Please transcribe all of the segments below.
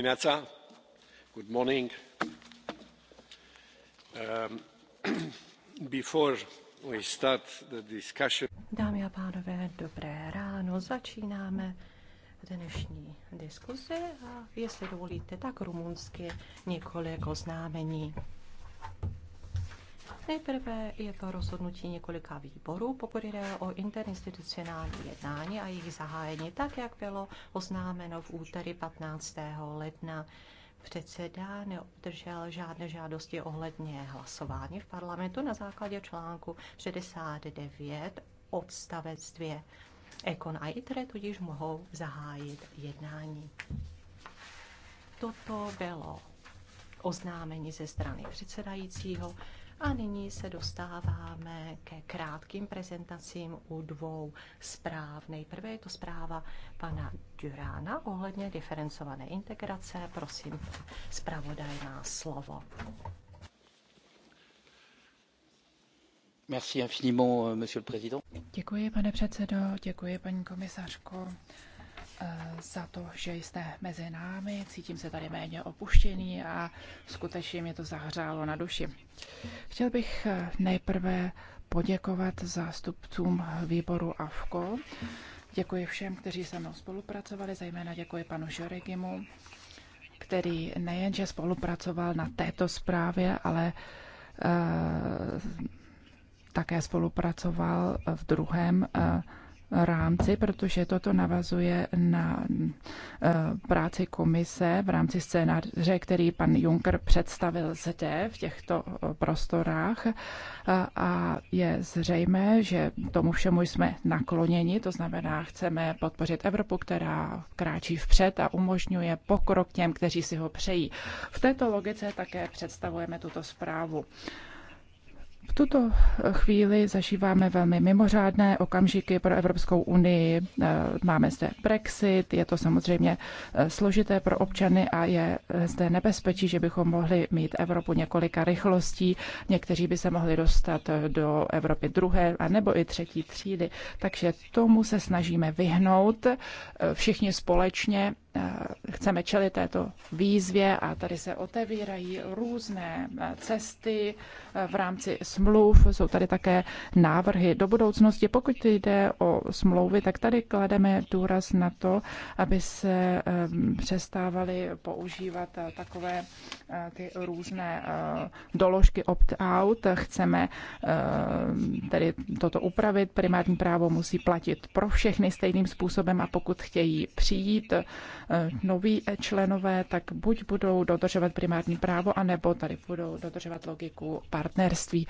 dimineața good morning um, before we start the discussion Dámy a pánové, dobré ráno. Začínáme dnešní diskuzi a jestli dovolíte, tak rumunsky několik oznámení. Nejprve je to rozhodnutí několika výborů, pokud jde o interinstitucionální jednání a jejich zahájení, tak jak bylo oznámeno v úterý 15. ledna. Předseda neobdržel žádné žádosti ohledně hlasování v parlamentu na základě článku 69 odstavec 2. Ekon a ITRE tudíž mohou zahájit jednání. Toto bylo oznámení ze strany předsedajícího. A nyní se dostáváme ke krátkým prezentacím u dvou zpráv. Nejprve je to zpráva pana Durána ohledně diferencované integrace. Prosím, zpravodaj má slovo. Euh, děkuji, pane předsedo, děkuji, paní komisařko za to, že jste mezi námi. Cítím se tady méně opuštěný a skutečně mě to zahřálo na duši. Chtěl bych eh, nejprve poděkovat zástupcům výboru AFKO. Děkuji všem, kteří se mnou spolupracovali, zejména děkuji panu Žoregimu, který nejenže spolupracoval na této zprávě, ale eh, také spolupracoval v druhém eh, rámci, protože toto navazuje na eh, práci komise v rámci scénáře, který pan Juncker představil zde v těchto eh, prostorách eh, a je zřejmé, že tomu všemu jsme nakloněni, to znamená, chceme podpořit Evropu, která kráčí vpřed a umožňuje pokrok těm, kteří si ho přejí. V této logice také představujeme tuto zprávu. V tuto chvíli zažíváme velmi mimořádné okamžiky pro Evropskou unii. E, máme zde Brexit, je to samozřejmě e, složité pro občany a je e, zde nebezpečí, že bychom mohli mít Evropu několika rychlostí. Někteří by se mohli dostat do Evropy druhé a nebo i třetí třídy. Takže tomu se snažíme vyhnout všichni společně Eh, chceme čelit této výzvě a tady se otevírají různé eh, cesty eh, v rámci smluv. Jsou tady také návrhy do budoucnosti. Pokud jde o smlouvy, tak tady klademe důraz na to, aby se přestávaly používat takové ty různé eh, doložky opt-out. Chceme eh, tedy toto upravit. Primární právo musí platit pro všechny stejným způsobem a pokud chtějí přijít eh, noví členové, tak buď budou dodržovat primární právo, anebo tady budou dodržovat logiku partnerství.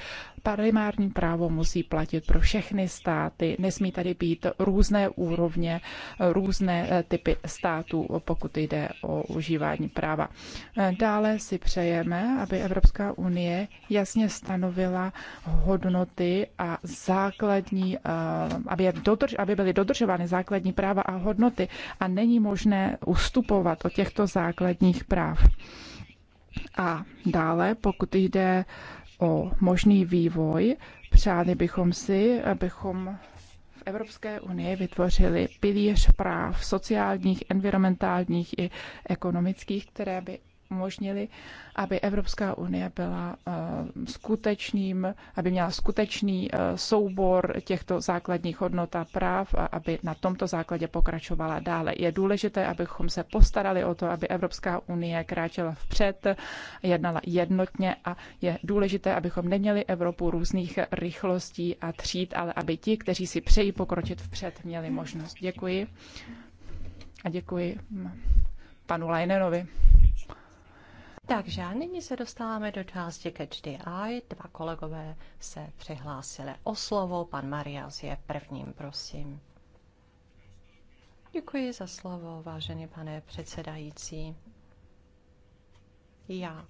Primární právo musí platit pro všechny státy. Nesmí tady být různé úrovně, různé typy států, pokud jde o užívání práva. Dále si přejeme, aby Evropská unie jasně stanovila hodnoty a základní, eh, aby, je dodrž, aby byly dodržovány základní práva a hodnoty a není možné ustupovat od těchto základních práv. A dále, pokud jde o možný vývoj, přáli bychom si, abychom v Evropské unii vytvořili pilíř práv sociálních, environmentálních i ekonomických, které by umožnili, aby Evropská unie byla eh, skutečným, aby měla skutečný eh, soubor těchto základních hodnot a práv a aby na tomto základě pokračovala dále. Je důležité, abychom se postarali o to, aby Evropská unie kráčela vpřed, jednala jednotně a je důležité, abychom neměli Evropu různých rychlostí a tříd, ale aby ti, kteří si přejí pokročit vpřed, měli možnost. Děkuji. A děkuji panu Lajnenovi. Takže a nyní se dostáváme do části Catch the Eye. Dva kolegové se přihlásili o slovo. Pan Marias je prvním, prosím. Děkuji za slovo, vážený pane předsedající. Já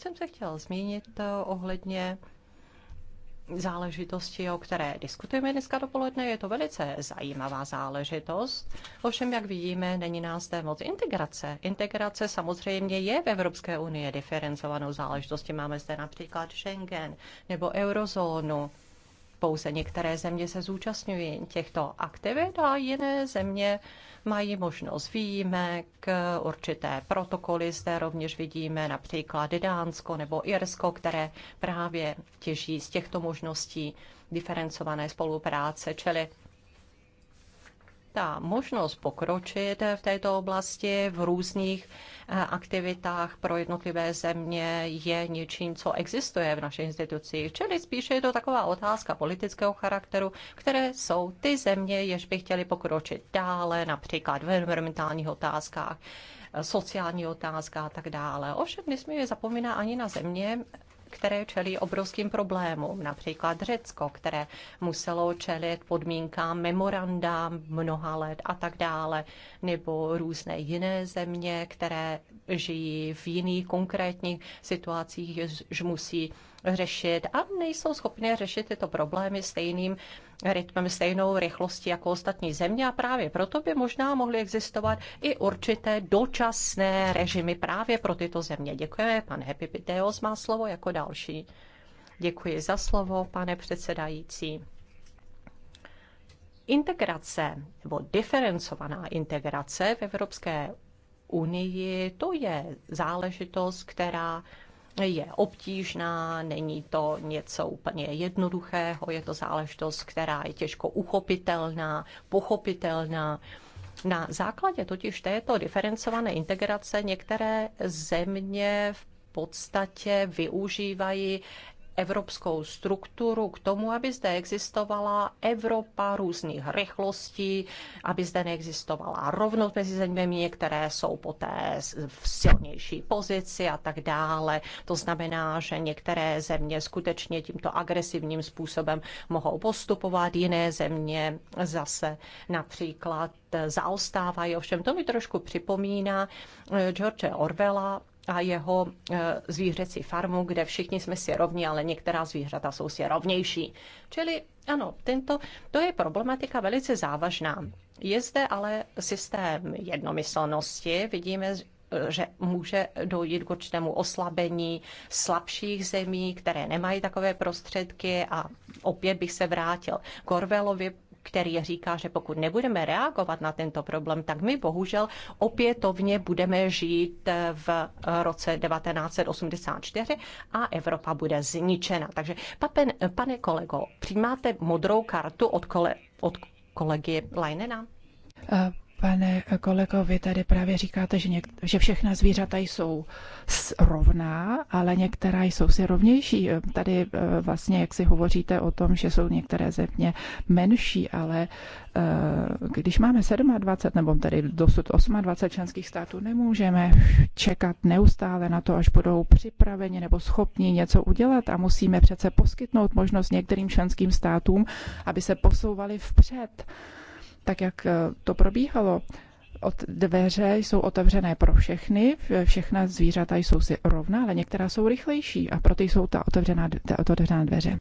jsem se chtěl zmínit ohledně záležitosti, o které diskutujeme dneska dopoledne. Je to velice zajímavá záležitost. Ovšem, jak vidíme, není nás zde moc integrace. Integrace samozřejmě je v Evropské unii diferencovanou záležitostí. Máme zde například Schengen nebo eurozónu pouze některé země se zúčastňují těchto aktivit a jiné země mají možnost výjimek, určité protokoly zde rovněž vidíme, například Dánsko nebo Irsko, které právě těží z těchto možností diferencované spolupráce, čili ta možnost pokročit v této oblasti v různých eh, aktivitách pro jednotlivé země je něčím, co existuje v našich institucích. Čili spíše je to taková otázka politického charakteru, které jsou ty země, jež by chtěli pokročit dále, například v environmentálních otázkách, eh, sociální otázka a tak dále. Ovšem nesmíme zapomínat ani na země které čelí obrovským problémům, například Řecko, které muselo čelit podmínkám memoranda mnoha let a tak dále, nebo různé jiné země, které žijí v jiných konkrétních situacích, že musí řešit a nejsou schopni řešit tyto problémy stejným rytmem, stejnou rychlostí jako ostatní země a právě proto by možná mohly existovat i určité dočasné režimy právě pro tyto země. Děkujeme, pan Epipiteos má slovo jako další. Děkuji za slovo, pane předsedající. Integrace nebo diferencovaná integrace v Evropské unii, to je záležitost, která je obtížná, není to něco úplně jednoduchého, je to záležitost, která je těžko uchopitelná, pochopitelná. Na základě totiž této diferencované integrace některé země v podstatě využívají evropskou strukturu k tomu, aby zde existovala Evropa různých rychlostí, aby zde neexistovala rovnost mezi zeměmi, které jsou poté v silnější pozici a tak dále. To znamená, že některé země skutečně tímto agresivním způsobem mohou postupovat, jiné země zase například zaostávají. Ovšem to mi trošku připomíná eh, George Orwella, a jeho e, zvířecí farmu, kde všichni jsme si rovni, ale některá zvířata jsou si rovnější. Čili ano, tento, to je problematika velice závažná. Je zde ale systém jednomyslnosti. Vidíme, e, že může dojít k určitému oslabení slabších zemí, které nemají takové prostředky a opět bych se vrátil k Orvelovi který říká, že pokud nebudeme reagovat na tento problém, tak my bohužel opětovně budeme žít v roce 1984 a Evropa bude zničena. Takže papen, pane kolego, přijímáte modrou kartu od, kole, od kolegy Leinena? Uh. Pane kolego, vy tady právě říkáte, že, něk- že všechna zvířata jsou rovná, ale některá jsou si rovnější. Tady eh, vlastně, jak si hovoříte o tom, že jsou některé země menší, ale eh, když máme 27 nebo tady dosud 28 členských států, nemůžeme čekat neustále na to, až budou připraveni nebo schopni něco udělat a musíme přece poskytnout možnost některým členským státům, aby se posouvali vpřed tak jak eh, to probíhalo. Od dveře jsou otevřené pro všechny, všechna zvířata jsou si rovná, ale některá jsou rychlejší a proto jsou ta otevřená, ta otevřená dveře.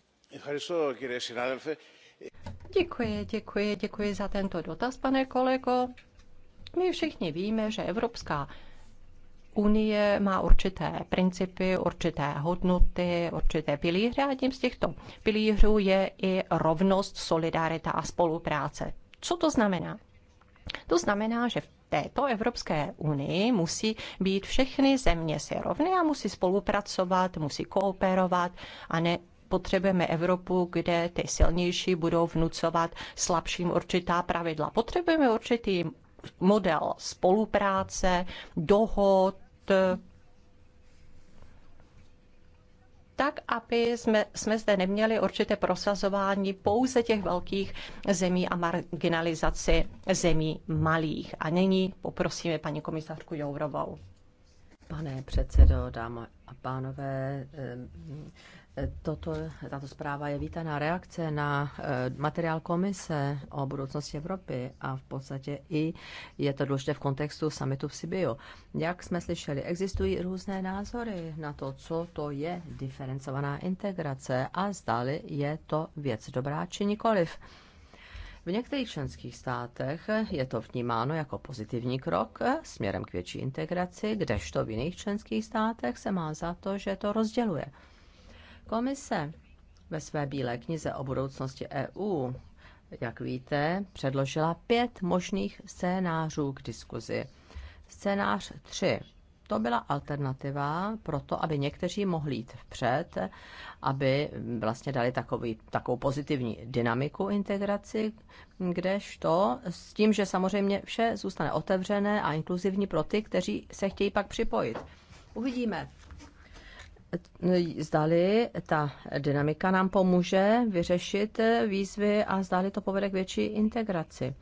Děkuji, děkuji, děkuji za tento dotaz, pane kolego. My všichni víme, že Evropská Unie má určité principy, určité hodnoty, určité pilíře a tím z těchto pilířů je i rovnost, solidarita a spolupráce. Co to znamená? To znamená, že v této Evropské unii musí být všechny země si rovny a musí spolupracovat, musí kooperovat a ne potřebujeme Evropu, kde ty silnější budou vnucovat slabším určitá pravidla. Potřebujeme určitý model spolupráce, dohod, tak, aby jsme, jsme zde neměli určité prosazování pouze těch velkých zemí a marginalizaci zemí malých. A nyní poprosíme paní komisařku Jourovou. Pane předsedo, dámy a pánové, Toto, tato zpráva je vítaná reakce na eh, materiál komise o budoucnosti Evropy a v podstatě i je to důležité v kontextu summitu v Sibiu. Jak jsme slyšeli, existují různé názory na to, co to je diferencovaná integrace a zdali je to věc dobrá či nikoliv. V některých členských státech je to vnímáno jako pozitivní krok směrem k větší integraci, kdežto v jiných členských státech se má za to, že to rozděluje. Komise ve své bílé knize o budoucnosti EU, jak víte, předložila pět možných scénářů k diskuzi. Scénář 3. To byla alternativa pro to, aby někteří mohli jít vpřed, aby vlastně dali takový, takovou pozitivní dynamiku integraci, kdežto s tím, že samozřejmě vše zůstane otevřené a inkluzivní pro ty, kteří se chtějí pak připojit. Uvidíme, zdali ta dynamika nám pomůže vyřešit výzvy a zdali to povede k větší integraci.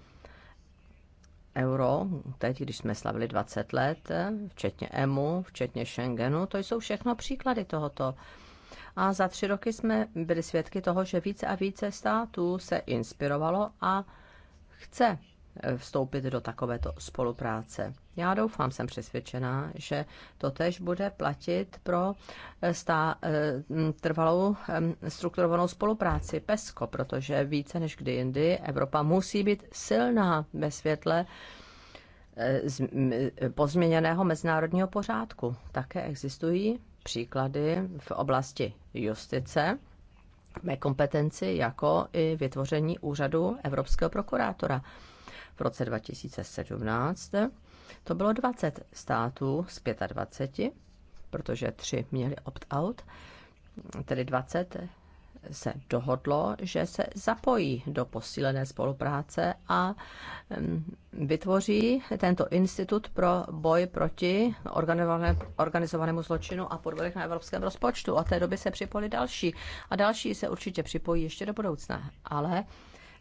Euro, teď, když jsme slavili 20 let, včetně EMU, včetně Schengenu, to jsou všechno příklady tohoto. A za tři roky jsme byli svědky toho, že více a více států se inspirovalo a chce vstoupit do takovéto spolupráce. Já doufám, jsem přesvědčená, že to tež bude platit pro eh, stá, eh, trvalou strukturovanou spolupráci PESCO, protože více než kdy jindy Evropa musí být silná ve světle eh, pozměněného mezinárodního pořádku. Také existují příklady v oblasti justice, mé kompetenci, jako i vytvoření úřadu Evropského prokurátora v roce 2017. To bylo 20 států z 25, protože tři měli opt-out, tedy 20 se dohodlo, že se zapojí do posílené spolupráce a mm, vytvoří tento institut pro boj proti organizovanému zločinu a podvodech na evropském rozpočtu. Od té doby se připojili další a další se určitě připojí ještě do budoucna. Ale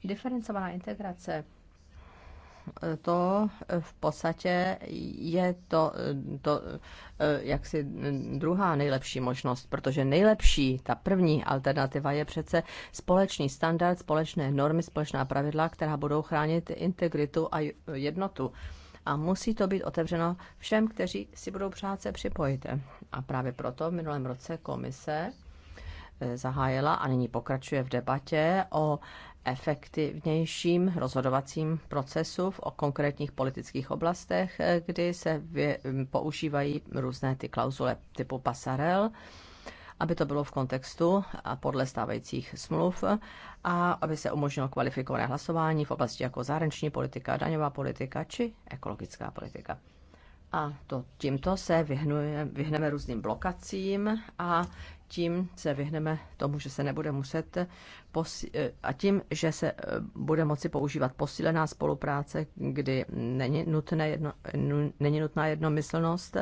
diferencovaná integrace to v podstatě je to, to e, jaksi druhá nejlepší možnost, protože nejlepší, ta první alternativa je přece společný standard, společné normy, společná pravidla, která budou chránit integritu a jednotu. A musí to být otevřeno všem, kteří si budou přát se připojit. A právě proto v minulém roce komise e, zahájila a nyní pokračuje v debatě o efektivnějším rozhodovacím procesu v konkrétních politických oblastech, eh, kdy se používají různé ty klauzule typu pasarel, aby to bylo v kontextu a podle stávajících smluv a aby se umožnilo kvalifikované hlasování v oblasti jako zahraniční politika, daňová politika či ekologická politika. A to, tímto se vyhneme různým blokacím a tím se vyhneme tomu, že se nebude muset eh, a tím, že se eh, bude moci používat posílená spolupráce, kdy není, nutné jedno, není nutná jednomyslnost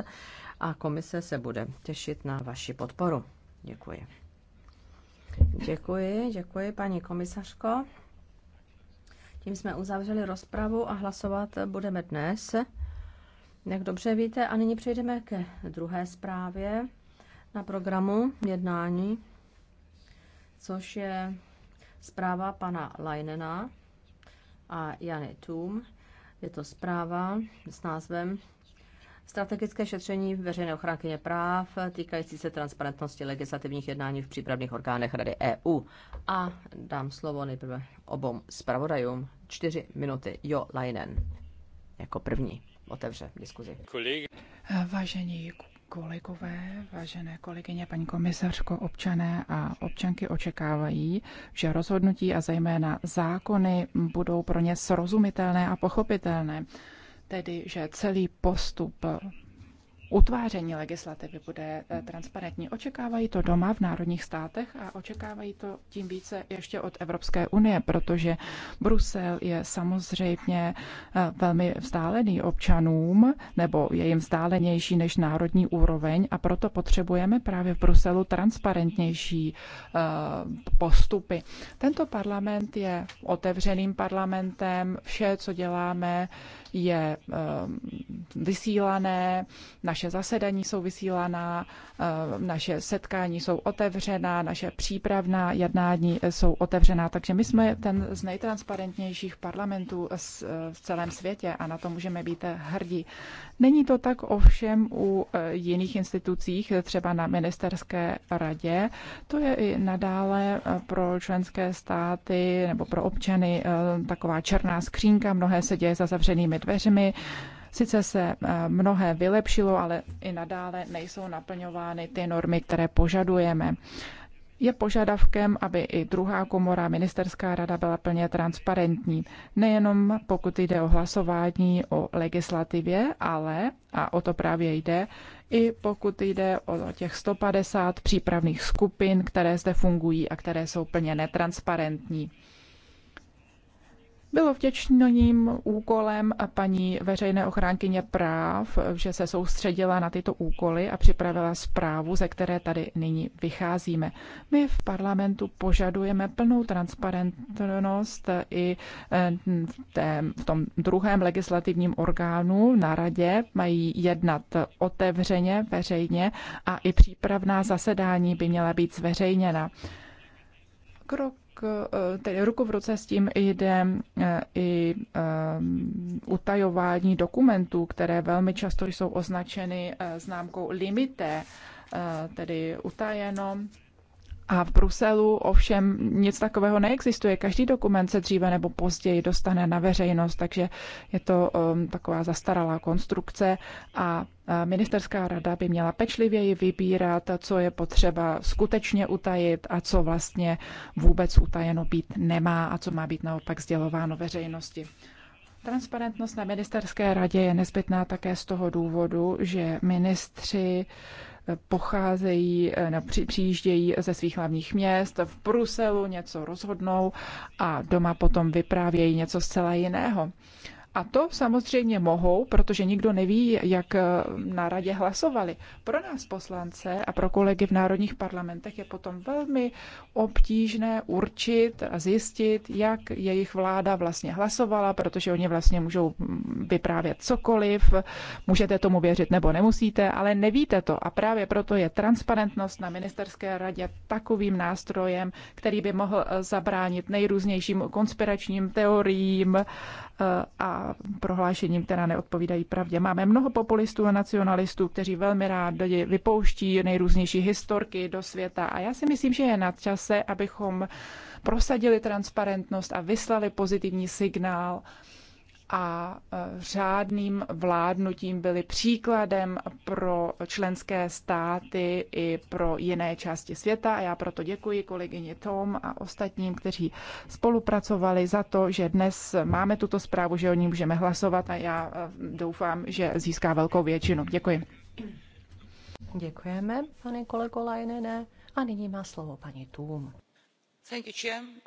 a komise se bude těšit na vaši podporu. Děkuji. Děkuji, děkuji paní komisařko. Tím jsme uzavřeli rozpravu a hlasovat budeme dnes. Jak dobře víte, a nyní přejdeme ke druhé zprávě na programu jednání, což je zpráva pana Lajnena a Jany Tum. Je to zpráva s názvem Strategické šetření veřejné ochránkyně práv týkající se transparentnosti legislativních jednání v přípravných orgánech Rady EU. A dám slovo nejprve obom zpravodajům. Čtyři minuty. Jo, Leinen jako první otevře diskuzi. Vážení kolegové, vážené kolegyně, paní komisařko, občané a občanky očekávají, že rozhodnutí a zejména zákony budou pro ně srozumitelné a pochopitelné, tedy že celý postup utváření legislativy bude eh, transparentní. Očekávají to doma v národních státech a očekávají to tím více ještě od Evropské unie, protože Brusel je samozřejmě eh, velmi vzdálený občanům, nebo je jim vzdálenější než národní úroveň a proto potřebujeme právě v Bruselu transparentnější eh, postupy. Tento parlament je otevřeným parlamentem, vše, co děláme, je eh, vysílané, naše zasedání jsou vysílaná, eh, naše setkání jsou otevřená, naše přípravná jednání jsou otevřená. Takže my jsme ten z nejtransparentnějších parlamentů eh, v celém světě a na to můžeme být hrdí. Není to tak ovšem u jiných institucích, třeba na ministerské radě. To je i nadále pro členské státy nebo pro občany taková černá skřínka. Mnohé se děje za zavřenými dveřmi. Sice se eh, mnohé vylepšilo, ale i nadále nejsou naplňovány ty normy, které požadujeme. Je požadavkem, aby i druhá komora, ministerská rada, byla plně transparentní. Nejenom pokud jde o hlasování o legislativě, ale, a o to právě jde, i pokud jde o těch 150 přípravných skupin, které zde fungují a které jsou plně netransparentní bylo vděčným úkolem paní veřejné ochránkyně práv, že se soustředila na tyto úkoly a připravila zprávu, ze které tady nyní vycházíme. My v parlamentu požadujeme plnou transparentnost i eh, v, té, v tom druhém legislativním orgánu na radě. Mají jednat otevřeně, veřejně a i přípravná zasedání by měla být zveřejněna. Krok Eh, tedy ruku v ruce s tím jde eh, i eh, utajování dokumentů, které velmi často jsou označeny známkou limité, tedy utajeno. A v Bruselu ovšem nic takového neexistuje. Každý dokument se dříve nebo později dostane na veřejnost, takže je to um, taková zastaralá konstrukce a ministerská rada by měla pečlivěji vybírat, co je potřeba skutečně utajit a co vlastně vůbec utajeno být nemá a co má být naopak sdělováno veřejnosti. Transparentnost na ministerské radě je nezbytná také z toho důvodu, že ministři pocházejí, no, přijíždějí ze svých hlavních měst, v Bruselu něco rozhodnou a doma potom vyprávějí něco zcela jiného. A to samozřejmě mohou, protože nikdo neví, jak eh, na radě hlasovali. Pro nás poslance a pro kolegy v národních parlamentech je potom velmi obtížné určit a zjistit, jak jejich vláda vlastně hlasovala, protože oni vlastně můžou mm, vyprávět cokoliv, můžete tomu věřit nebo nemusíte, ale nevíte to. A právě proto je transparentnost na ministerské radě takovým nástrojem, který by mohl eh, zabránit nejrůznějším konspiračním teoriím a prohlášením, která neodpovídají pravdě. Máme mnoho populistů a nacionalistů, kteří velmi rádi vypouští nejrůznější historky do světa a já si myslím, že je na čase, abychom prosadili transparentnost a vyslali pozitivní signál a e, řádným vládnutím byly příkladem pro členské státy i pro jiné části světa. A já proto děkuji kolegyni Tom a ostatním, kteří spolupracovali za to, že dnes máme tuto zprávu, že o ní můžeme hlasovat a já e, doufám, že získá velkou většinu. Děkuji. Děkujeme, pane kolego Lajnene. A nyní má slovo paní Tům.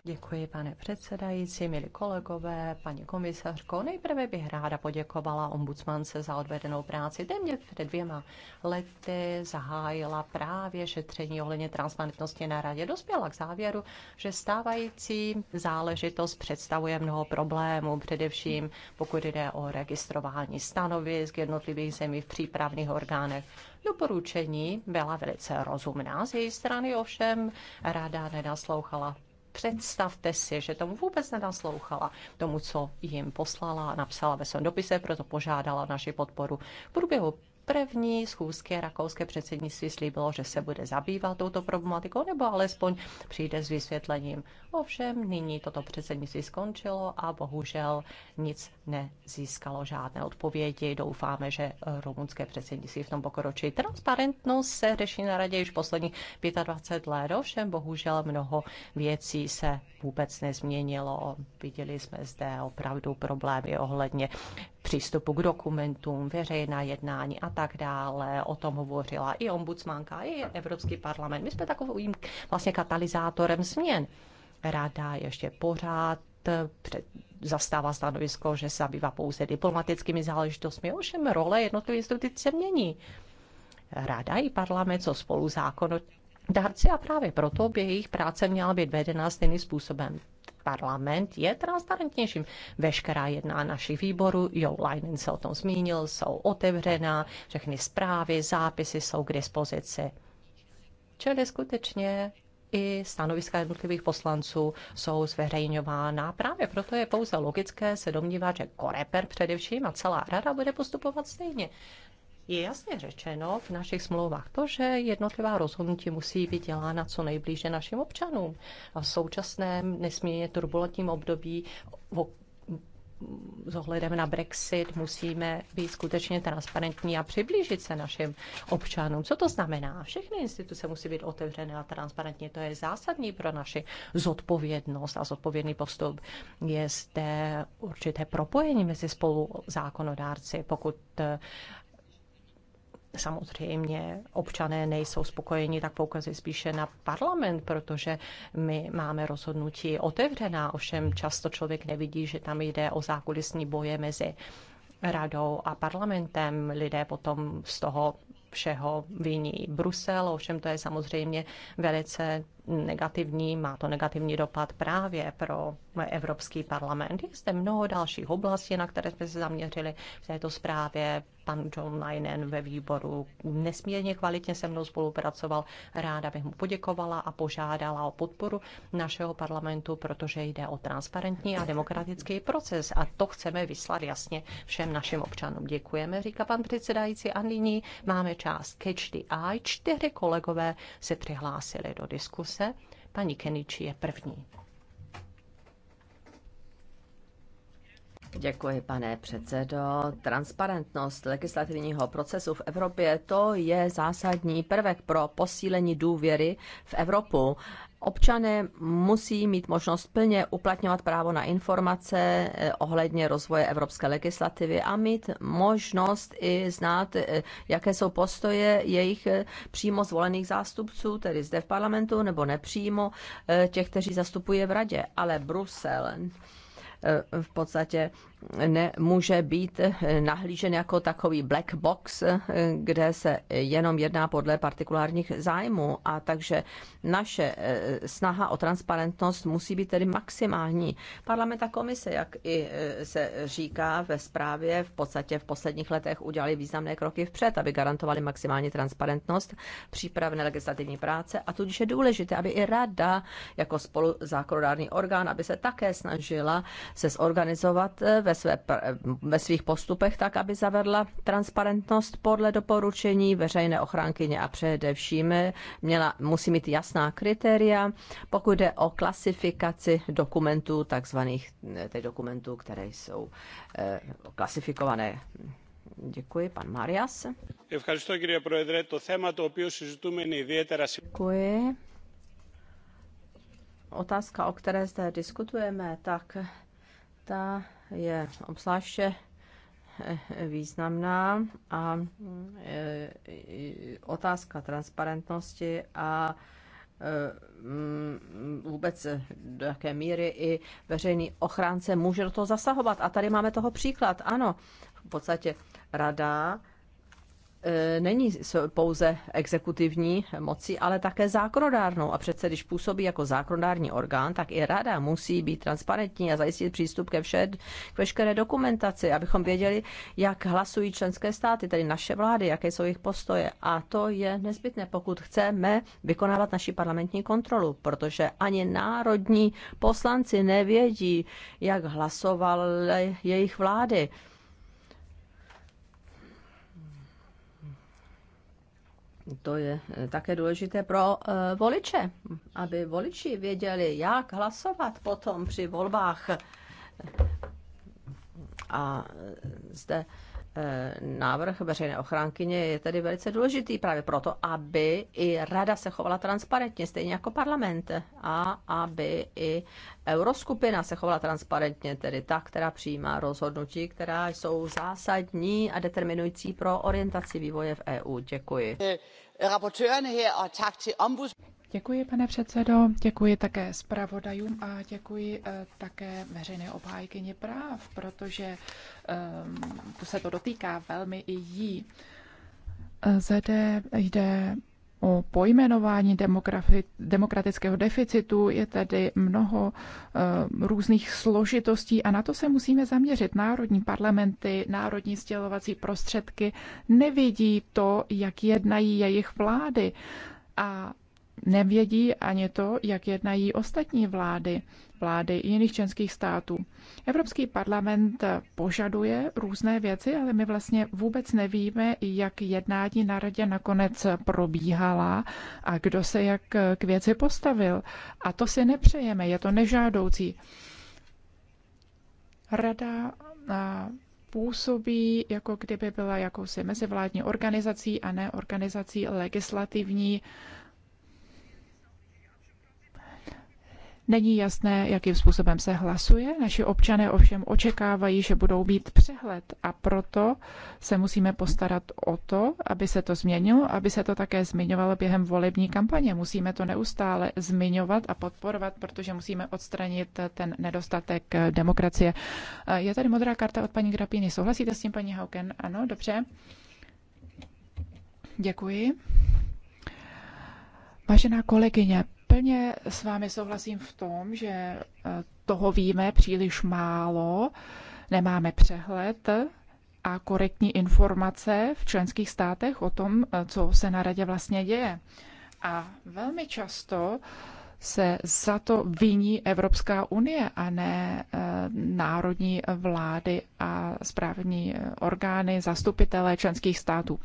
Děkuji, pane předsedající, milí kolegové, paní komisařko. Nejprve bych ráda poděkovala ombudsmance za odvedenou práci. Téměř před dvěma lety zahájila právě šetření ohledně transparentnosti na radě. Dospěla k závěru, že stávající záležitost představuje mnoho problémů, především pokud jde o registrování stanovisk jednotlivých zemí v přípravných orgánech Doporučení byla velice rozumná z její strany, ovšem ráda nenaslouchala. Představte si, že tomu vůbec nenaslouchala, tomu, co jim poslala a napsala ve svém dopise, proto požádala naši podporu. V průběhu první schůzky rakouské předsednictví slíbilo, že se bude zabývat touto problematikou, nebo alespoň přijde s vysvětlením. Ovšem, nyní toto předsednictví skončilo a bohužel nic nezískalo žádné odpovědi. Doufáme, že rumunské předsednictví v tom pokročí. Transparentnost se řeší na radě již posledních 25 let, ovšem bohužel mnoho věcí se vůbec nezměnilo. Viděli jsme zde opravdu problémy ohledně přístupu k dokumentům, veřejná jednání a tak dále. O tom hovořila i ombudsmanka, i Evropský parlament. My jsme takovým vlastně katalyzátorem změn. Rada ještě pořád před, zastává stanovisko, že se zabývá pouze diplomatickými záležitostmi, ovšem role jednotlivých institucí se mění. Rada i parlament jsou spolu zákonodárci a právě proto by jejich práce měla být vedena stejným způsobem parlament je transparentnějším. Veškerá jedná našich výborů, Jo Leinen se o tom zmínil, jsou otevřená, všechny zprávy, zápisy jsou k dispozici. Čili skutečně i stanoviska jednotlivých poslanců jsou zveřejňována. Právě proto je pouze logické se domnívat, že Koreper především a celá rada bude postupovat stejně je jasně řečeno v našich smlouvách to, že jednotlivá rozhodnutí musí být dělána co nejblíže našim občanům. A v současném nesmírně turbulentním období s ohledem na Brexit musíme být skutečně transparentní a přiblížit se našim občanům. Co to znamená? Všechny instituce musí být otevřené a transparentní. To je zásadní pro naši zodpovědnost a zodpovědný postup. Je zde určité propojení mezi spolu zákonodárci. Pokud samozřejmě občané nejsou spokojeni, tak poukazují spíše na parlament, protože my máme rozhodnutí otevřená, ovšem často člověk nevidí, že tam jde o zákulisní boje mezi radou a parlamentem. Lidé potom z toho všeho viní Brusel, ovšem to je samozřejmě velice negativní, má to negativní dopad právě pro Evropský parlament. Je zde mnoho dalších oblastí, na které jsme se zaměřili v této zprávě. Pan John Leinen ve výboru nesmírně kvalitně se mnou spolupracoval. Ráda bych mu poděkovala a požádala o podporu našeho parlamentu, protože jde o transparentní a demokratický proces a to chceme vyslat jasně všem našim občanům. Děkujeme, říká pan předsedající. A nyní máme část Catch the Eye. Čtyři kolegové se přihlásili do diskuse se. Paní Keniči je první. Děkuji, pane předsedo. Transparentnost legislativního procesu v Evropě, to je zásadní prvek pro posílení důvěry v Evropu Občané musí mít možnost plně uplatňovat právo na informace eh, ohledně rozvoje evropské legislativy a mít možnost i znát, eh, jaké jsou postoje jejich eh, přímo zvolených zástupců, tedy zde v parlamentu, nebo nepřímo těch, kteří zastupuje v radě. Ale Brusel v podstatě nemůže být nahlížen jako takový black box, kde se jenom jedná podle partikulárních zájmů. A takže naše eh, snaha o transparentnost musí být tedy maximální. Parlament a komise, jak i eh, se říká ve zprávě, v podstatě v posledních letech udělali významné kroky vpřed, aby garantovali maximální transparentnost přípravné legislativní práce. A tudíž je důležité, aby i rada jako spoluzákonodárný orgán, aby se také snažila se zorganizovat eh, ve ve, své, ve svých postupech tak, aby zavedla transparentnost podle doporučení veřejné ochránkyně a především měla, musí mít jasná kritéria, pokud jde o klasifikaci dokumentů, takzvaných těch dokumentů, které jsou eh, klasifikované Děkuji, pan Marias. Děkuji. Otázka, o které zde diskutujeme, tak ta je obzvláště eh, významná a eh, otázka transparentnosti a eh, vůbec do jaké míry i veřejný ochránce může do toho zasahovat. A tady máme toho příklad. Ano, v podstatě rada Eh, není pouze exekutivní moci, ale také zákonodárnou. A přece, když působí jako zákonodární orgán, tak i rada musí být transparentní a zajistit přístup ke, vše, k veškeré dokumentaci, abychom věděli, jak hlasují členské státy, tedy naše vlády, jaké jsou jejich postoje. A to je nezbytné, pokud chceme vykonávat naši parlamentní kontrolu, protože ani národní poslanci nevědí, jak hlasovaly jejich vlády. to je eh, také důležité pro eh, voliče, aby voliči věděli, jak hlasovat potom při volbách. A eh, zde návrh veřejné ochránkyně je tedy velice důležitý právě proto, aby i rada se chovala transparentně, stejně jako parlament, a aby i euroskupina se chovala transparentně, tedy ta, která přijímá rozhodnutí, která jsou zásadní a determinující pro orientaci vývoje v EU. Děkuji. Děkuji, pane předsedo, děkuji také zpravodajům a děkuji eh, také veřejné obhájkyni práv, protože um, se to dotýká velmi i jí. Eh, zde jde o pojmenování demokratického deficitu, je tady mnoho e, různých složitostí a na to se musíme zaměřit. Národní parlamenty, národní stělovací prostředky nevidí to, jak jednají jejich vlády. A nevědí ani to, jak jednají ostatní vlády, vlády jiných členských států. Evropský parlament požaduje různé věci, ale my vlastně vůbec nevíme, jak jednání na radě nakonec probíhala a kdo se jak k věci postavil. A to si nepřejeme, je to nežádoucí. Rada působí, jako kdyby byla jakousi mezivládní organizací a ne organizací legislativní, Není jasné, jakým způsobem se hlasuje. Naši občané ovšem očekávají, že budou mít přehled a proto se musíme postarat o to, aby se to změnilo, aby se to také zmiňovalo během volební kampaně. Musíme to neustále zmiňovat a podporovat, protože musíme odstranit ten nedostatek demokracie. Je tady modrá karta od paní Grapiny. Souhlasíte s tím, paní Hauken? Ano, dobře. Děkuji. Vážená kolegyně, Plně s vámi souhlasím v tom, že e, toho víme příliš málo, nemáme přehled a korektní informace v členských státech o tom, e, co se na radě vlastně děje. A velmi často se za to viní Evropská unie a ne e, národní vlády a správní orgány, zastupitelé členských států.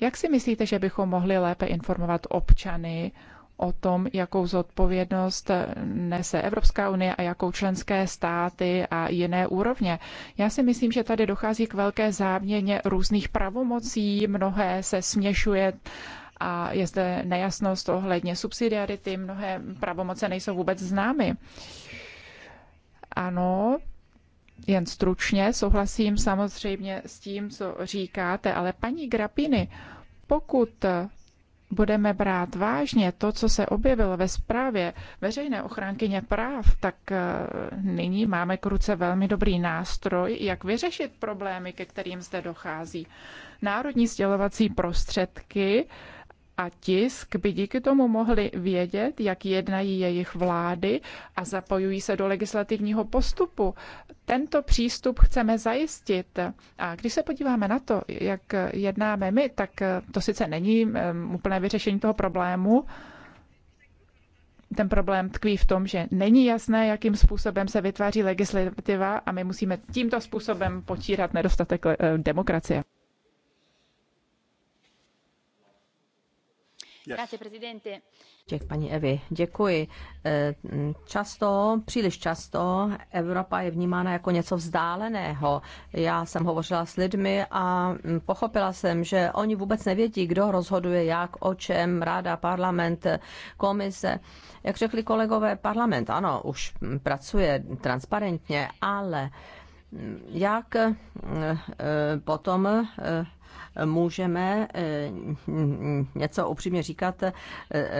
Jak si myslíte, že bychom mohli lépe informovat občany o tom, jakou zodpovědnost nese Evropská unie a jakou členské státy a jiné úrovně. Já si myslím, že tady dochází k velké záměně různých pravomocí, mnohé se směšuje a je zde nejasnost ohledně subsidiarity, mnohé pravomoce nejsou vůbec známy. Ano, jen stručně souhlasím samozřejmě s tím, co říkáte, ale paní Grapiny, pokud budeme brát vážně to, co se objevilo ve zprávě veřejné ochránkyně práv, tak eh, nyní máme k ruce velmi dobrý nástroj, jak vyřešit problémy, ke kterým zde dochází. Národní sdělovací prostředky a tisk by díky tomu mohli vědět, jak jednají jejich vlády a zapojují se do legislativního postupu. Tento přístup chceme zajistit. A když se podíváme na to, jak jednáme my, tak to sice není um, úplné vyřešení toho problému, ten problém tkví v tom, že není jasné, jakým způsobem se vytváří legislativa a my musíme tímto způsobem potírat nedostatek eh, demokracie. Děk, paní Evi, děkuji. Eh, často, příliš často, Evropa je vnímána jako něco vzdáleného. Já jsem hovořila s lidmi a mm, pochopila jsem, že oni vůbec nevědí, kdo rozhoduje jak, o čem, ráda, parlament, komise. Jak řekli kolegové, parlament, ano, už mm, pracuje transparentně, ale mm, jak eh, eh, potom můžeme eh, něco upřímně říkat eh,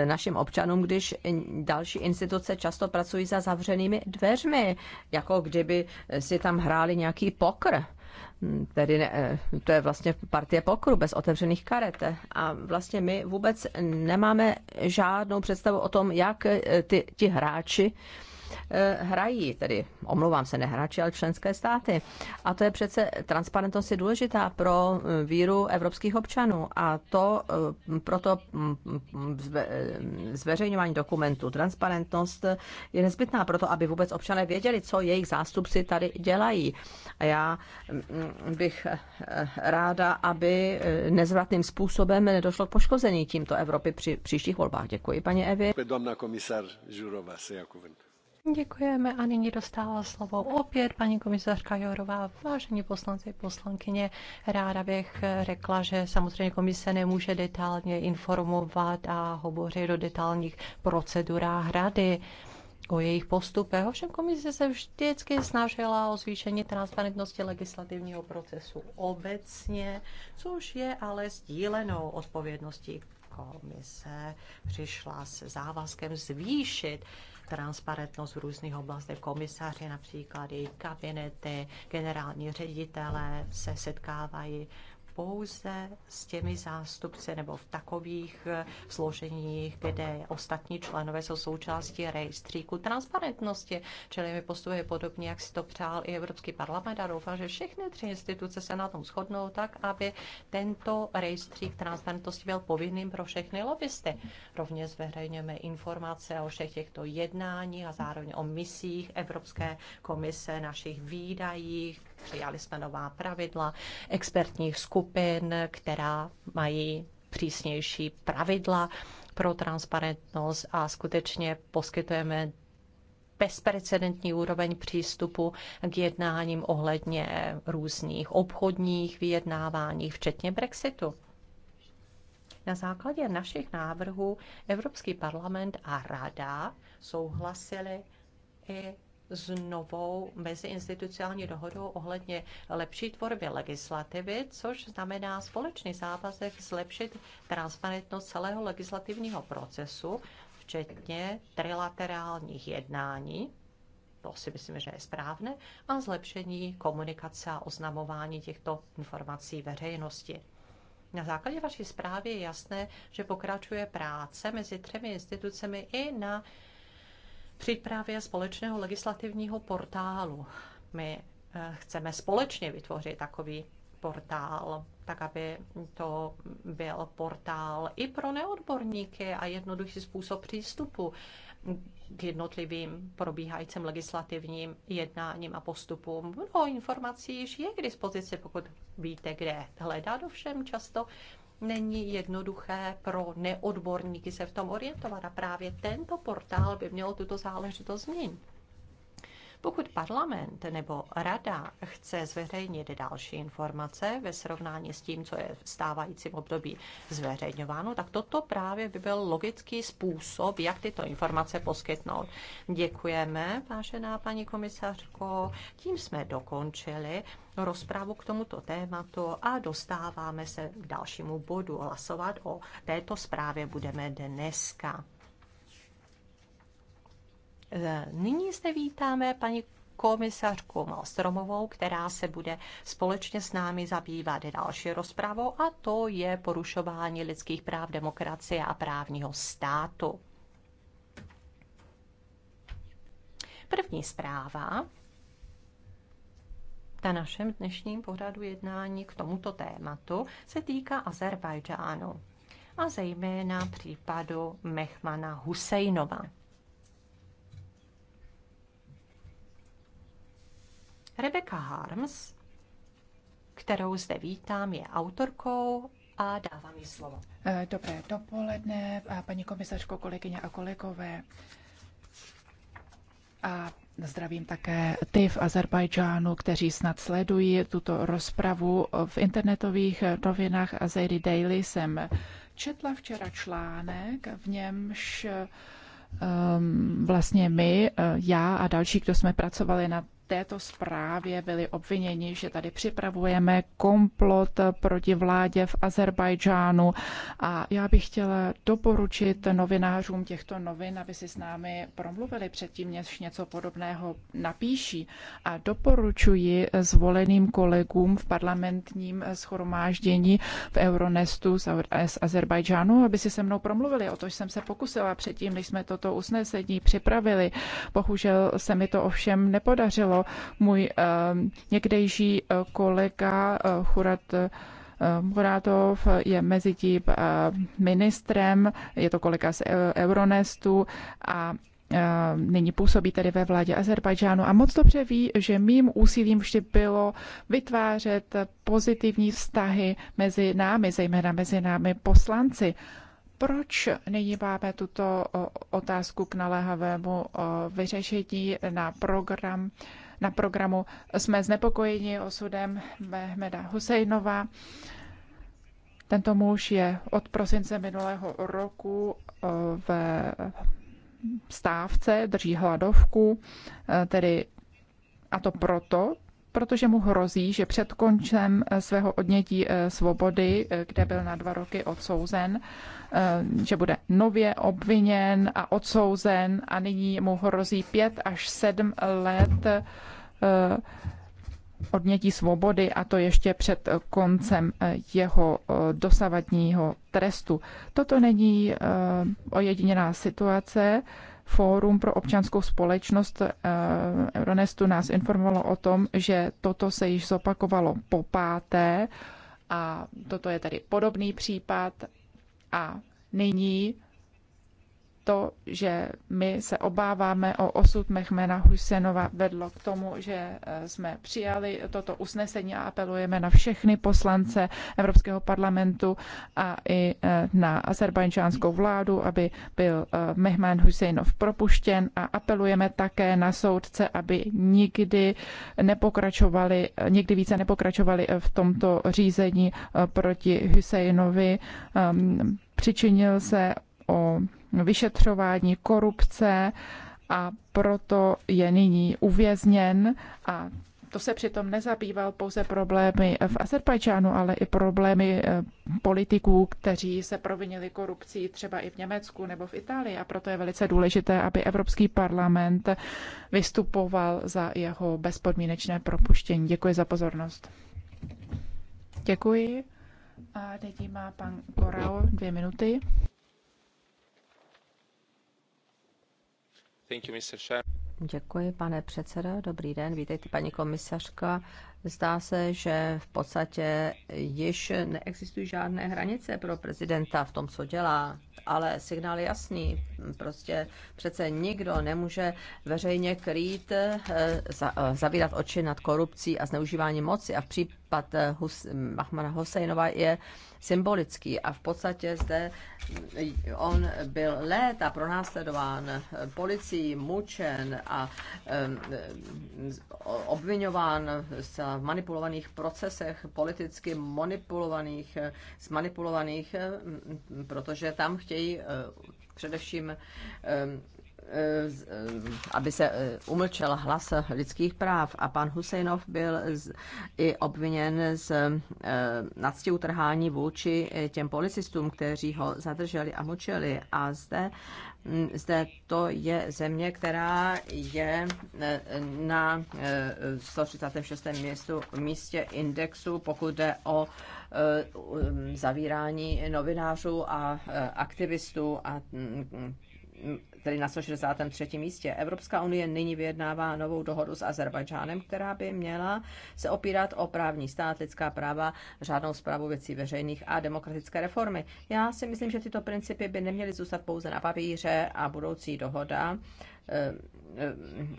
našim občanům, když další instituce často pracují za zavřenými dveřmi, jako kdyby si tam hráli nějaký pokr. Tedy ne, eh, to je vlastně partie pokru bez otevřených karet. A vlastně my vůbec nemáme žádnou představu o tom, jak ty, ti hráči Eh, hrají, tedy omlouvám se, nehráči, ale členské státy. A to je přece, transparentnost je důležitá pro eh, víru evropských občanů a to eh, proto hm, hm, zveřejňování dokumentů, transparentnost je nezbytná proto, aby vůbec občané věděli, co jejich zástupci tady dělají. A já hm, bych ráda, aby nezvratným způsobem nedošlo k poškození tímto Evropy při příštích volbách. Děkuji, paní Evi. Doamna komisar Žurova se jako Děkujeme a nyní dostává slovo opět paní komisařka Jorová. Vážení poslanci, poslankyně, ráda bych řekla, že samozřejmě komise nemůže detailně informovat a hovořit o detailních procedurách rady o jejich postupech. Ovšem komise se vždycky snažila o zvýšení transparentnosti legislativního procesu obecně, což je ale sdílenou odpovědností komise přišla s závazkem zvýšit transparentnost v různých oblastech. Komisaři například, jejich kabinety, generální ředitelé se setkávají pouze s těmi zástupci nebo v takových eh, složeních, kde ostatní členové jsou součástí rejstříku transparentnosti. Čili mi postupuje podobně, jak si to přál i Evropský parlament a doufám, že všechny tři instituce se na tom shodnou tak, aby tento rejstřík transparentnosti byl povinným pro všechny lobbysty. Rovněž zveřejňujeme informace o všech těchto jednání a zároveň o misích Evropské komise, našich výdajích, Přijali jsme nová pravidla expertních skupin, která mají přísnější pravidla pro transparentnost a skutečně poskytujeme bezprecedentní úroveň přístupu k jednáním ohledně různých obchodních vyjednávání, včetně Brexitu. Na základě našich návrhů Evropský parlament a Rada souhlasili i s novou meziinstitucionální dohodou ohledně lepší tvorby legislativy, což znamená společný závazek zlepšit transparentnost celého legislativního procesu, včetně trilaterálních jednání, to si myslím, že je správné, a zlepšení komunikace a oznamování těchto informací veřejnosti. Na základě vaší zprávy je jasné, že pokračuje práce mezi třemi institucemi i na přípravě společného legislativního portálu. My eh, chceme společně vytvořit takový portál, tak aby to byl portál i pro neodborníky a jednoduchý způsob přístupu k jednotlivým probíhajícím legislativním jednáním a postupům. Mnoho informací již je k dispozici, pokud víte, kde hledat, ovšem často není jednoduché pro neodborníky se v tom orientovat. A právě tento portál by měl tuto záležitost změnit. Pokud parlament nebo rada chce zveřejnit další informace ve srovnání s tím, co je v stávajícím období zveřejňováno, tak toto právě by byl logický způsob, jak tyto informace poskytnout. Děkujeme, vážená paní komisařko. Tím jsme dokončili rozpravu k tomuto tématu a dostáváme se k dalšímu bodu. Hlasovat o této zprávě budeme dneska. E, nyní zde vítáme paní komisařku Malstromovou, která se bude společně s námi zabývat další rozpravou a to je porušování lidských práv, demokracie a právního státu. První zpráva na našem dnešním pořadu jednání k tomuto tématu se týká Azerbajdžánu a zejména případu Mehmana Husejnova. Rebecca Harms, kterou zde vítám, je autorkou a dávám jí slovo. Eh, dobré dopoledne, eh, paní komisařko, kolegyně a kolegové. A Zdravím také ty v Azerbajdžánu, kteří snad sledují tuto rozpravu v internetových eh, novinách Azeri Daily. Jsem četla včera článek, v němž um, vlastně my, já a další, kdo jsme pracovali na této zprávě byli obviněni, že tady připravujeme komplot proti vládě v Azerbajdžánu a já bych chtěla doporučit novinářům těchto novin, aby si s námi promluvili předtím, než něco podobného napíší a doporučuji zvoleným kolegům v parlamentním schromáždění v Euronestu z Azerbajdžánu, aby si se mnou promluvili. O to jsem se pokusila předtím, než jsme toto usnesení připravili. Bohužel se mi to ovšem nepodařilo můj eh, někdejší eh, kolega eh, Churat Murátov je mezi tím ministrem, je to kolega z e-, Euronestu a nyní působí tedy ve vládě Azerbajdžánu a moc dobře ví, že mým úsilím vždy bylo vytvářet pozitivní vztahy mezi námi, zejména mezi námi poslanci. Proč nyní máme tuto otázku k naléhavému vyřešení na program na programu. Jsme znepokojeni osudem Mehmeda Husejnova. Tento muž je od prosince minulého roku eh, v stávce, drží hladovku, eh, tedy a to proto, protože mu hrozí, že před koncem eh, svého odnětí eh, svobody, eh, kde byl na dva roky odsouzen, že bude nově obviněn a odsouzen a nyní mu hrozí pět až sedm let odnětí svobody a to ještě před koncem jeho dosavadního trestu. Toto není ojediněná situace. Fórum pro občanskou společnost eh, Euronestu nás informovalo o tom, že toto se již zopakovalo po páté a toto je tedy podobný případ a nyní to, že my se obáváme o osud Mehmena Husenova vedlo k tomu, že eh, jsme přijali toto usnesení a apelujeme na všechny poslance Evropského parlamentu a i eh, na azerbajdžánskou vládu, aby byl eh, Mehman Husejnov propuštěn a apelujeme také na soudce, aby nikdy nepokračovali, nikdy více nepokračovali v tomto řízení proti Husejnovi. Ehm, přičinil se o vyšetřování korupce a proto je nyní uvězněn a to se přitom nezabýval pouze problémy v Azerbajdžánu, ale i problémy eh, politiků, kteří se provinili korupcí třeba i v Německu nebo v Itálii. A proto je velice důležité, aby Evropský parlament vystupoval za jeho bezpodmínečné propuštění. Děkuji za pozornost. Děkuji. A teď má pan Korao dvě minuty. Děkuji, pane předsedo. Dobrý den, vítejte, paní komisařka. Zdá se, že v podstatě již neexistují žádné hranice pro prezidenta v tom, co dělá, ale signál je jasný. Prostě přece nikdo nemůže veřejně krýt, eh, eh, zavírat oči nad korupcí a zneužívání moci. A v případ eh, Hus, Mahmana Hosejnova je symbolický a v podstatě zde on byl léta pronásledován policií, mučen a obvinován zcela manipulovaných procesech, politicky manipulovaných, zmanipulovaných, mm, protože tam chtějí eh, především eh, eh, aby se umlčel hlas lidských práv. A pan Husejnov byl i obviněn z nadstihu utrhání vůči těm policistům, kteří ho zadrželi a mučili. A zde zde to je země, která je e, na 136. E, Městu, místě indexu, pokud jde o e, zavírání novinářů a aktivistů a tedy na 163. místě. Evropská unie nyní vyjednává novou dohodu s Azerbajdžánem, která by měla se opírat o právní stát, lidská práva, řádnou zprávu věcí veřejných a demokratické reformy. Já si myslím, že tyto principy by neměly zůstat pouze na papíře a budoucí dohoda eh, eh,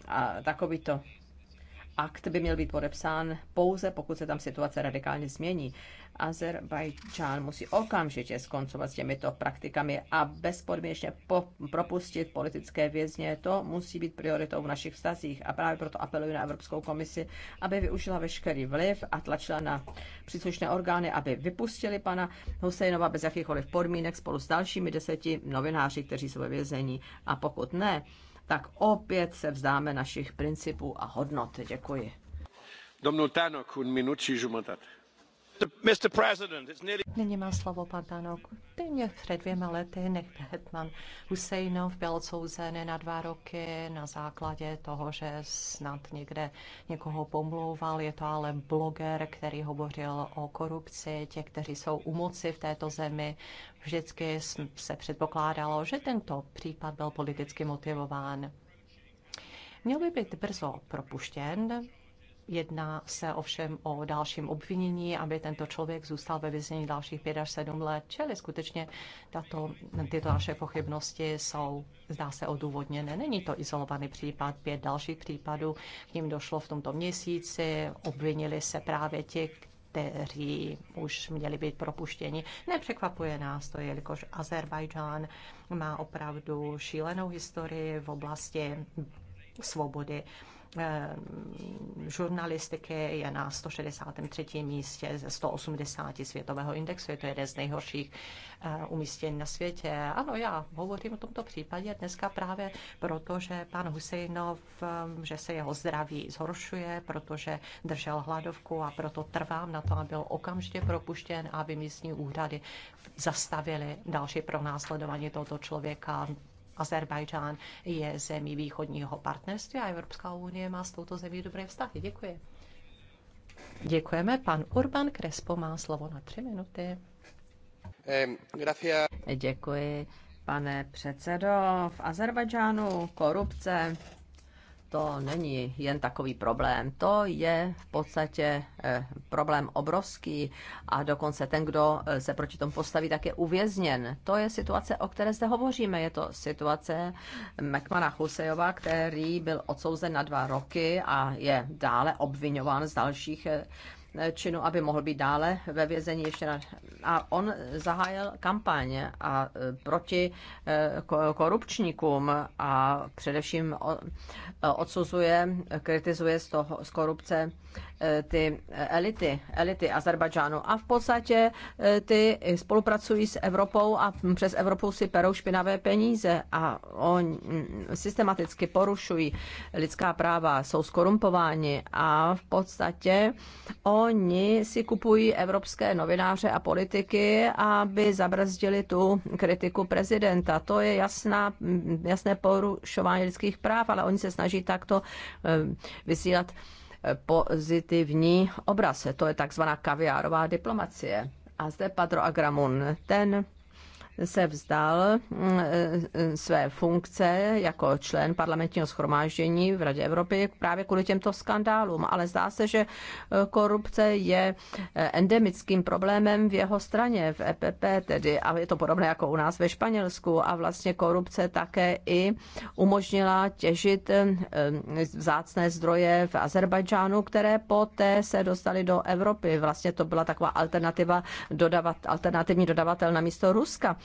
a takovýto akt by měl být podepsán pouze, pokud se tam situace radikálně změní. Azerbajdžán musí okamžitě skoncovat s těmito praktikami a bezpodmínečně po- propustit politické vězně. To musí být prioritou v našich vztazích a právě proto apeluji na Evropskou komisi, aby využila veškerý vliv a tlačila na příslušné orgány, aby vypustili pana Husejnova bez jakýchkoliv podmínek spolu s dalšími deseti novináři, kteří jsou ve vězení. A pokud ne, tak opět se vzdáme našich principů a hodnot. Děkuji. Domnul Tanok, un minut și jumătate. Nyní má slovo pan Tanok. Téměř před dvěma lety nech Hetman Husejnov byl odsouzen na dva roky na základě toho, že snad někde někoho pomlouval. Je to ale bloger, který hovořil o korupci těch, kteří jsou u moci v této zemi. Vždycky se předpokládalo, že tento případ byl politicky motivován. Měl by být brzo propuštěn, Jedná se ovšem o dalším obvinění, aby tento člověk zůstal ve vězení dalších 5 až 7 let. Čili skutečně tato, tyto naše pochybnosti jsou, zdá se, odůvodněné. Není to izolovaný případ, pět dalších případů k ním došlo v tomto měsíci. Obvinili se právě ti, kteří už měli být propuštěni. Nepřekvapuje nás to, jelikož Azerbajdžán má opravdu šílenou historii v oblasti svobody Ehm, žurnalistiky je na 163. místě ze 180 světového indexu. Je to jeden z nejhorších eh, umístění na světě. Ano, já hovořím o tomto případě dneska právě proto, že pan Husejnov, ehm, že se jeho zdraví zhoršuje, protože držel hladovku a proto trvám na to, aby byl okamžitě propuštěn, aby místní úřady zastavili další pronásledování tohoto člověka Azerbajdžán je zemí východního partnerství a Evropská unie má s touto zemí dobré vztahy. Děkuji. Děkujeme. Pan Urban Krespo má slovo na tři minuty. Děkuji, pane předsedo. V Azerbajdžánu korupce to není jen takový problém, to je v podstatě eh, problém obrovský a dokonce ten, kdo eh, se proti tomu postaví, tak je uvězněn. To je situace, o které zde hovoříme. Je to situace Mekmana Husejova, který byl odsouzen na dva roky a je dále obvinován z dalších eh, činu, aby mohl být dále ve vězení ještě na... A on zahájil kampaně a e, proti e, korupčníkům a především e, odsuzuje, kritizuje z, toho, z korupce ty elity, elity Azerbajdžánu a v podstatě e, ty spolupracují s Evropou a přes Evropu si perou špinavé peníze a oni mm, systematicky porušují lidská práva, jsou skorumpováni a v podstatě oni si kupují evropské novináře a politiky, aby zabrzdili tu kritiku prezidenta. To je jasná, jasné porušování lidských práv, ale oni se snaží takto e, vysílat pozitivní obraz. To je takzvaná kaviárová diplomacie. A zde Padro Agramun, ten se vzdal mm, e, e, své funkce jako člen parlamentního schromáždění v Radě Evropy právě kvůli těmto skandálům. Ale zdá se, že e, korupce je endemickým problémem v jeho straně, v EPP tedy, a je to podobné jako u nás ve Španělsku. A vlastně korupce také i umožnila těžit vzácné zdroje v Azerbajdžánu, které poté se dostaly do Evropy. Vlastně to byla taková alternativa dodavat, alternativní dodavatel na místo Ruska.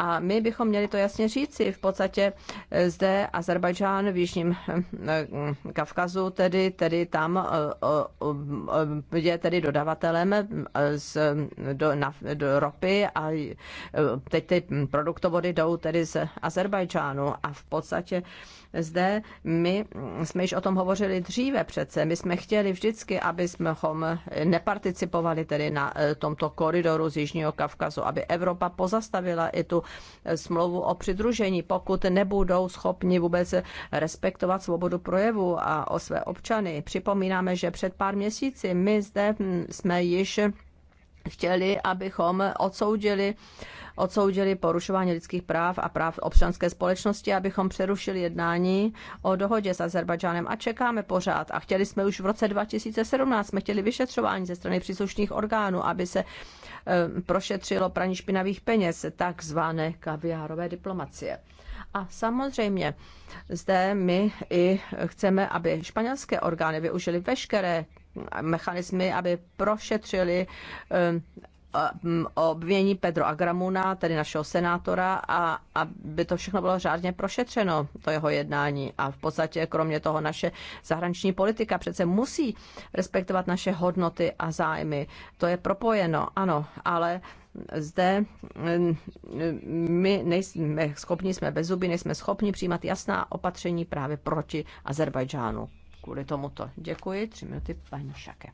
A my bychom měli to jasně říci. V podstatě eh, zde Azerbajdžán v Jižním eh, Kavkazu, tedy, tedy tam eh, je tedy dodavatelem z, do, na, do ropy a teď ty produktovody jdou tedy z Azerbajdžánu a v podstatě zde my jsme již o tom hovořili dříve přece. My jsme chtěli vždycky, aby jsme neparticipovali tedy na tomto koridoru z Jižního Kavkazu, aby Evropa pozastavila i tu smlouvu o přidružení, pokud nebudou schopni vůbec respektovat svobodu projevu a o své občany. Připomínáme, že před pár měsíci my zde hm, jsme již chtěli, abychom odsoudili, odsoudili porušování lidských práv a práv občanské společnosti, abychom přerušili jednání o dohodě s Azerbajdžánem a čekáme pořád. A chtěli jsme už v roce 2017, jsme chtěli vyšetřování ze strany příslušných orgánů, aby se Eh, prošetřilo praní špinavých peněz, takzvané kaviárové diplomacie. A samozřejmě zde my i chceme, aby španělské orgány využili veškeré mechanismy, aby prošetřili eh, Eh, obvění Pedro Agramuna, tedy našeho senátora, a aby to všechno bylo řádně prošetřeno, to jeho jednání. A v podstatě kromě toho naše zahraniční politika přece musí respektovat naše hodnoty a zájmy. To je propojeno, ano, ale zde eh, my nejsme schopni, jsme bez zuby, nejsme schopni přijímat jasná opatření právě proti Azerbajdžánu. Kvůli tomuto. Děkuji. Tři minuty paní Šake.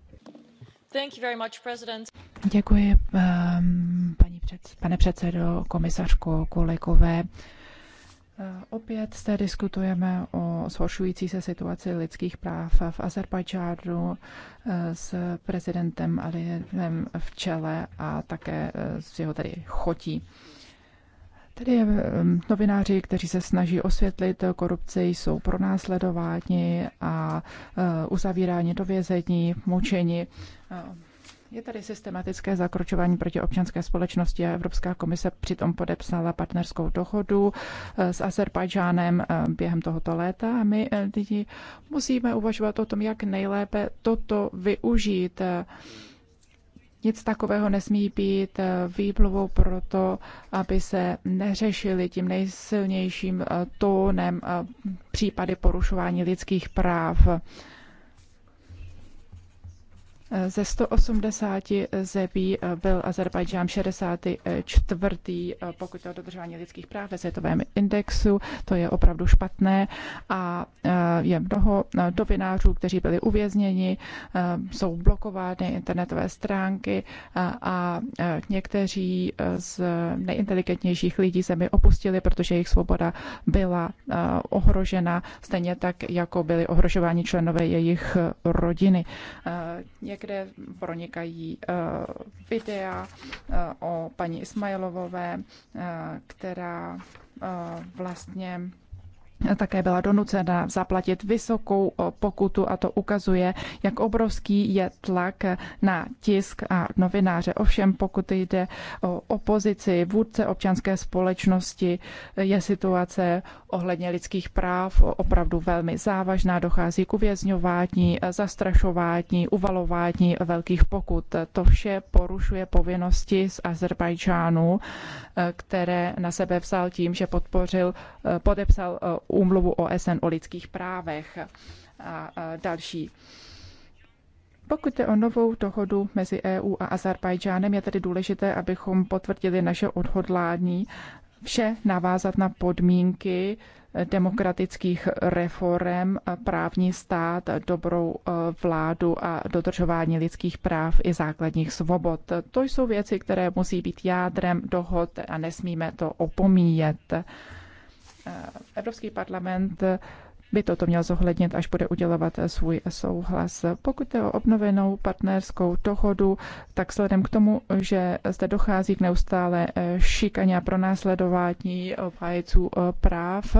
Děkuji, um, paní před, pane předsedo, komisařko, kolegové. Uh, opět zde diskutujeme o zhoršující se situaci lidských práv v Azerbajdžánu uh, s prezidentem Alijevem v čele a také uh, s jeho tedy chotí. Tedy ehm, novináři, kteří se snaží osvětlit korupci, jsou pronásledováni a eh, uzavíráni do vězení, mučeni. Je tady systematické zakročování proti občanské společnosti a Evropská komise přitom podepsala partnerskou dohodu eh, s Azerbajdžánem eh, během tohoto léta a my musíme uvažovat o tom, jak nejlépe toto využít. Nic takového nesmí být eh, výplovou pro to, aby se neřešili tím nejsilnějším eh, tónem eh, případy porušování lidských práv. Ze 180 zemí eh, byl Azerbajdžán 64. Eh, pokud to o dodržování lidských práv ve světovém indexu. To je opravdu špatné a eh, je mnoho novinářů, kteří byli uvězněni, jsou blokovány internetové stránky a někteří z nejinteligentnějších lidí zemi opustili, protože jejich svoboda byla ohrožena, stejně tak, jako byli ohrožováni členové jejich rodiny. Někdy kde pronikají eh, videa eh, o paní Ismailovové, eh, která vlastně také byla donucena zaplatit vysokou eh, pokutu a to ukazuje, jak obrovský je tlak na tisk a novináře. Ovšem, pokud jde o opozici, vůdce občanské společnosti, eh, je situace ohledně lidských práv opravdu velmi závažná. Dochází k uvězňování, eh, zastrašování, uvalování velkých pokut. To vše porušuje povinnosti z Azerbajdžánu, které na sebe vzal tím, že podpořil, podepsal úmluvu OSN o lidských právech a další. Pokud jde o novou dohodu mezi EU a Azerbajdžánem, je tedy důležité, abychom potvrdili naše odhodlání vše navázat na podmínky demokratických reform, právní stát, dobrou e, vládu a dodržování lidských práv i základních svobod. To jsou věci, které musí být jádrem dohod a nesmíme to opomíjet. Eh, Evropský parlament eh, by toto měl zohlednit, až bude udělovat eh, svůj souhlas. Pokud je o obnovenou partnerskou dohodu, tak vzhledem k tomu, že zde dochází k neustále šikaně a pronásledování obhájců práv,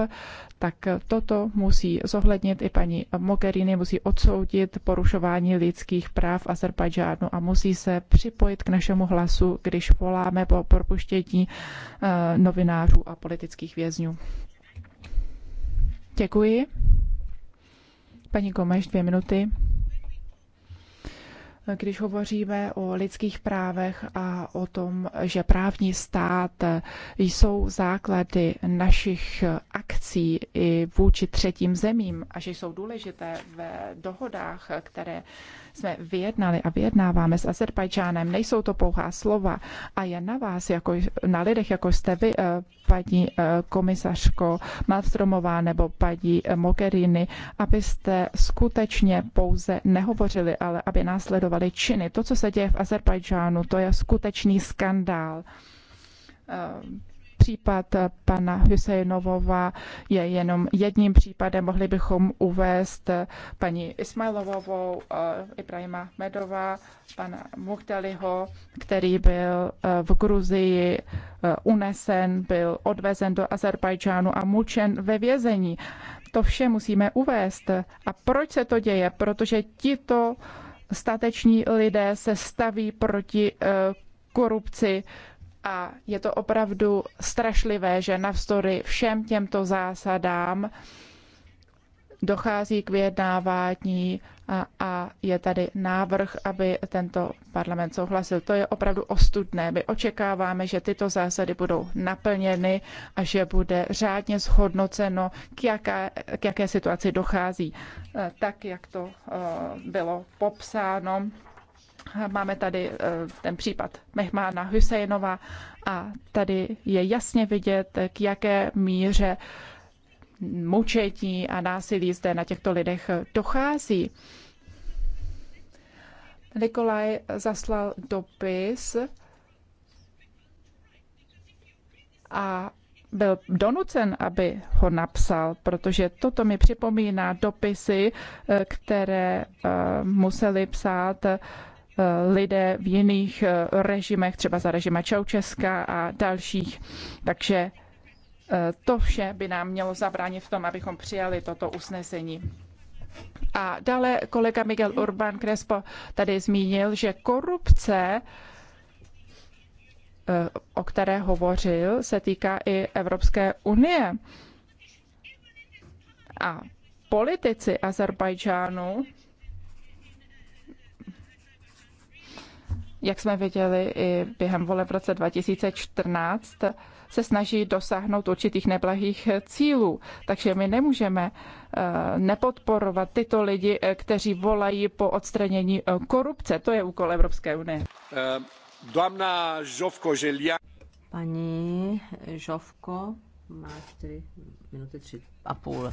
tak toto musí zohlednit i paní Mogherini, musí odsoudit porušování lidských práv Azerbajdžánu a musí se připojit k našemu hlasu, když voláme po propuštění novinářů a politických vězňů. Děkuji. Paní Gomeš, dvě minuty. Když hovoříme o lidských právech a o tom, že právní stát jsou základy našich akcí i vůči třetím zemím a že jsou důležité v dohodách, které jsme vyjednali a vyjednáváme s Azerbajdžánem, nejsou to pouhá slova a je na vás, jako, na lidech, jako jste vy, eh, paní eh, komisařko Malstromová nebo paní eh, Mogherini, abyste skutečně pouze nehovořili, ale aby následovali činy. To, co se děje v Azerbajdžánu, to je skutečný skandál Případ pana Husejnovova je jenom jedním případem. Mohli bychom uvést paní Ismailovovou, eh, Ibrahima Medova, pana Muhteliho, který byl eh, v Gruzii eh, unesen, byl odvezen do Azerbajdžánu a mučen ve vězení. To vše musíme uvést. A proč se to děje? Protože tito stateční lidé se staví proti korupci, a je to opravdu strašlivé, že navzdory všem těmto zásadám dochází k vyjednávání a, a je tady návrh, aby tento parlament souhlasil. To je opravdu ostudné. My očekáváme, že tyto zásady budou naplněny a že bude řádně shodnoceno, k jaké, k jaké situaci dochází, e, tak jak to e, bylo popsáno Máme tady eh, ten případ Mehmána Husejnova a tady je jasně vidět, k jaké míře mučení a násilí zde na těchto lidech dochází. Nikolaj zaslal dopis a byl donucen, aby ho napsal, protože toto mi připomíná dopisy, eh, které eh, museli psát lidé v jiných eh, režimech, třeba za režima Čaučeska a dalších. Takže eh, to vše by nám mělo zabránit v tom, abychom přijali toto usnesení. A dále kolega Miguel Urban Crespo tady zmínil, že korupce, eh, o které hovořil, se týká i Evropské unie. A politici Azerbajdžánu jak jsme viděli i během voleb v roce 2014, se snaží dosáhnout určitých neblahých cílů. Takže my nemůžeme eh, nepodporovat tyto lidi, eh, kteří volají po odstranění eh, korupce. To je úkol Evropské unie. Dámna Žovko Želia. Paní Žovko má 4 minuty 3 a půl.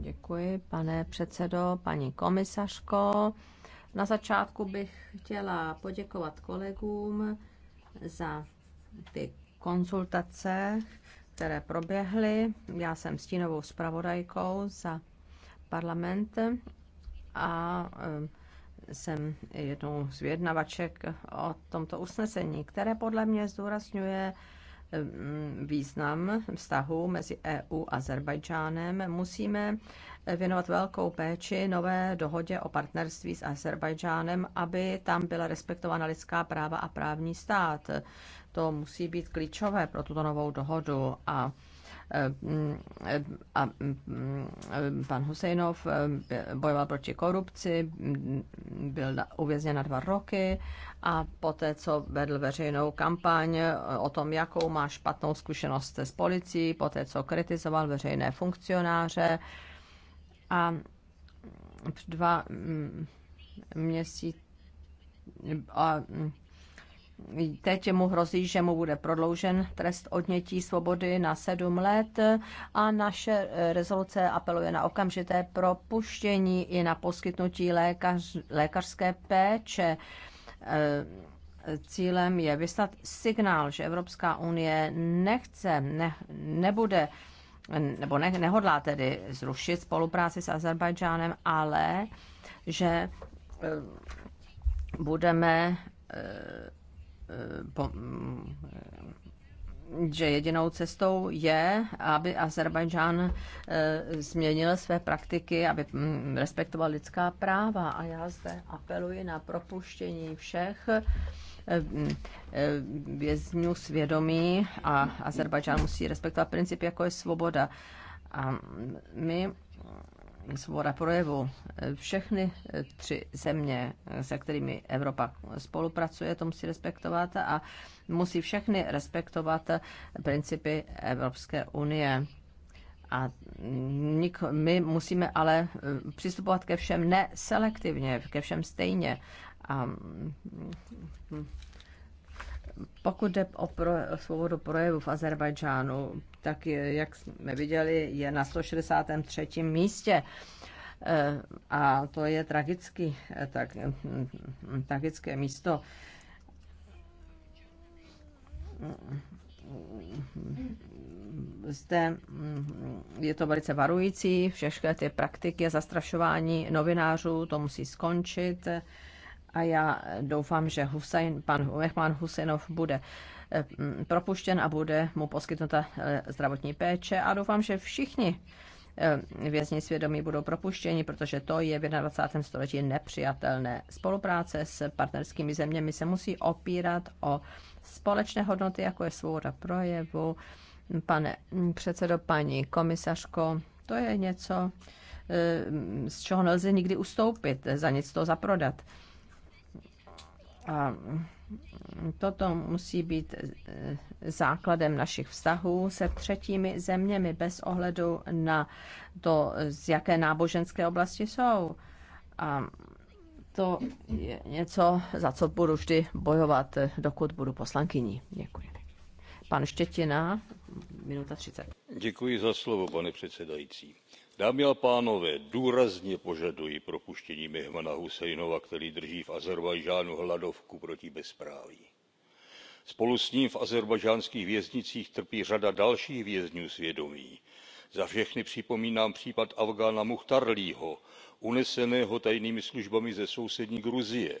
Děkuji, pane předsedo, paní komisařko. Na začátku bych chtěla poděkovat kolegům za ty konzultace, které proběhly. Já jsem stínovou zpravodajkou za parlament a jsem jednou z vědnavaček o tomto usnesení, které podle mě zdůrazňuje význam vztahu mezi EU a Azerbajdžánem. Musíme věnovat velkou péči nové dohodě o partnerství s Azerbajdžánem, aby tam byla respektována lidská práva a právní stát. To musí být klíčové pro tuto novou dohodu a eh, a mm, eh, pan Husejnov eh, bojoval proti korupci, mm, byl uvězněn na dva roky a poté, co vedl veřejnou kampaň o tom, jakou má špatnou zkušenost s policií, poté, co kritizoval veřejné funkcionáře, a dva mm, měsíce a mm, teď mu hrozí, že mu bude prodloužen trest odnětí svobody na sedm let a naše eh, rezoluce apeluje na okamžité propuštění i na poskytnutí lékař, lékařské péče. Eh, cílem je vyslat signál, že Evropská unie nechce, ne, nebude nebo ne, nehodlá tedy zrušit spolupráci s Azerbajdžánem, ale že eh, budeme eh, eh, mm, že jedinou cestou je, aby Azerbajdžán změnil své praktiky, aby mm, respektoval lidská práva. A já zde apeluji na propuštění všech Eh, eh, vězňů svědomí a Azerbajdžán musí respektovat princip, jako je svoboda. A my svoboda projevu. Eh, všechny tři země, se kterými Evropa spolupracuje, to musí respektovat a musí všechny respektovat principy Evropské unie. A my musíme ale přistupovat ke všem neselektivně, ke všem stejně. A pokud jde o pro, svobodu projevu v Azerbajdžánu, tak je, jak jsme viděli, je na 163. místě. Eh, a to je tragický, eh, tak, hm, tragické místo. Zde hm, je to velice varující, všechny ty praktiky a zastrašování novinářů, to musí skončit a já doufám, že Husein, pan Mehman Husinov bude eh, propuštěn a bude mu poskytnuta eh, zdravotní péče a doufám, že všichni eh, vězni svědomí budou propuštěni, protože to je v 21. století nepřijatelné. Spolupráce s partnerskými zeměmi se musí opírat o společné hodnoty, jako je svoboda projevu. Pane předsedo, paní komisařko, to je něco, z čeho nelze nikdy ustoupit, za nic to zaprodat. A mm, toto musí být e, základem našich vztahů se třetími zeměmi bez ohledu na to, z jaké náboženské oblasti jsou. A to je něco, za co budu vždy bojovat, e, dokud budu poslankyní. Děkuji. Pan Štětina, minuta 30. Děkuji za slovo, pane předsedající dámy a pánové důrazně požaduji propuštění mehmana husajnova který drží v ázerbájdžánu hladovku proti bezpráví. spolu s ním v ázerbájdžánských věznicích trpí řada dalších vězňů svědomí. za všechny připomínám případ afgana muchtarlího uneseného tajnými službami ze sousední gruzie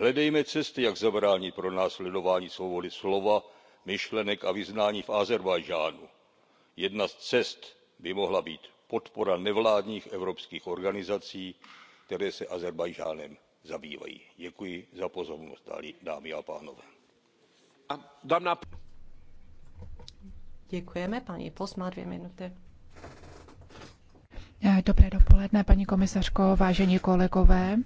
hledejme cesty jak zabránit pronásledování svobody slova myšlenek a vyznání v ázerbájdžánu. jedna z cest by mohla být podpora nevládních evropských organizací které se ázerbájdžánem zabývají. děkuji za pozornost dámy a pánové. Eh, dobré dopoledne, komisařko, vážení kolegové.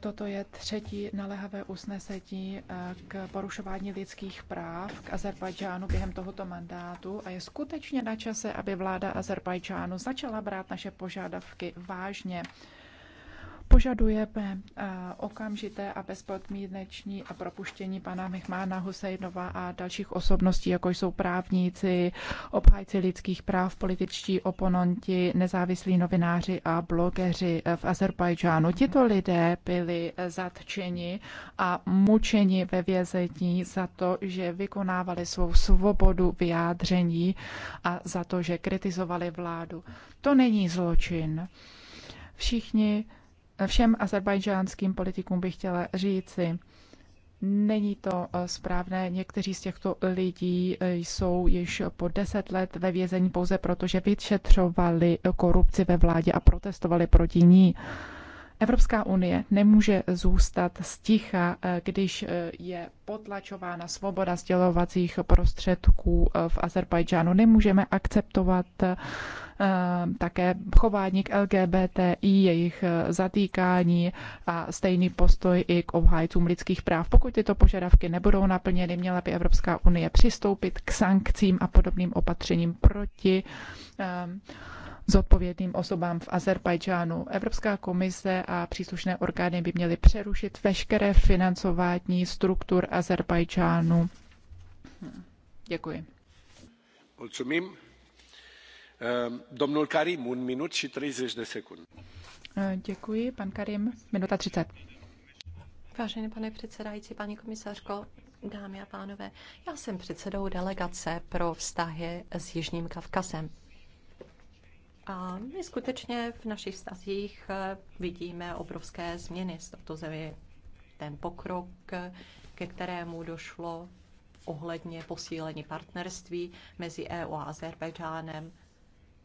Toto je třetí naléhavé usnesení eh, k porušování lidských práv k Azerbajdžánu během tohoto mandátu a je skutečně na čase, aby vláda Azerbajdžánu začala brát naše požadavky vážně. Požadujeme eh, okamžité a bezpodmíneční propuštění pana Michmána, Husejnova a dalších osobností, jako jsou právníci, obhájci lidských práv, političtí oponenti, nezávislí novináři a blogeři eh, v Azerbajdžánu. Tito lidé byli eh, zatčeni a mučeni ve vězení za to, že vykonávali svou svobodu vyjádření a za to, že kritizovali vládu. To není zločin. Všichni všem azerbajdžánským politikům bych chtěla říci, Není to eh, správné. Někteří z těchto lidí eh, jsou již po deset let ve vězení pouze proto, že vyšetřovali korupci ve vládě a protestovali proti ní. Evropská unie nemůže zůstat sticha, eh, když je potlačována svoboda sdělovacích prostředků v Azerbajdžánu. Nemůžeme akceptovat Ehm, také chování k LGBTI, jejich eh, zatýkání a stejný postoj i k obhájcům lidských práv. Pokud tyto požadavky nebudou naplněny, měla by Evropská unie přistoupit k sankcím a podobným opatřením proti ehm, zodpovědným osobám v Azerbajdžánu. Evropská komise a příslušné orgány by měly přerušit veškeré financování struktur Azerbajdžánu. Hm, děkuji. Ehm, sekund. Eh, Vážený pane předsedající, paní komisařko, dámy a pánové, já jsem předsedou delegace pro vztahy s Jižním Kavkazem. A my skutečně v našich vztazích eh, vidíme obrovské změny z touto zemi. Ten pokrok, eh, ke kterému došlo ohledně posílení partnerství mezi EU a Azerbejdžánem,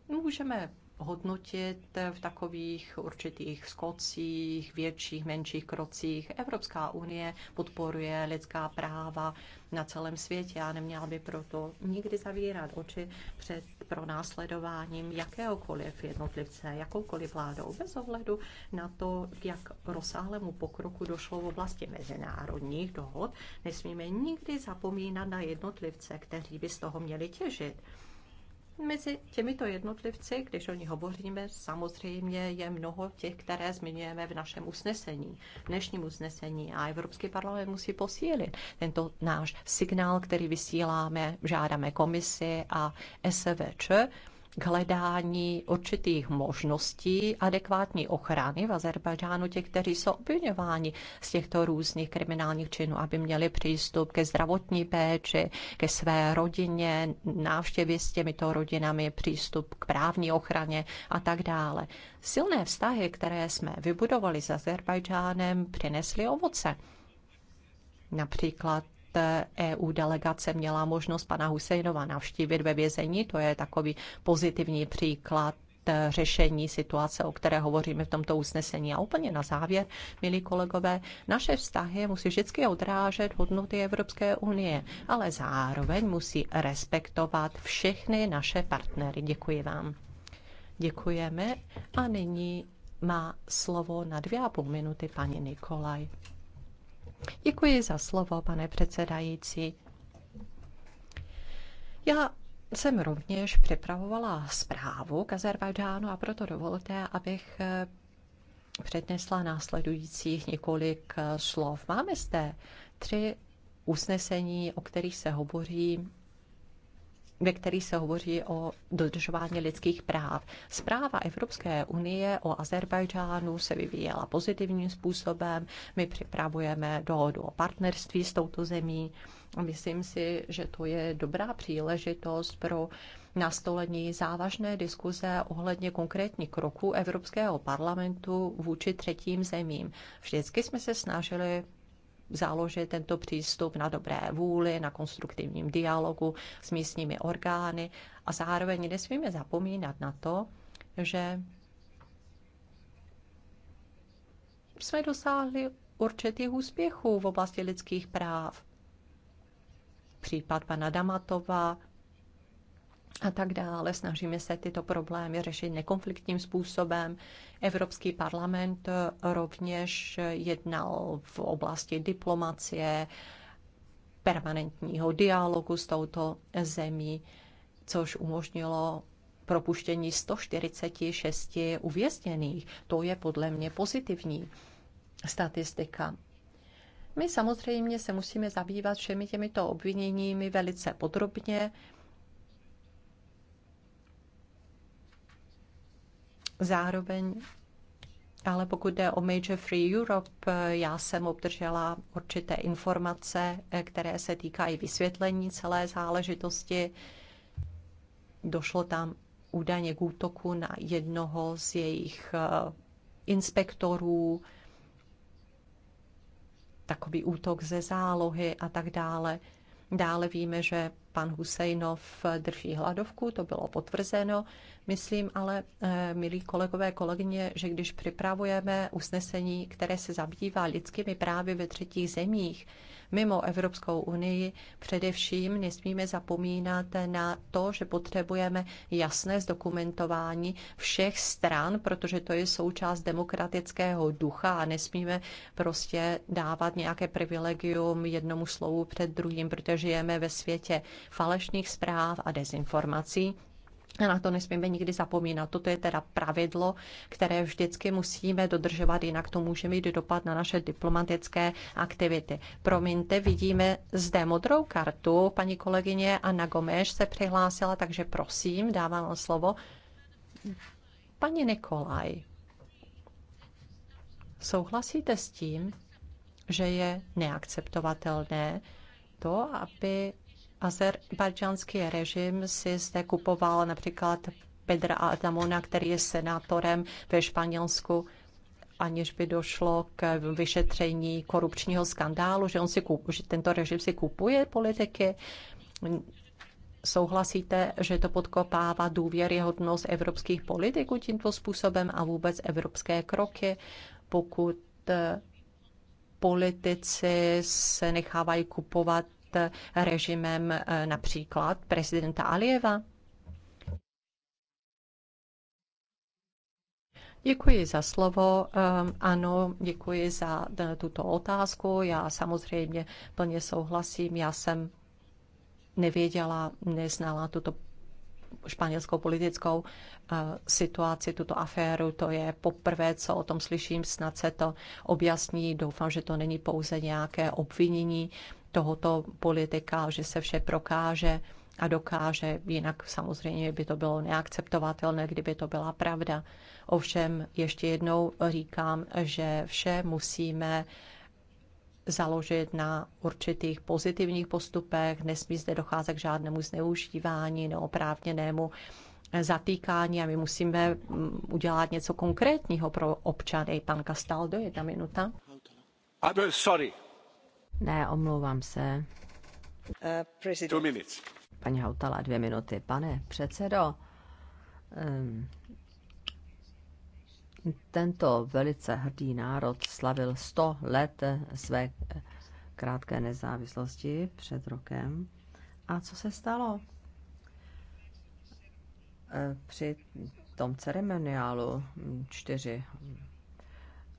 můžeme hodnotit v takových určitých skocích, větších, menších krocích. Evropská unie podporuje lidská práva na celém světě a neměla by proto nikdy zavírat oči před pronásledováním jakéhokoliv jednotlivce, jakoukoliv vládou, bez ohledu na to, k jak rozsáhlému pokroku došlo v oblasti mezinárodních dohod. Nesmíme nikdy zapomínat na jednotlivce, kteří by z toho měli těžit Mezi těmito jednotlivci, když o ní hovoříme, samozřejmě je mnoho těch, které zmiňujeme v našem usnesení, dnešním usnesení. A Evropský parlament musí posílit tento náš signál, který vysíláme, žádáme komisi a SVČ, k hledání určitých možností adekvátní ochrany v Azerbajdžánu těch, kteří jsou obvinováni z těchto různých kriminálních činů, aby měli přístup ke zdravotní péči, ke své rodině, návštěvě s těmito rodinami, přístup k právní ochraně a tak dále. Silné vztahy, které jsme vybudovali s Azerbajdžánem, přinesly ovoce. Například EU delegace měla možnost pana Husejnova navštívit ve vězení. To je takový pozitivní příklad eh, řešení situace, o které hovoříme v tomto usnesení. A úplně na závěr, milí kolegové, naše vztahy musí vždycky odrážet hodnoty Evropské unie, ale zároveň musí respektovat všechny naše partnery. Děkuji vám. Děkujeme a nyní má slovo na dvě a půl minuty paní Nikolaj. Děkuji za slovo, pane předsedající. Já jsem rovněž připravovala zprávu k Azerbajdžánu a proto dovolte, abych eh, přednesla následujících několik eh, slov. Máme zde tři usnesení, o kterých se hovoří ve který se hovoří o dodržování lidských práv. Zpráva Evropské unie o Azerbajdžánu se vyvíjela pozitivním způsobem. My připravujeme dohodu o partnerství s touto zemí. Myslím si, že to je dobrá příležitost pro nastolení závažné diskuze ohledně konkrétních kroků Evropského parlamentu vůči třetím zemím. Vždycky jsme se snažili založit tento přístup na dobré vůli, na konstruktivním dialogu s místními orgány a zároveň nesmíme zapomínat na to, že jsme dosáhli určitých úspěchů v oblasti lidských práv. Případ pana Damatova a tak dále. Snažíme se tyto problémy řešit nekonfliktním způsobem. Evropský parlament rovněž jednal v oblasti diplomacie, permanentního dialogu s touto zemí, což umožnilo propuštění 146 uvězněných. To je podle mě pozitivní statistika. My samozřejmě se musíme zabývat všemi těmito obviněními velice podrobně. Zároveň ale pokud jde o Major Free Europe, já jsem obdržela určité informace, eh, které se týkají vysvětlení celé záležitosti. Došlo tam údajně k útoku na jednoho z jejich eh, inspektorů, takový útok ze zálohy a tak dále. Dále víme, že pan Husejnov drží hladovku, to bylo potvrzeno. Myslím ale, eh, milí kolegové, kolegyně, že když připravujeme usnesení, které se zabývá lidskými právy ve třetích zemích, mimo Evropskou unii. Především nesmíme zapomínat na to, že potřebujeme jasné zdokumentování všech stran, protože to je součást demokratického ducha a nesmíme prostě dávat nějaké privilegium jednomu slovu před druhým, protože žijeme ve světě falešných zpráv a dezinformací na to nesmíme nikdy zapomínat. Toto je teda pravidlo, které vždycky musíme dodržovat, jinak to může mít dopad na naše diplomatické aktivity. Promiňte, vidíme zde modrou kartu. Paní kolegyně Anna Gomeš se přihlásila, takže prosím, dávám vám slovo. Paní Nikolaj, souhlasíte s tím, že je neakceptovatelné to, aby Azerbajdžanský režim si zde kupoval například Pedra Adamona, který je senátorem ve Španělsku, aniž by došlo k vyšetření korupčního skandálu, že, on si kup, že tento režim si kupuje politiky. Souhlasíte, že to podkopává důvěryhodnost evropských politiků tímto způsobem a vůbec evropské kroky, pokud eh, politici se nechávají kupovat režimem eh, například prezidenta Alieva? Děkuji za slovo. Eh, ano, děkuji za eh, tuto otázku. Já samozřejmě plně souhlasím. Já jsem nevěděla, neznala tuto španělskou politickou situaci, tuto aféru. To je poprvé, co o tom slyším. Snad se to objasní. Doufám, že to není pouze nějaké obvinění tohoto politika, že se vše prokáže a dokáže. Jinak samozřejmě by to bylo neakceptovatelné, kdyby to byla pravda. Ovšem ještě jednou říkám, že vše musíme založit na určitých pozitivních postupech, nesmí zde docházet k žádnému zneužívání, neoprávněnému zatýkání a my musíme mm, udělat něco konkrétního pro občany. Pan Castaldo, jedna minuta. sorry. Ne, omlouvám se. Paní Hautala, dvě minuty. Pane předsedo, ehm, tento velice hrdý národ slavil 100 let své krátké nezávislosti před rokem. A co se stalo? E, při tom ceremoniálu čtyři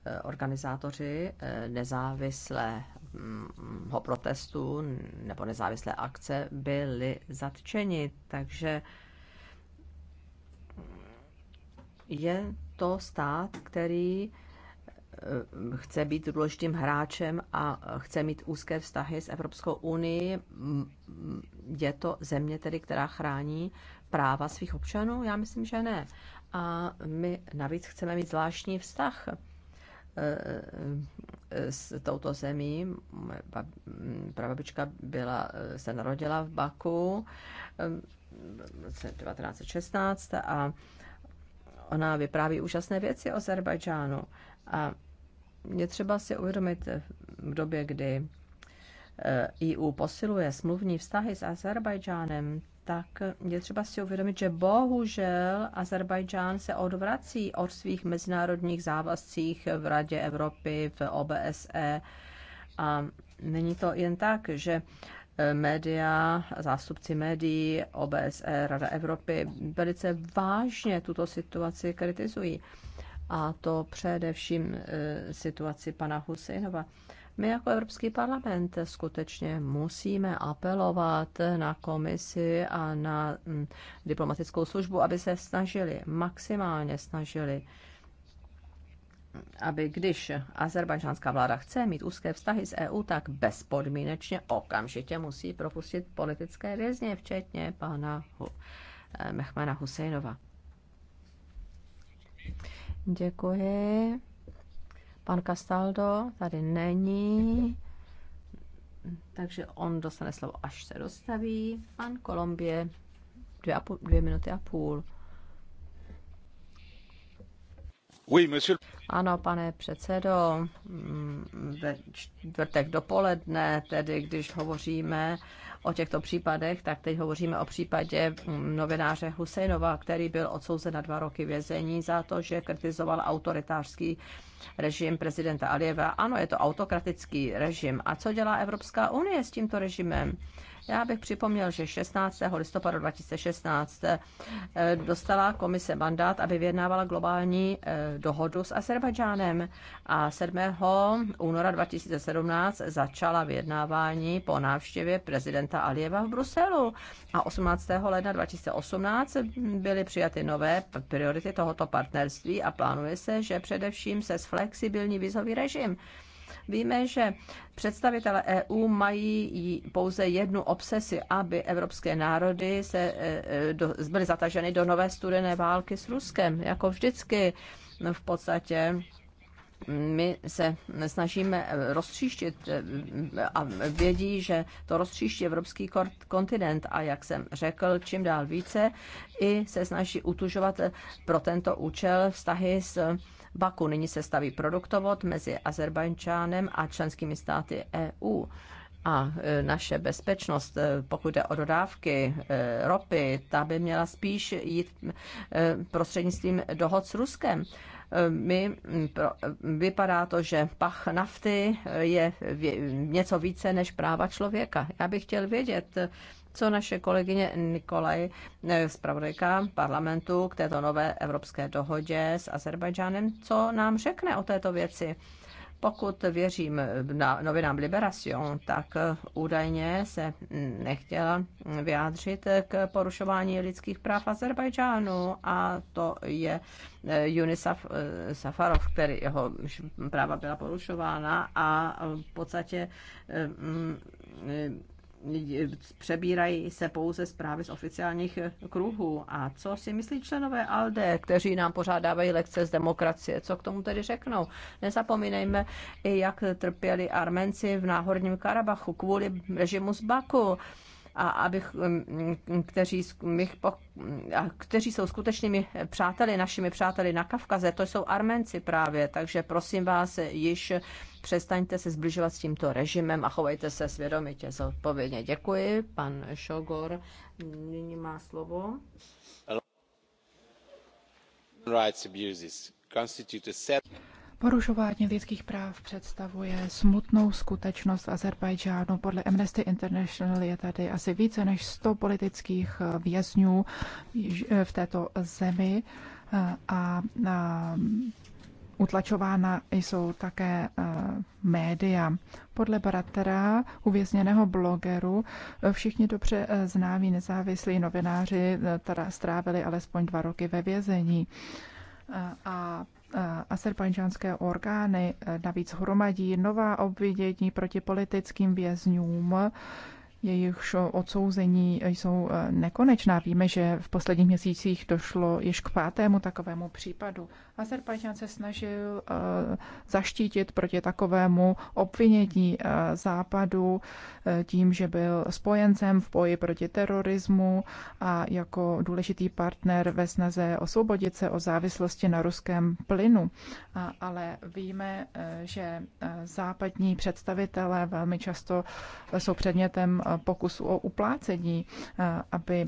e, organizátoři e, nezávislé Mm, ho protestu nebo nezávislé akce byli zatčeni. Takže je to stát, který eh, chce být důležitým hráčem a chce mít úzké vztahy s Evropskou unii. Mm, je to země tedy, která chrání práva svých občanů? Já myslím, že ne. A my navíc chceme mít zvláštní vztah eh, s touto zemí. Mm, prababička byla, eh, se narodila v Baku eh, v roce 1916 a ona vypráví úžasné věci o Azerbajdžánu. A je třeba si uvědomit eh, v době, kdy EU e posiluje smluvní vztahy s Azerbajdžánem, tak je třeba si uvědomit, že bohužel Azerbajdžán se odvrací od svých mezinárodních závazcích v Radě Evropy, v OBSE. A není to jen tak, že e, média, zástupci médií, OBSE, Rada Evropy velice vážně tuto situaci kritizují. A to především e, situaci pana Husejnova. My jako Evropský parlament skutečně musíme apelovat na komisi a na mm, diplomatickou službu, aby se snažili, maximálně snažili, aby když azerbajdžánská vláda chce mít úzké vztahy s EU, tak bezpodmínečně okamžitě musí propustit politické vězně, včetně pana eh, Mehmana Husejnova. Děkuji. Pan Castaldo tady není, takže on dostane slovo, až se dostaví. Pan Kolombie dvě, a půl, dvě minuty a půl. Oui, monsieur. Ano, pane předsedo, mm, ve čtvrtek dopoledne, tedy když hovoříme o těchto případech, tak teď hovoříme o případě novináře Husejnova, který byl odsouzen na dva roky vězení za to, že kritizoval autoritářský režim prezidenta Alieva. Ano, je to autokratický režim. A co dělá Evropská unie s tímto režimem? Já bych připomněl, že 16. listopadu 2016 eh, dostala komise mandát, aby vyjednávala globální eh, dohodu s Azerbajdžánem a 7. února 2017 začala vyjednávání po návštěvě prezidenta Alieva v Bruselu a 18. ledna 2018 byly přijaty nové priority tohoto partnerství a plánuje se, že především se zflexibilní vizový režim. Víme, že představitelé EU mají pouze jednu obsesi, aby evropské národy se, e, e, do, byly zataženy do nové studené války s Ruskem, jako vždycky v podstatě my se snažíme rozstříštit e, a vědí, že to rozstříští evropský kontinent a jak jsem řekl, čím dál více i se snaží utužovat pro tento účel vztahy s Baku nyní se staví produktovod mezi Azerbajdžánem a členskými státy EU a e, naše bezpečnost, e, pokud jde o dodávky e, ropy, ta by měla spíš jít prostřednictvím dohod s Ruskem. My, pro, vypadá to, že pach nafty je vě, něco více než práva člověka. Já bych chtěl vědět, co naše kolegyně Nikolaj, eh, zpravodajka parlamentu k této nové evropské dohodě s Azerbajdžánem, co nám řekne o této věci. Pokud věřím na novinám Liberation, tak eh, údajně se nechtěla vyjádřit k porušování lidských práv Azerbajdžánu a to je Juni eh, Saf, Safarov, který jeho práva byla porušována a v podstatě mm, přebírají se pouze zprávy z oficiálních kruhů. A co si myslí členové ALDE, kteří nám pořádávají lekce z demokracie? Co k tomu tedy řeknou? Nezapomínejme i, jak trpěli Armenci v Náhorním Karabachu kvůli režimu z Baku a abych, um, um, kteří, mých, kteří jsou skutečnými přáteli, našimi přáteli na Kavkaze, to jsou Armenci právě, takže prosím vás, již přestaňte se zbližovat s tímto režimem a chovejte se svědomitě, zodpovědně. Děkuji, pan Šogor nyní má slovo. Rights abuses constitute a set Porušování lidských práv představuje smutnou skutečnost v Azerbajdžánu. Podle Amnesty International je tady asi více než 100 politických vězňů eh, v této zemi eh, a utlačována jsou také eh, média. Podle Baratera, uvězněného blogeru, všichni dobře známí nezávislí novináři strávili alespoň dva roky ve vězení. A aserbajdžánské orgány eh, navíc hromadí nová obvidění proti politickým vězňům, jejichž odsouzení jsou eh, nekonečná. Víme, že v posledních měsících došlo již k pátému takovému případu. Azerbajdžan se snažil eh, zaštítit proti takovému obvinění eh, Západu eh, tím, že byl spojencem v boji proti terorismu a jako důležitý partner ve snaze osvobodit se o závislosti na ruském plynu. Ale víme, že západní představitelé velmi často jsou předmětem pokusu o uplácení, aby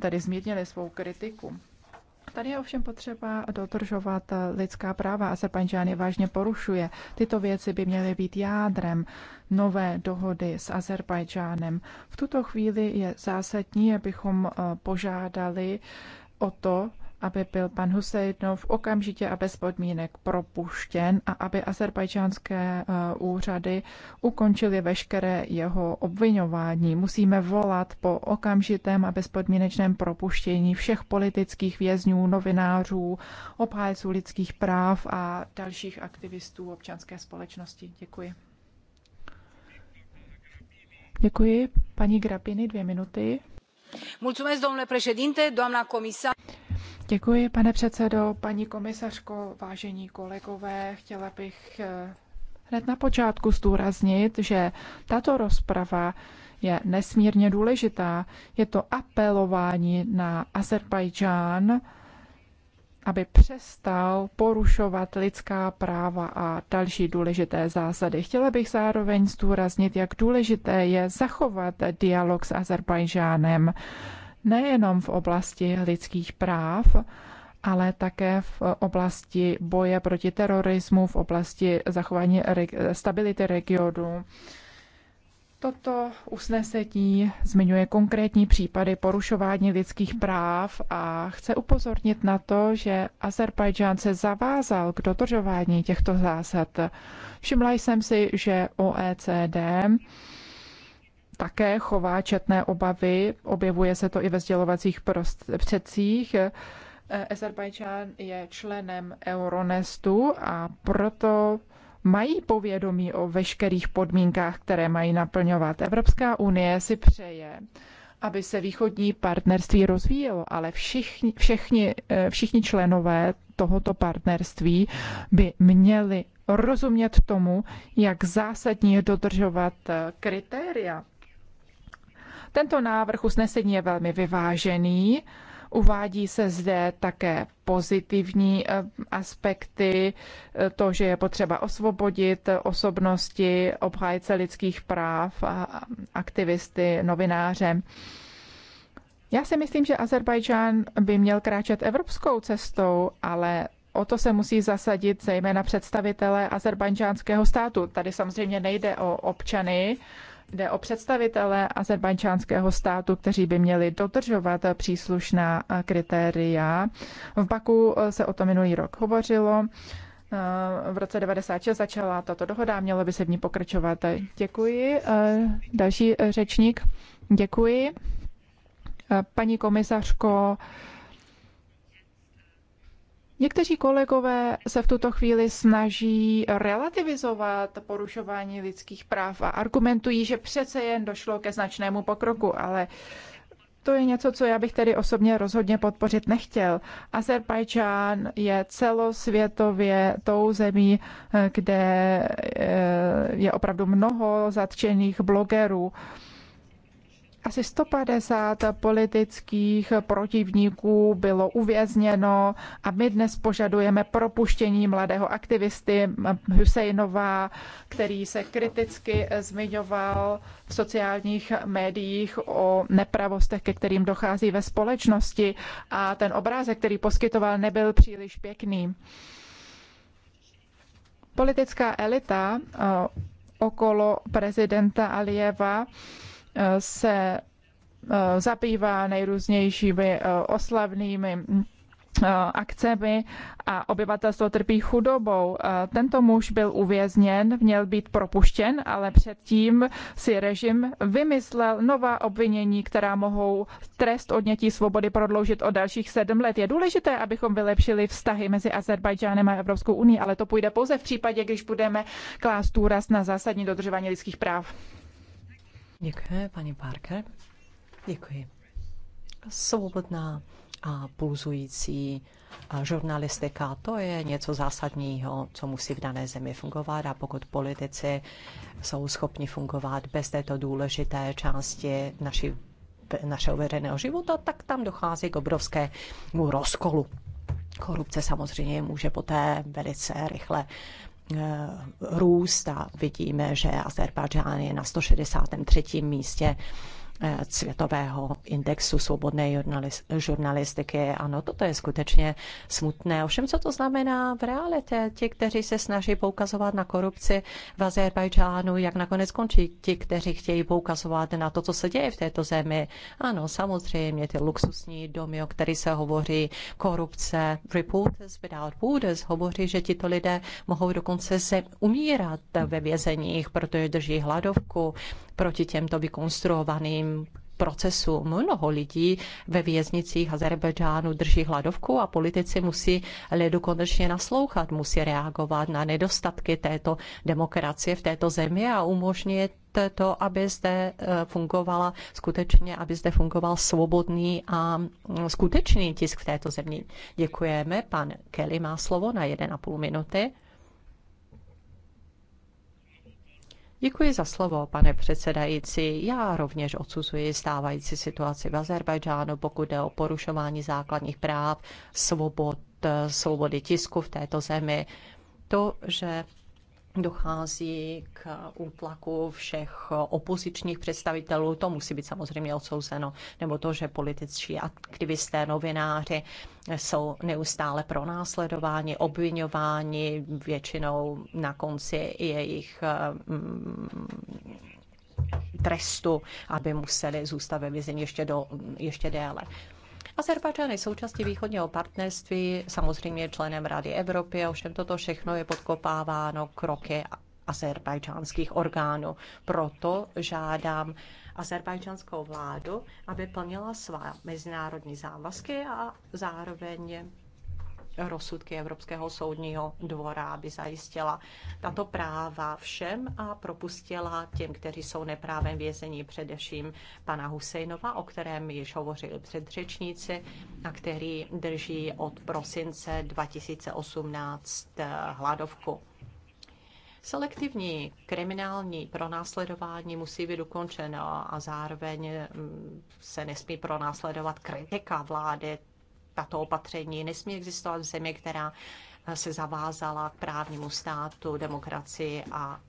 tedy zmírnili svou kritiku. Tady je ovšem potřeba dodržovat eh, lidská práva. Azerbajdžán je vážně porušuje. Tyto věci by měly být jádrem nové dohody s Azerbajdžánem. V tuto chvíli je zásadní, abychom eh, požádali o to, aby byl pan Husejnov okamžitě a bez podmínek propuštěn a aby azerbajdžánské eh, úřady ukončily veškeré jeho obvinování. Musíme volat po okamžitém a bezpodmínečném propuštění všech politických vězňů, novinářů, obhájců lidských práv a dalších aktivistů občanské společnosti. Děkuji. Děkuji. Paní Grapiny, dvě minuty. Mulțumesc, domnule președinte, doamna comisar. Děkuji, pane předsedo, paní komisařko, vážení kolegové. Chtěla bych eh, hned na počátku zdůraznit, že tato rozprava je nesmírně důležitá. Je to apelování na Azerbajdžán, aby přestal porušovat lidská práva a další důležité zásady. Chtěla bych zároveň zdůraznit, jak důležité je zachovat dialog s Azerbajdžánem nejenom v oblasti lidských práv, ale také v oblasti boje proti terorismu, v oblasti zachování stability regionu. Toto usnesení zmiňuje konkrétní případy porušování lidských práv a chce upozornit na to, že Azerbajdžán se zavázal k dodržování těchto zásad. Všimla jsem si, že OECD také chová četné obavy, objevuje se to i ve sdělovacích prostředcích. Azerbajdžán je členem Euronestu a proto mají povědomí o veškerých podmínkách, které mají naplňovat. Evropská unie si přeje, aby se východní partnerství rozvíjelo, ale všichni, všichni, eh, všichni členové tohoto partnerství by měli rozumět tomu, jak zásadní je dodržovat eh, kritéria tento návrh usnesení je velmi vyvážený. Uvádí se zde také pozitivní eh, aspekty, eh, to, že je potřeba osvobodit osobnosti, obhájce lidských práv, aktivisty, novináře. Já si myslím, že Azerbajdžán by měl kráčet evropskou cestou, ale o to se musí zasadit zejména představitelé azerbajdžánského státu. Tady samozřejmě nejde o občany, Jde o představitele azerbajdžánského státu, kteří by měli dodržovat příslušná kritéria. V Baku se o to minulý rok hovořilo. V roce 96 začala tato dohoda mělo by se v ní pokračovat. Děkuji. Další řečník. Děkuji. Paní komisařko, Někteří kolegové se v tuto chvíli snaží relativizovat porušování lidských práv a argumentují, že přece jen došlo ke značnému pokroku, ale to je něco, co já bych tedy osobně rozhodně podpořit nechtěl. Azerbajdžán je celosvětově tou zemí, eh, kde eh, je opravdu mnoho zatčených blogerů asi 150 politických protivníků bylo uvězněno a my dnes požadujeme propuštění mladého aktivisty Husejnova, který se kriticky zmiňoval v sociálních médiích o nepravostech, ke kterým dochází ve společnosti a ten obrázek, který poskytoval, nebyl příliš pěkný. Politická elita eh, okolo prezidenta Alieva se eh, zabývá nejrůznějšími eh, oslavnými eh, akcemi a obyvatelstvo trpí chudobou. Tento muž byl uvězněn, měl být propuštěn, ale předtím si režim vymyslel nová obvinění, která mohou trest odnětí svobody prodloužit o dalších sedm let. Je důležité, abychom vylepšili vztahy mezi Azerbajdžánem a Evropskou unii, ale to půjde pouze v případě, když budeme klást důraz na zásadní dodržování lidských práv. Děkuji, paní Parker. Děkuji. Svobodná a pulzující žurnalistika, to je něco zásadního, co musí v dané zemi fungovat a pokud politici jsou schopni fungovat bez této důležité části naší, našeho veřejného života, tak tam dochází k obrovskému rozkolu. Korupce samozřejmě může poté velice rychle růst a vidíme, že Azerbajdžán je na 163. místě Eh, světového indexu svobodné žurnalistiky. Ano, toto je skutečně smutné. Ovšem, co to znamená v realitě? Ti, kteří se snaží poukazovat na korupci v Azerbajdžánu, jak nakonec končí ti, kteří chtějí poukazovat na to, co se děje v této zemi. Ano, samozřejmě ty luxusní domy, o kterých se hovoří korupce. Reporters Without Borders hovoří, že tito lidé mohou dokonce se umírat ve vězeních, protože drží hladovku proti těmto vykonstruovaným vězeňským procesu. Mnoho lidí ve věznicích Azerbejdžánu drží hladovku a politici musí lidu konečně naslouchat, musí reagovat na nedostatky této demokracie v této zemi a umožnit to, aby zde eh, fungovala skutečně, aby zde fungoval svobodný a mm, skutečný tisk v této zemi. Děkujeme. Pan Kelly má slovo na 1,5 minuty. Děkuji za slovo, pane předsedající. Já rovněž odsuzuji stávající situaci v Azerbajdžánu, pokud jde o porušování základních práv, svobod, eh, svobody tisku v této zemi. To, že dochází k útlaku všech opozičních představitelů, to musí být samozřejmě odsouzeno, nebo to, že političtí aktivisté, novináři jsou neustále pronásledováni, obvinováni, většinou na konci jejich mm, trestu, aby museli zůstat ve vězení ještě, do, ještě déle. Azerbajdžán je součástí východního partnerství, samozřejmě členem Rady Evropy, ovšem toto všechno je podkopáváno kroky azerbajdžánských orgánů. Proto žádám azerbajdžánskou vládu, aby plnila svá mezinárodní závazky a zároveň rozsudky Evropského soudního dvora, aby zajistila tato práva všem a propustila těm, kteří jsou neprávem vězení, především pana Husejnova, o kterém již hovořili předřečníci a který drží od prosince 2018 eh, hladovku. Selektivní kriminální pronásledování musí být ukončeno a zároveň mm, se nesmí pronásledovat kritika vlády tato opatření. Nesmí existovat v zemi, která se zavázala k právnímu státu, demokracii a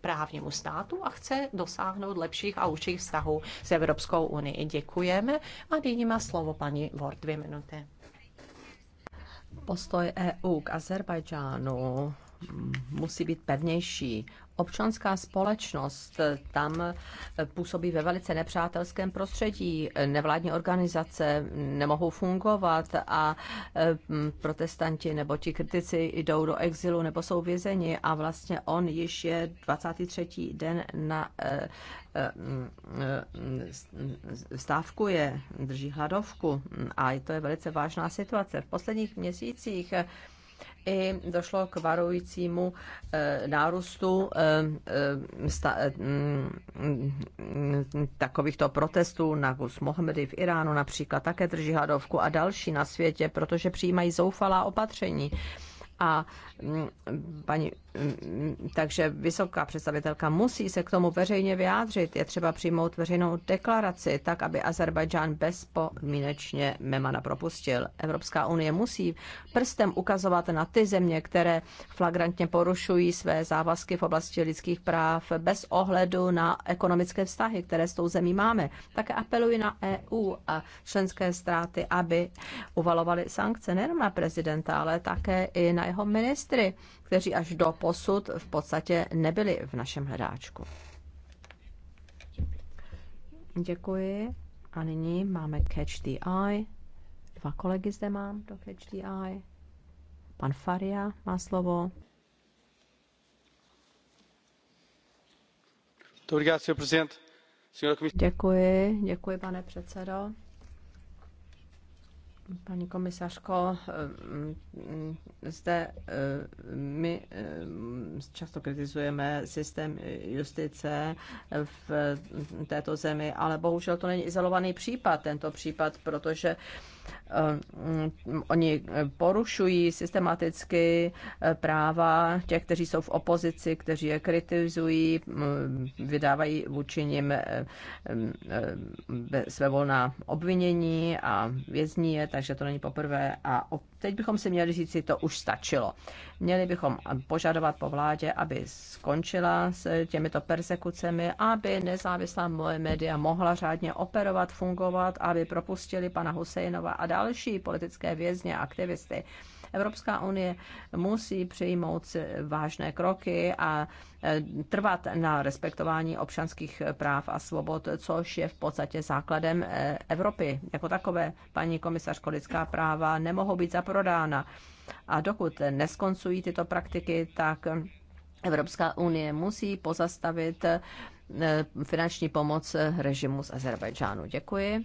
právnímu státu a chce dosáhnout lepších a užších vztahů s Evropskou unii. Děkujeme a nyní má slovo paní Vord dvě minuty. Postoj EU k Azerbajdžánu musí být pevnější občanská společnost tam působí ve velice nepřátelském prostředí. Nevládní organizace nemohou fungovat a mm, protestanti nebo ti kritici jdou do exilu nebo jsou vězeni a vlastně on již je 23. den na e, e, mm, e, stávkuje, drží hladovku a to je velice vážná situace. V posledních měsících i došlo k varujícímu e, nárůstu e, e, takovýchto protestů na Gus Mohamedy v Iránu například také drží hladovku a další na světě, protože přijímají zoufalá opatření. A mm, paní, mm, takže vysoká představitelka musí se k tomu veřejně vyjádřit. Je třeba přijmout veřejnou deklaraci, tak aby Azerbajdžán bezpodmínečně Memana propustil. Evropská unie musí prstem ukazovat na ty země, které flagrantně porušují své závazky v oblasti lidských práv bez ohledu na ekonomické vztahy, které s tou zemí máme. Také apeluji na EU a členské státy, aby uvalovaly sankce nejen na prezidenta, ale také i na na jeho ministry, kteří až do posud v podstatě nebyli v našem hledáčku. Děkuji. A nyní máme Catch the Eye. Dva kolegy zde mám do Catch the Eye. Pan Faria má slovo. Děkuji, děkuji, pane předsedo. Pani komisařko, eh, mm, zde eh, my eh, často kritizujeme systém justice v této zemi, ale bohužel to není izolovaný případ, tento případ, protože Eh, oni porušují systematicky eh, práva těch, kteří jsou v opozici, kteří je kritizují, eh, vydávají vůči nim své volná obvinění a vězní je, takže to není poprvé. A teď bychom si měli říct, že to už stačilo. Měli bychom požadovat po vládě, aby skončila s těmito persekucemi, aby nezávislá moje média mohla řádně operovat, fungovat, aby propustili pana Husejnova a dál další politické vězně, aktivisty. Evropská unie musí přijmout vážné kroky a e, trvat na respektování občanských práv a svobod, což je v podstatě základem e, Evropy. Jako takové, paní komisařko, lidská práva nemohou být zaprodána. A dokud neskoncují tyto praktiky, tak Evropská unie musí pozastavit e, finanční pomoc režimu z Azerbajdžánu. Děkuji.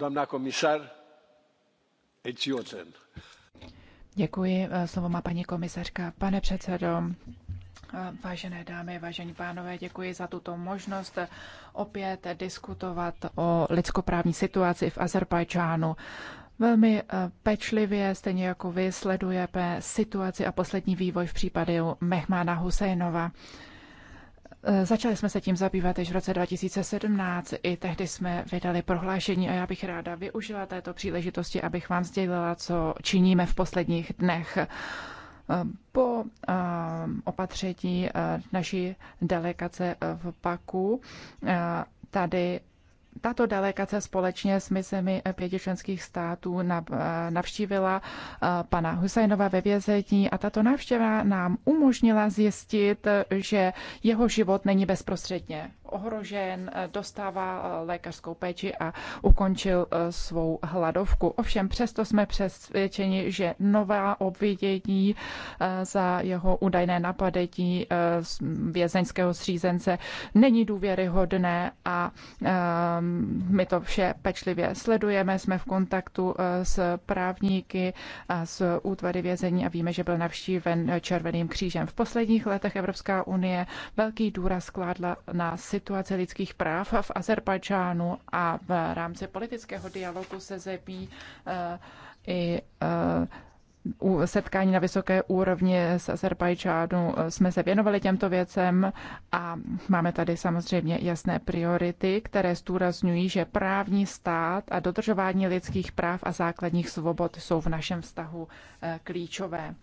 Doamna komisar, it's your turn. Děkuji. Eh, slovo má paní komisařka. Pane předsedo, eh, Vážené dámy, vážení pánové, děkuji za tuto možnost eh, opět diskutovat o lidskoprávní situaci v Azerbajdžánu. Velmi pečlivě, stejně jako vy, sledujeme situaci a poslední vývoj v případě Mehmána Husejnova. Eh, začali jsme se tím zabývat již v roce 2017. I tehdy jsme vydali prohlášení a já bych ráda využila této příležitosti, abych vám sdělila, co činíme v posledních dnech. Eh, po eh, opatření naší delegace v Paku tady tato delegace společně s misemi pěti států eh, navštívila eh, pana Husajnova ve vězení a tato návštěva nám umožnila zjistit, že jeho život není bezprostředně ohrožen, eh, dostává eh, lékařskou péči a ukončil eh, svou hladovku. Ovšem přesto jsme přesvědčeni, že nová obvědění za jeho údajné napadení vězeňského střízence není důvěryhodné a my to vše pečlivě sledujeme. Jsme v kontaktu s právníky a s útvary vězení a víme, že byl navštíven Červeným křížem. V posledních letech Evropská unie velký důraz skládla na situaci situace lidských práv v Azerbajdžánu a v rámci politického dialogu se zemí eh, i eh, setkání na vysoké úrovni s Azerbajdžánu jsme se věnovali těmto věcem a máme tady samozřejmě jasné priority, které zdůrazňují, že právní stát a dodržování lidských práv a základních svobod jsou v našem vztahu eh, klíčové.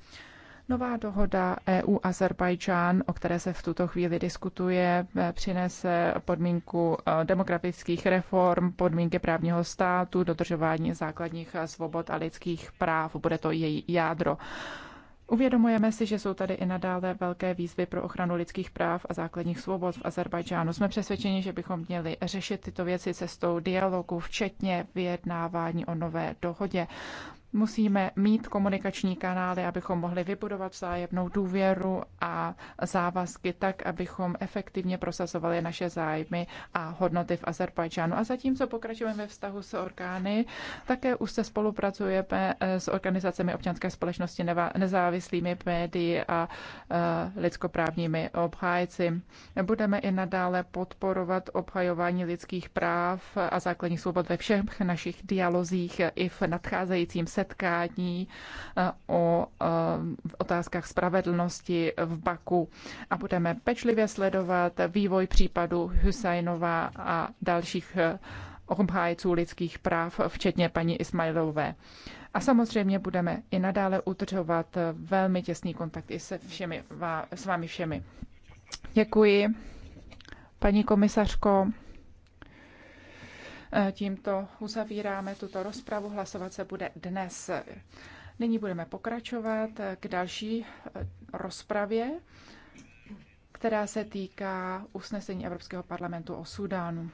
Nová dohoda EU-Azerbajdžán, o které se v tuto chvíli diskutuje, eh, přinese podmínku eh, demografických reform, podmínky právního státu, dodržování základních eh, svobod a lidských práv. Bude to její jádro. Uvědomujeme si, že jsou tady i nadále velké výzvy pro ochranu lidských práv a základních svobod v Azerbajdžánu. Jsme přesvědčeni, že bychom měli řešit tyto věci cestou dialogu, včetně vyjednávání o nové dohodě. Musíme mít komunikační kanály, abychom mohli vybudovat zájemnou důvěru a závazky tak, abychom efektivně prosazovali naše zájmy a hodnoty v Azerbajdžánu. A zatímco pokračujeme ve vztahu s orgány, také už se spolupracujeme eh, s organizacemi občanské společnosti, nezávislými médii a eh, lidskoprávními obhájci. Budeme i nadále podporovat obhajování lidských práv a základních svobod ve všech našich dialozích i v nadcházejícím setkání eh, o eh, otázkách spravedlnosti v Baku a budeme pečlivě sledovat vývoj případu Husajnova a dalších eh, obhájců lidských práv, včetně paní Ismailové. A samozřejmě budeme i nadále udržovat velmi těsný kontakt i se všemi, s vámi všemi. Děkuji, paní komisařko. E, tímto uzavíráme tuto rozpravu. Hlasovat se bude dnes. Nyní budeme pokračovat k další e, rozpravě, která se týká usnesení Evropského parlamentu o Sudánu.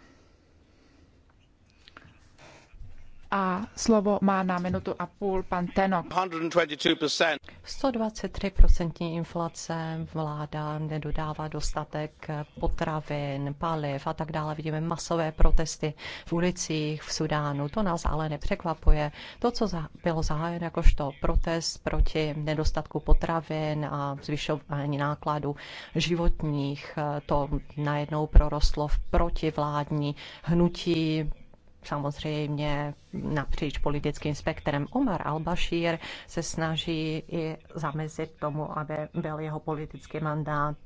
A slovo má na minutu a půl pan Tenok. 123%. inflace, vláda nedodává dostatek potravin, paliv a tak dále. Vidíme masové protesty v ulicích v Sudánu. To nás ale nepřekvapuje. To, co bylo zahájeno jakožto protest proti nedostatku potravin a zvyšování nákladů životních, to najednou prorostlo v protivládní hnutí samozřejmě napříč politickým spektrem. Omar al-Bashir se snaží i zamezit tomu, aby byl jeho politický mandát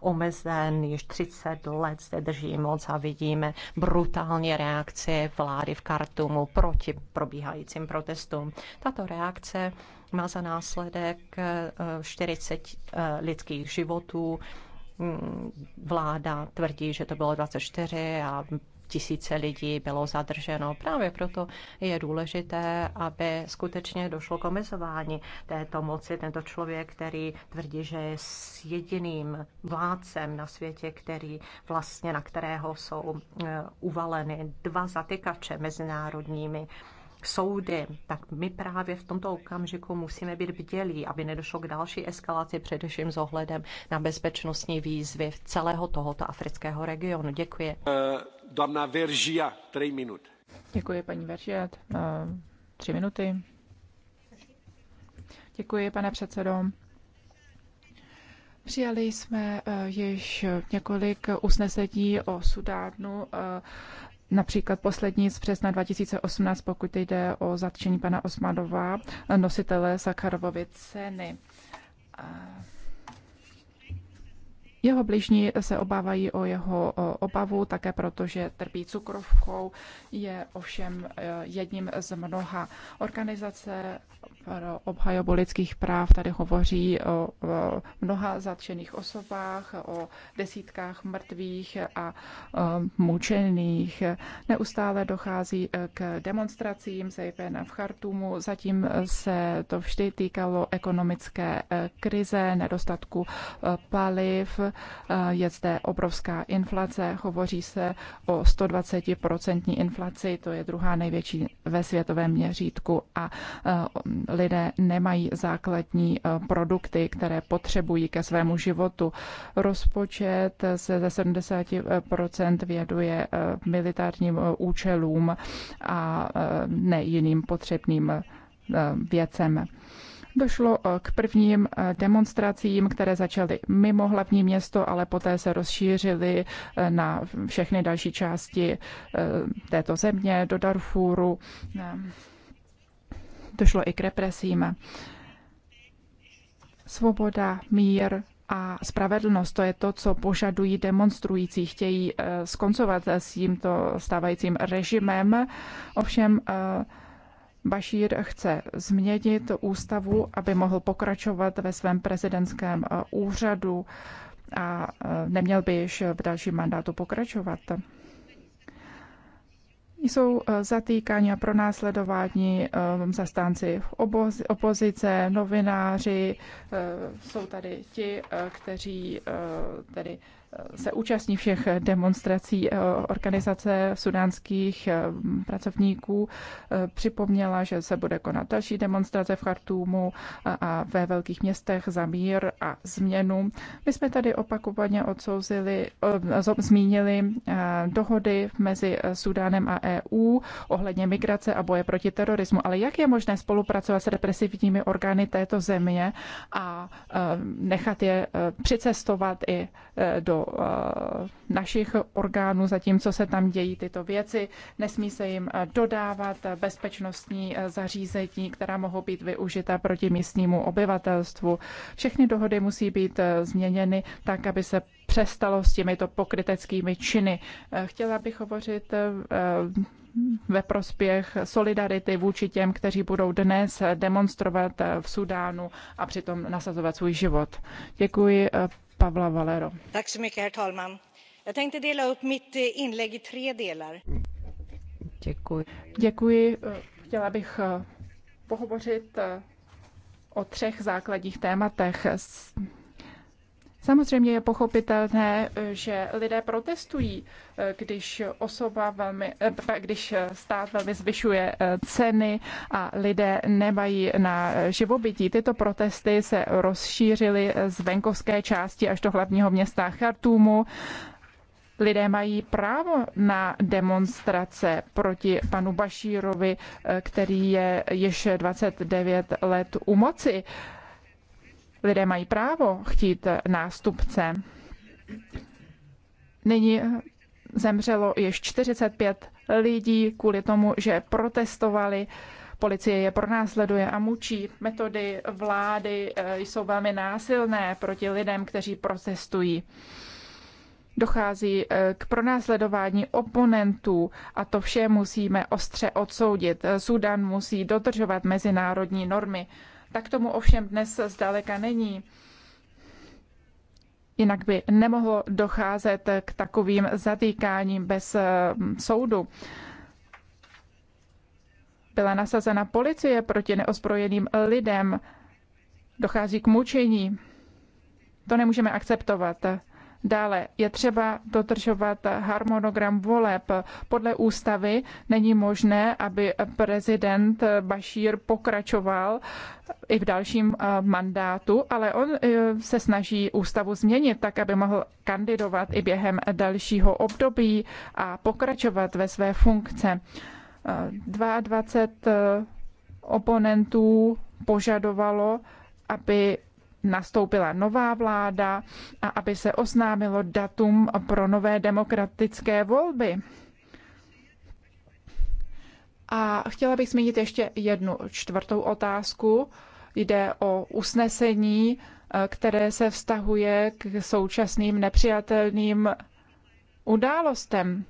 omezen. Již 30 let zde drží moc a vidíme brutální reakci vlády v Kartumu proti probíhajícím protestům. Tato reakce má za následek 40 eh, eh, lidských životů, hm, vláda tvrdí, že to bylo 24 a tisíce lidí bylo zadrženo. Právě proto je důležité, aby skutečně došlo k omezování této moci. Tento člověk, který tvrdí, že je s jediným vládcem na světě, který vlastně na kterého jsou eh, uvaleny dva zatykače mezinárodními, soudy, tak my právě v tomto okamžiku musíme být bdělí, aby nedošlo k další eskalaci, především s ohledem na bezpečnostní výzvy celého tohoto afrického regionu. Děkuji. Uh doamna Veržia, tři minuty. Děkuji, paní Veržia. Eh, tři minuty. Děkuji, pane předsedo. Přijali jsme eh, již několik usnesení o Sudánu, eh, například poslední z března 2018, pokud jde o zatčení pana Osmanova, nositele Sakarovovy ceny. Jeho blížní se obávají o jeho obavu také proto, že trpí cukrovkou, je ovšem e, jedním z mnoha organizace pro obhajobu lidských práv tady hovoří o, o mnoha zatčených osobách, o desítkách mrtvých a o, mučených. Neustále dochází e, k demonstracím, zejména v Chartumu. Zatím se to vždy týkalo ekonomické e, krize, nedostatku e, paliv. Je zde obrovská inflace. Hovoří se o 120% inflaci, to je druhá největší ve světovém měřítku a lidé nemají základní eh, produkty, které potřebují ke svému životu. Rozpočet se ze 70% věduje eh, militárním eh, účelům a ne jiným potřebným věcem. Došlo k prvním demonstracím, které začaly mimo hlavní město, ale poté se rozšířily na všechny další části této země, do Darfuru. Ehm, došlo i k represím. Svoboda, mír a spravedlnost, to je to, co požadují demonstrující. Chtějí eh, skoncovat s tímto stávajícím režimem. Ovšem, eh, Bašír chce změnit ústavu, aby mohl pokračovat ve svém prezidentském eh, úřadu a neměl by již v dalším mandátu pokračovat jsou eh, zatýkáni a pronásledováni eh, zastánci opozice, novináři, eh, jsou tady ti, kteří tady se účastní všech demonstrací eh, organizace sudánských eh, pracovníků. Eh, připomněla, že se bude konat další demonstrace v Chartúmu a ve velkých městech za mír a změnu. My jsme tady opakovaně odsouzili, zmínili dohody mezi Sudánem a EU ohledně migrace a boje proti terorismu. Ale jak je možné spolupracovat s represivními orgány této země a nechat je přicestovat i do Eh, našich orgánů, zatímco se tam dějí tyto věci. Nesmí se jim eh, dodávat bezpečnostní eh, zařízení, která mohou být využita proti místnímu obyvatelstvu. Všechny dohody musí být změněny tak, aby se přestalo s těmito pokryteckými činy. Chtěla bych hovořit ve prospěch solidarity vůči těm, kteří budou dnes demonstrovat v Sudánu a přitom nasazovat svůj život. Děkuji herr talman. tänkte dela upp mitt eh, inlägg i tre delar. Děkuji. Děkuji. Eh, chtěla bych eh, pohovořit o třech základních tématech. Samozřejmě je pochopitelné, že lidé protestují, když osoba velmi, eh, když stát velmi zvyšuje eh, ceny a lidé nemají na živobytí. Tyto protesty se rozšířily z venkovské části až do hlavního města Chartumu. Lidé mají právo na demonstrace proti panu Bašírovi, eh, který je již 29 let u moci. Lidé mají právo chtít nástupce. Nyní zemřelo již 45 lidí kvůli tomu, že protestovali. Policie je pronásleduje a mučí. Metody vlády eh, jsou velmi násilné proti lidem, kteří protestují. Dochází eh, k pronásledování oponentů a to vše musíme ostře odsoudit. Sudan musí dodržovat mezinárodní normy. Tak tomu ovšem dnes zdaleka není. Jinak by nemohlo docházet k takovým zatýkáním bez eh, soudu. Byla nasazena policie proti neozbrojeným lidem. Dochází k mučení. To nemůžeme akceptovat. Dále je třeba dodržovat harmonogram voleb. Podle ústavy není možné, aby prezident Bashir pokračoval i v dalším eh, mandátu, ale on eh, se snaží ústavu změnit tak, aby mohl kandidovat i během dalšího období a pokračovat ve své funkce. 22 eh, oponentů požadovalo, aby nastoupila nová vláda a aby se oznámilo datum pro nové demokratické volby. A chtěla bych zmínit ještě jednu čtvrtou otázku. Jde o usnesení, které se vztahuje k současným nepřijatelným událostem.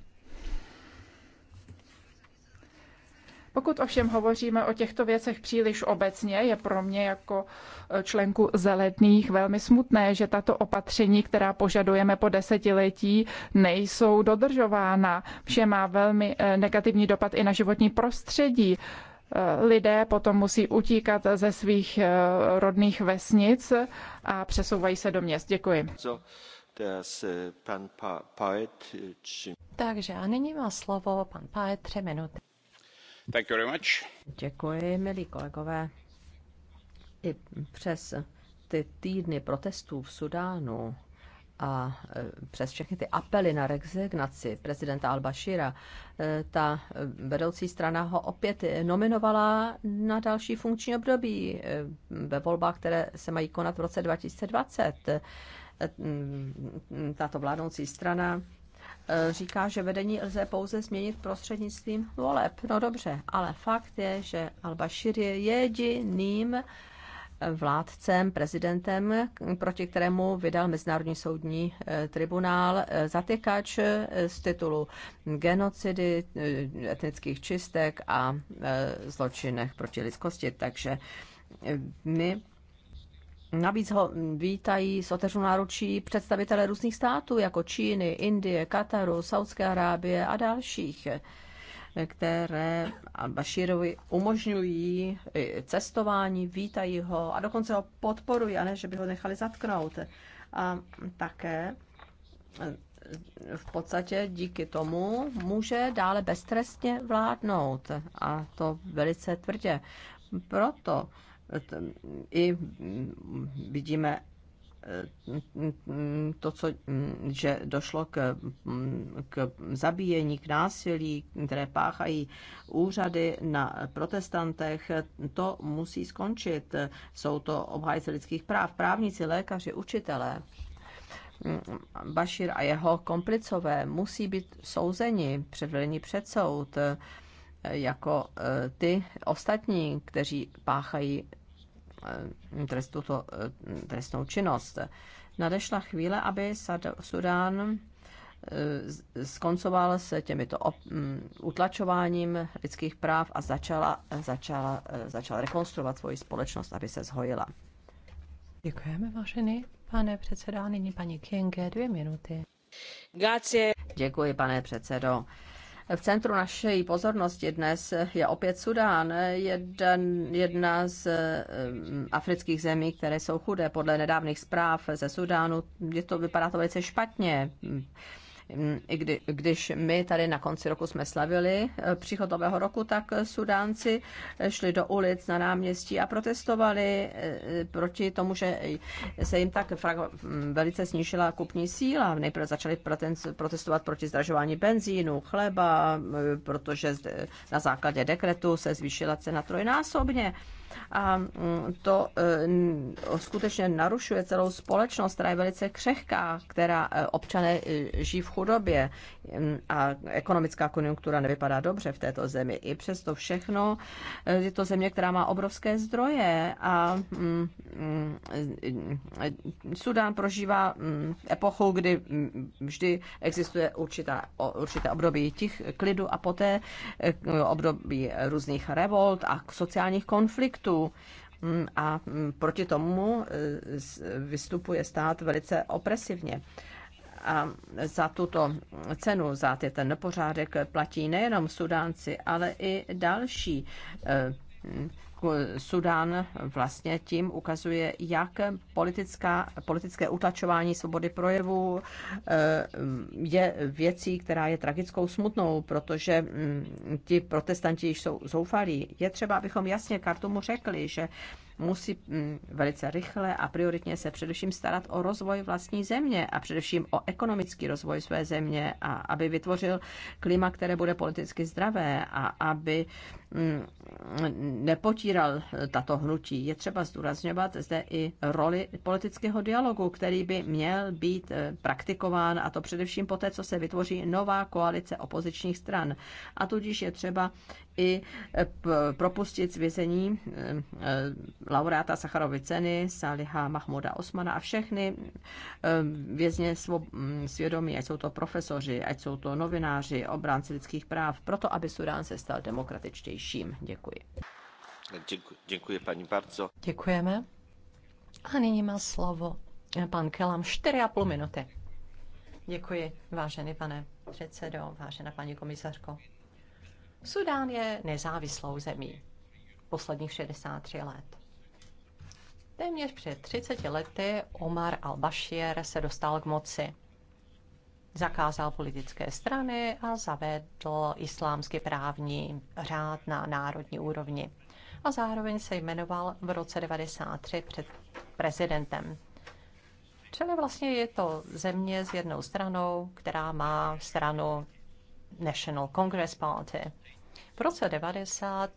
Pokud ovšem hovoříme o těchto věcech příliš obecně, je pro mě jako e, členku zelených velmi smutné, že tato opatření, která požadujeme po desetiletí, nejsou dodržována. Vše má velmi e, negativní dopad i na životní prostředí e, lidé potom musí utíkat ze svých rodných vesnic a přesouvají se do měst. Děkuji. Takže a nyní má slovo pan Paet tři minuty. Thank you very much. Děkuji, milí kolegové. I přes ty týdny protestů v Sudánu a e, přes všechny ty apely na rezignaci prezidenta Al-Bashira, e, ta e, vedoucí strana ho opět nominovala na další funkční období ve volbách, které se mají konat v roce 2020. Tato vládnoucí strana Eh, říká, že vedení lze pouze změnit prostřednictvím voleb. No dobře, ale fakt je, že Al-Bashir je jediným eh, vládcem, prezidentem, proti kterému vydal Mezinárodní soudní eh, tribunál zatykač z titulu genocidy, etnických čistek a zločinech proti lidskosti. Takže my Navíc ho vítají s otevřenou náručí představitelé různých států, jako Číny, Indie, Kataru, Saudské Arábie a dalších, které Bashirovi umožňují eh, cestování, vítají ho a dokonce ho podporují, a ne, že by ho nechali zatknout. A také eh, v podstatě díky tomu může dále beztrestně vládnout a to velice tvrdě. Proto i vidíme eh, to, co, že došlo k, k zabíjení, k násilí, které páchají úřady na protestantech, to musí skončit. Jsou to obhájci lidských práv, právníci, lékaři, učitelé. Bašir a jeho komplicové musí být souzeni, předvedeni před soud eh, jako eh, ty ostatní, kteří páchají Eh, trest, tuto eh, trestnou činnost. Nadešla chvíle, aby Sudán eh, skoncoval se těmito mm, utlačováním lidských práv a začala, začala, začala rekonstruovat svoji společnost, aby se zhojila. Děkujeme, vážený pane A Nyní paní Kienge, dvě minuty. Děkuji, pane předsedo. V centru naší pozornosti dnes je opět Sudán, jeden, jedna z afrických zemí, které jsou chudé. Podle nedávných zpráv ze Sudánu je to, vypadá to velice špatně. Hm, kdy, když my tady na konci roku jsme slavili eh, příchod nového roku, tak Sudánci eh, šli do ulic na náměstí a protestovali eh, proti tomu, že se jim tak hm, velice snížila kupní síla. Nejprve začali protestovat proti zdražování benzínu, chleba, protože na základě dekretu se zvýšila cena trojnásobně a mm, to eh, skutečně narušuje celou společnost, která je velice křehká, která eh, občané eh, žijí v chudobě mm, a ekonomická konjunktura nevypadá dobře v této zemi. I přesto všechno je to země, která má obrovské zdroje a mm, Sudán prožívá epochu, kdy vždy existuje určitá, určité období těch klidu a poté období různých revolt a sociálních konfliktů konfliktů mm, a mm, proti tomu e, vystupuje stát velice opresivně. A za tuto cenu, za ty, ten nepořádek platí nejenom Sudánci, ale i další e, Sudán vlastně tím ukazuje, jak politická, politické utlačování svobody projevu eh, je věcí, která je tragickou smutnou, protože mm, ti protestanti jsou zoufalí. Je třeba, abychom jasně mu řekli, že musí mm, velice rychle a prioritně se především starat o rozvoj vlastní země a především o ekonomický rozvoj své země a aby vytvořil klima, které bude politicky zdravé a aby mm, nepotíral tato hnutí. Je třeba zdůrazňovat zde i roli politického dialogu, který by měl být eh, praktikován a to především poté, co se vytvoří nová koalice opozičních stran. A tudíž je třeba i e, propustit z vězení e, e, laureáta Sacharovy ceny, Saliha Mahmuda Osmana a všechny vězně svědomí, ať jsou to profesoři, ať jsou to novináři, obránci lidských práv, proto aby Sudán se stal demokratičtějším. Děkuji. Děkuji, děkuji paní Barco. Děkujeme. A nyní má slovo pan Kelam, 4,5 minuty. Děkuji, vážený pane předsedo, vážená paní komisařko. Sudán je nezávislou zemí posledních 63 let. Téměř před 30 lety Omar al-Bashir se dostal k moci. Zakázal politické strany a zavedl islámský právní řád na národní úrovni. A zároveň se jmenoval v roce 1993 před prezidentem. Čili vlastně je to země s jednou stranou, která má stranu National Congress Party, v roce 90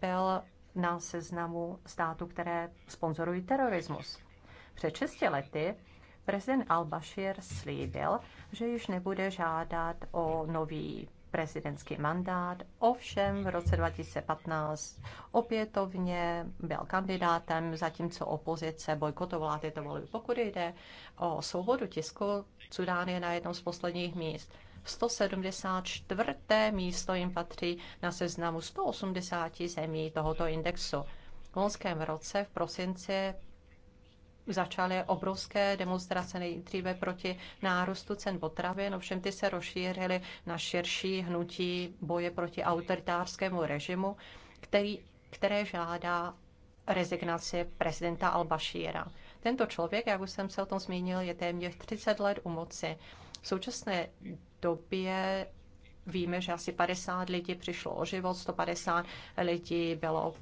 byl na seznamu států, které sponzorují terorismus. Před 6 lety prezident al-Bashir slíbil, že již nebude žádat o nový prezidentský mandát. Ovšem v roce 2015 opětovně byl kandidátem, zatímco opozice bojkotovala tyto volby. Pokud jde o svobodu tisku, Sudán je na jednom z posledních míst. 174. místo jim patří na seznamu 180 zemí tohoto indexu. V loňském roce v prosinci začaly obrovské demonstrace nejdříve proti nárůstu cen potravin, ovšem ty se rozšířily na širší hnutí boje proti autoritářskému režimu, který, které žádá rezignaci prezidenta Al-Bashira. Tento člověk, jak už jsem se o tom zmínil, je téměř 30 let u moci. V současné době víme, že asi 50 lidí přišlo o život, 150 lidí bylo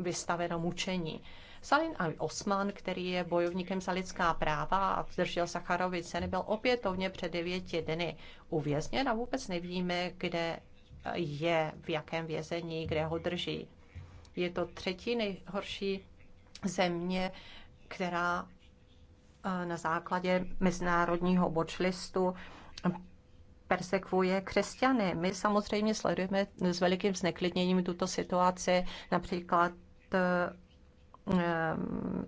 vystaveno mučení. Salin a Osman, který je bojovníkem za lidská práva a držel Sacharovi ceny, byl opětovně před devěti dny uvězněn a vůbec nevíme, kde je, v jakém vězení, kde ho drží. Je to třetí nejhorší země, která eh, na základě mezinárodního bočlistu persekvuje křesťany. My samozřejmě sledujeme s velikým zneklidněním tuto situaci, například eh,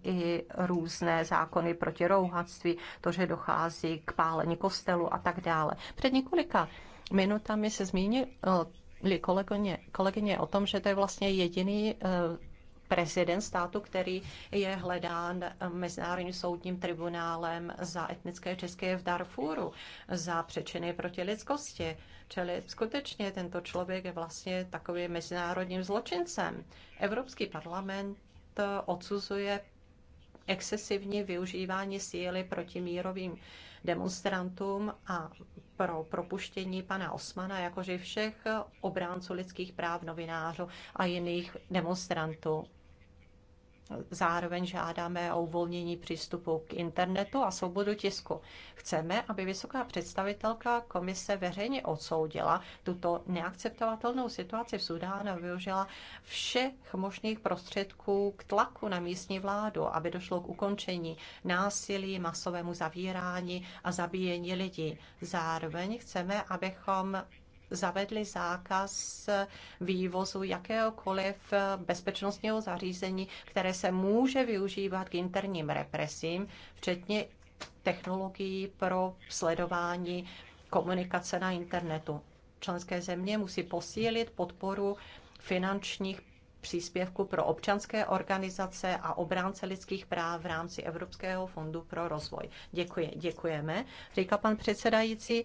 i různé zákony proti rouhatství, to, že dochází k pálení kostelu a tak dále. Před několika minutami se zmínili kolegyně, kolegyně o tom, že to je vlastně jediný eh, prezident státu, který je hledán Mezinárodním soudním tribunálem za etnické české v Darfuru, za přečiny proti lidskosti. Čili skutečně tento člověk je vlastně takovým mezinárodním zločincem. Evropský parlament odsuzuje excesivní využívání síly proti mírovým demonstrantům a pro propuštění pana Osmana, jakože všech obránců lidských práv, novinářů a jiných demonstrantů. Zároveň žádáme o uvolnění přístupu k internetu a svobodu tisku. Chceme, aby vysoká představitelka komise veřejně odsoudila tuto neakceptovatelnou situaci v Sudánu a využila všech možných prostředků k tlaku na místní vládu, aby došlo k ukončení násilí, masovému zavírání a zabíjení lidí. Zároveň chceme, abychom zavedli zákaz vývozu jakéhokoliv bezpečnostního zařízení, které se může využívat k interním represím, včetně technologií pro sledování komunikace na internetu. Členské země musí posílit podporu finančních příspěvku pro občanské organizace a obránce lidských práv v rámci Evropského fondu pro rozvoj. Děkuji, děkujeme, říká pan předsedající.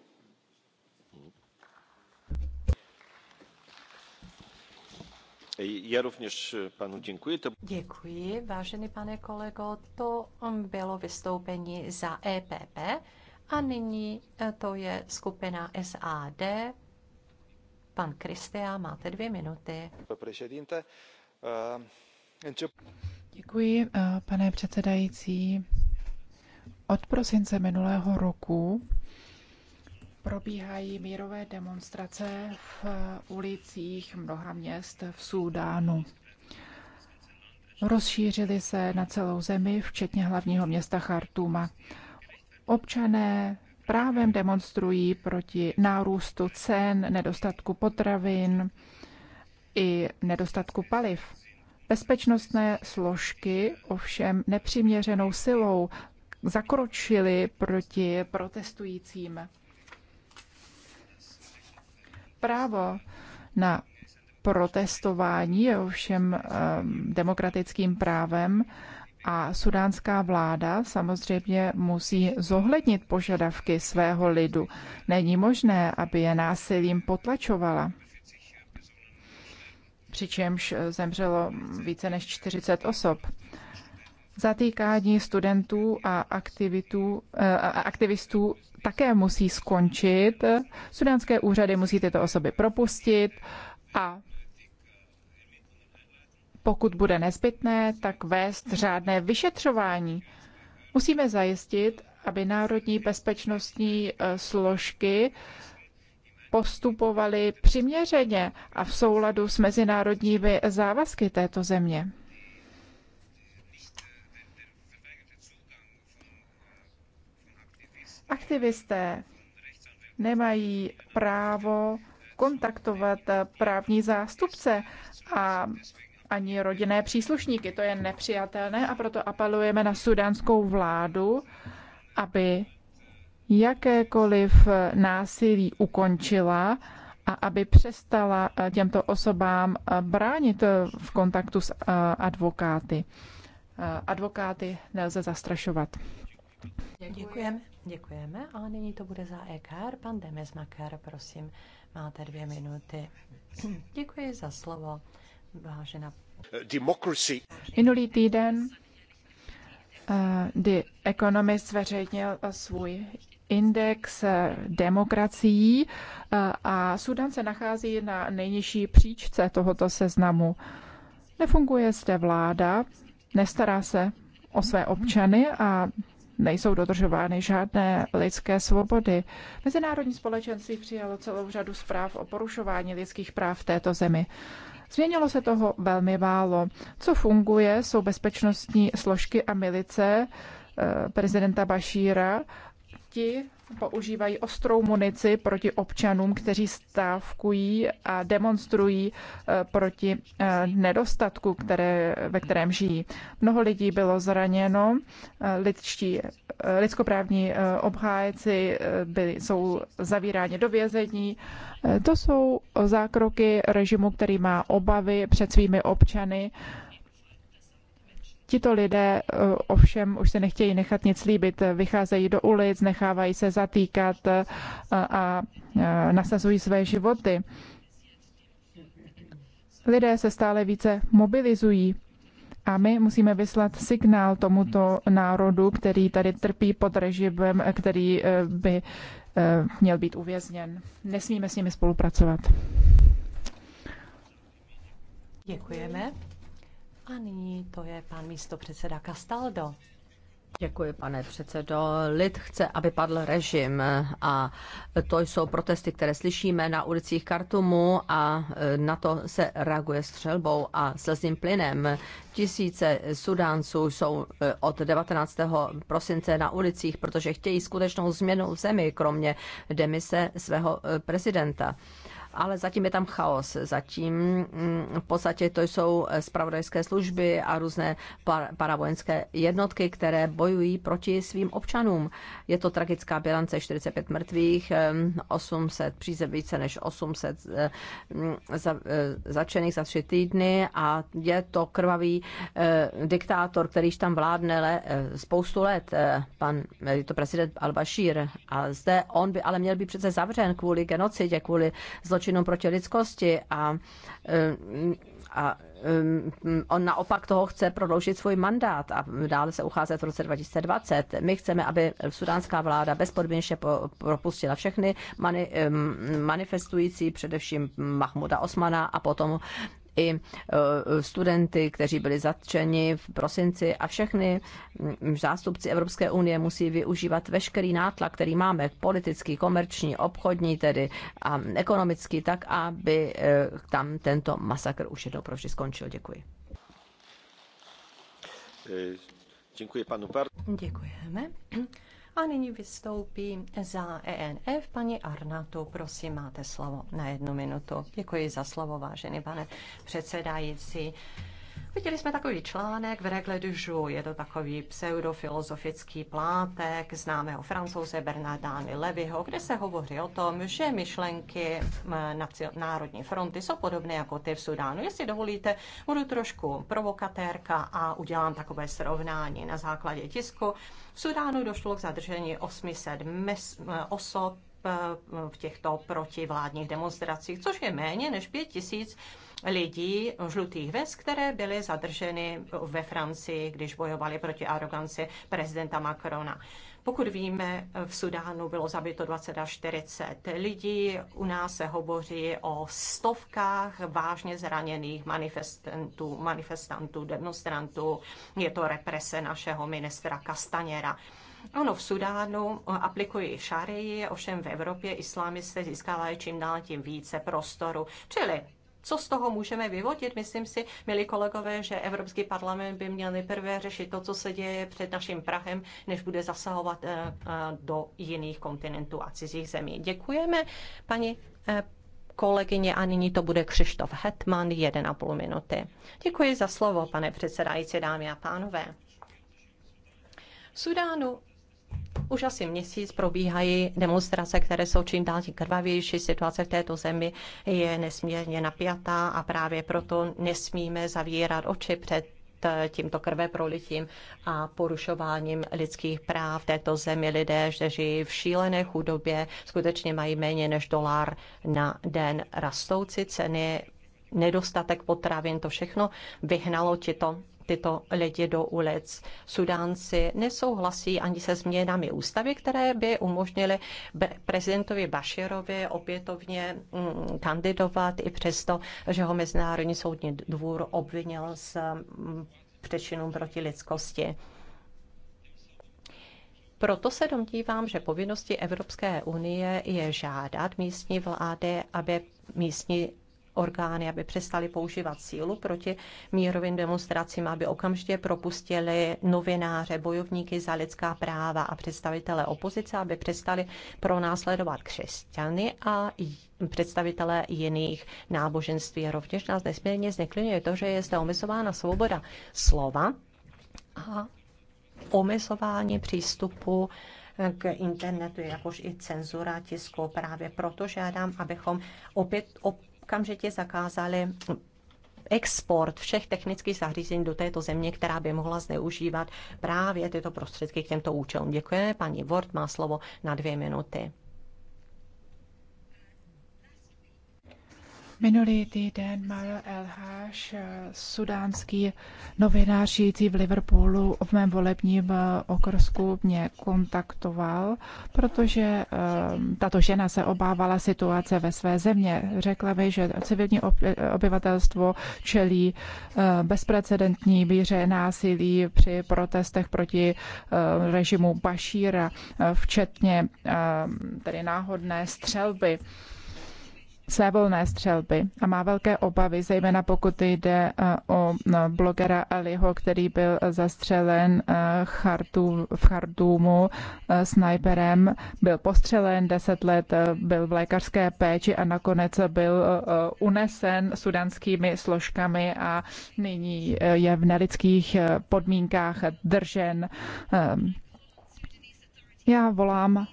Já rovněž e, panu děkuji. To... Děkuji, vážený pane kolego. To mm, bylo vystoupení za EPP a nyní e, to je skupina SAD. Pan Kristea, máte dvě minuty. E, děkuji, pane předsedající. Od prosince minulého roku probíhají mírové demonstrace v ulicích mnoha měst v Súdánu. Rozšířily se na celou zemi, včetně hlavního města Chartuma. Občané právem demonstrují proti nárůstu cen, nedostatku potravin i nedostatku paliv. Bezpečnostné složky ovšem nepřiměřenou silou zakročily proti protestujícím. Právo na protestování je ovšem eh, demokratickým právem a sudánská vláda samozřejmě musí zohlednit požadavky svého lidu. Není možné, aby je násilím potlačovala. Přičemž eh, zemřelo více než 40 osob. Zatýkání studentů a aktivitů, eh, aktivistů také musí skončit. Sudánské úřady musí tyto osoby propustit a pokud bude nezbytné, tak vést řádné vyšetřování. Musíme zajistit, aby národní bezpečnostní eh, složky postupovaly přiměřeně a v souladu s mezinárodními závazky této země. Aktivisté nemají právo kontaktovat právní zástupce a ani rodinné příslušníky. To je nepřijatelné a proto apelujeme na sudánskou vládu, aby jakékoliv násilí ukončila a aby přestala těmto osobám bránit v kontaktu s advokáty. Advokáty nelze zastrašovat. Děkujeme. Děkujeme. A nyní to bude za EKR. Pan Demesmaker, prosím, máte dvě minuty. Děkuji za slovo, vážená. Democracy. Minulý týden uh, The Economist zveřejnil eh, svůj index eh, demokracií a Sudan se nachází na nejnižší příčce tohoto seznamu. Nefunguje zde vláda, nestará se o své občany a nejsou dodržovány žádné lidské svobody. Mezinárodní společenství přijalo celou řadu zpráv o porušování lidských práv v této zemi. Změnilo se toho velmi málo. Co funguje, jsou bezpečnostní složky a milice eh, prezidenta Bašíra Ti používají ostrou munici proti občanům, kteří stávkují a demonstrují eh, proti eh, nedostatku, které, ve kterém žijí. Mnoho lidí bylo zraněno, eh, lidští, lidskoprávní obhájci byli, jsou zavíráni do vězení. To jsou zákroky režimu, který má obavy před svými občany Tito lidé eh, ovšem už se nechtějí nechat nic líbit, vycházejí do ulic, nechávají se zatýkat eh, a eh, nasazují své životy. Lidé se stále více mobilizují a my musíme vyslat signál tomuto národu, který tady trpí pod režimem, který by měl být uvězněn. Nesmíme s nimi spolupracovat. Děkujeme. A nyní to je pan místo předseda Castaldo. Děkuji, pane předsedo. Lid chce, aby padl režim a to jsou protesty, které slyšíme na ulicích Kartumu a e, na to se reaguje střelbou a slzným plynem. Tisíce Sudánců jsou e, od 19. prosince na ulicích, protože chtějí skutečnou změnu v zemi, kromě demise svého e, prezidenta ale zatím je tam chaos. Zatím mm, v podstatě to jsou spravodajské služby a různé paravojenské jednotky, které bojují proti svým občanům. Je to tragická bilance 45 mrtvých, 800 příze více než 800 začených e, za tři týdny a je to krvavý e, diktátor, který kterýž tam vládne le, e, spoustu let, pan, je to prezident Al-Bashir. A zde on by ale měl být přece zavřen kvůli genocidě, kvůli zločinu zločinům proti lidskosti a, eh, a eh, on naopak toho chce prodloužit svůj mandát a dále se ucházet v roce 2020. My chceme, aby sudánská vláda bezpodmínečně propustila všechny mani, eh, manifestující, především Mahmuda Osmana a potom i e, studenty, kteří byli zatčeni v prosinci a všechny zástupci Evropské unie musí využívat veškerý nátlak, který máme, politický, komerční, obchodní tedy a ekonomický, tak aby e, tam tento masakr už jednou provždy skončil. Děkuji. E, děkuji panu Bar. Děkujeme a nyní vystoupí za ENF paní Arnatu. Prosím, máte slovo na jednu minutu. Děkuji za slovo, vážený pane předsedající. Viděli jsme takový článek v Regle du Jour, je to takový pseudofilozofický plátek známého francouze Bernardány Levyho, kde se hovoří o tom, že myšlenky Národní fronty jsou podobné jako ty v Sudánu. Jestli dovolíte, budu trošku provokatérka a udělám takové srovnání na základě tisku. V Sudánu došlo k zadržení 800 mes, osob v těchto protivládních demonstracích, což je méně než 5000 tisíc lidí žlutých vest, které byly zadrženy ve Francii, když bojovali proti aroganci prezidenta Macrona. Pokud víme, v Sudánu bylo zabito 20 až 40 lidí, u nás se hovoří o stovkách vážně zraněných manifestantů, manifestantů demonstrantů. Je to represe našeho ministra Kastaněra. Ano, v Sudánu aplikují šarii, ovšem v Evropě islámisté získávají čím dál tím více prostoru. Čili co z toho můžeme vyvodit? Myslím si, milí kolegové, že Evropský parlament by měl nejprve řešit to, co se děje před naším Prahem, než bude zasahovat eh, eh, do jiných kontinentů a cizích zemí. Děkujeme, paní eh, kolegyně a nyní to bude Křištof Hetman, 1,5 minuty. Děkuji za slovo, pane předsedající, dámy a pánové. V Sudánu už asi měsíc probíhají demonstrace, které jsou čím dál tím krvavější. Situace v této zemi je nesmírně napjatá a právě proto nesmíme zavírat oči před eh, tímto krve prolitím a porušováním lidských práv této zemi. Lidé, že žijí v šílené chudobě, skutečně mají méně než dolar na den. Rastoucí ceny, nedostatek potravin, to všechno vyhnalo tito tyto lidi do ulic. Sudánci nesouhlasí ani se změnami ústavy, které by umožnily prezidentovi Bashirovi opětovně mm, kandidovat i přesto, že ho Mezinárodní soudní dvůr obvinil z mm, přečinů proti lidskosti. Proto se domnívám, že povinnosti Evropské unie je žádat místní vlády, aby místní orgány, aby přestali používat sílu proti mírovým demonstracím, aby okamžitě propustili novináře, bojovníky za lidská práva a představitele opozice, aby přestali pronásledovat křesťany a představitele jiných náboženství. Rovněž nás nesmírně zneklinuje to, že je zde omezována svoboda slova a omezování přístupu eh, k internetu, jakož i cenzura tisku. Právě proto žádám, abychom opět op- okamžitě zakázali export všech technických zařízení do této země, která by mohla zneužívat právě tyto prostředky k těmto účelům. Děkujeme. Paní Ward má slovo na dvě minuty. Minulý týden Marel Elháš, eh, sudánský novinář žijící v Liverpoolu v mém volebním eh, okrsku mě kontaktoval, protože eh, tato žena se obávala situace ve své země. Řekla mi, že civilní obyvatelstvo čelí bezprecedentní míře násilí při protestech proti režimu Bašíra, včetně tedy náhodné střelby volné střelby a má velké obavy, zejména pokud jde eh, o no, blogera Aliho, který byl eh, zastřelen eh, v Chartúmu snajperem, byl postřelen, deset let byl v lékařské péči a nakonec byl unesen sudanskými složkami a nyní je v nelidských podmínkách držen. Já volám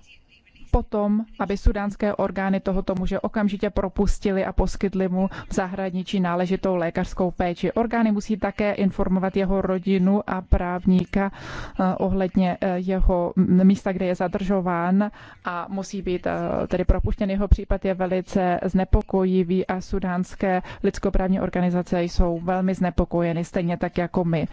potom, aby sudánské orgány tohoto muže okamžitě propustili a poskytli mu v zahraničí náležitou lékařskou péči. Orgány musí také informovat jeho rodinu a právníka eh, ohledně eh, jeho místa, kde je zadržován a musí být eh, tedy propuštěn. Jeho případ je velice znepokojivý a sudánské lidskoprávní organizace jsou velmi znepokojeny, stejně tak jako my.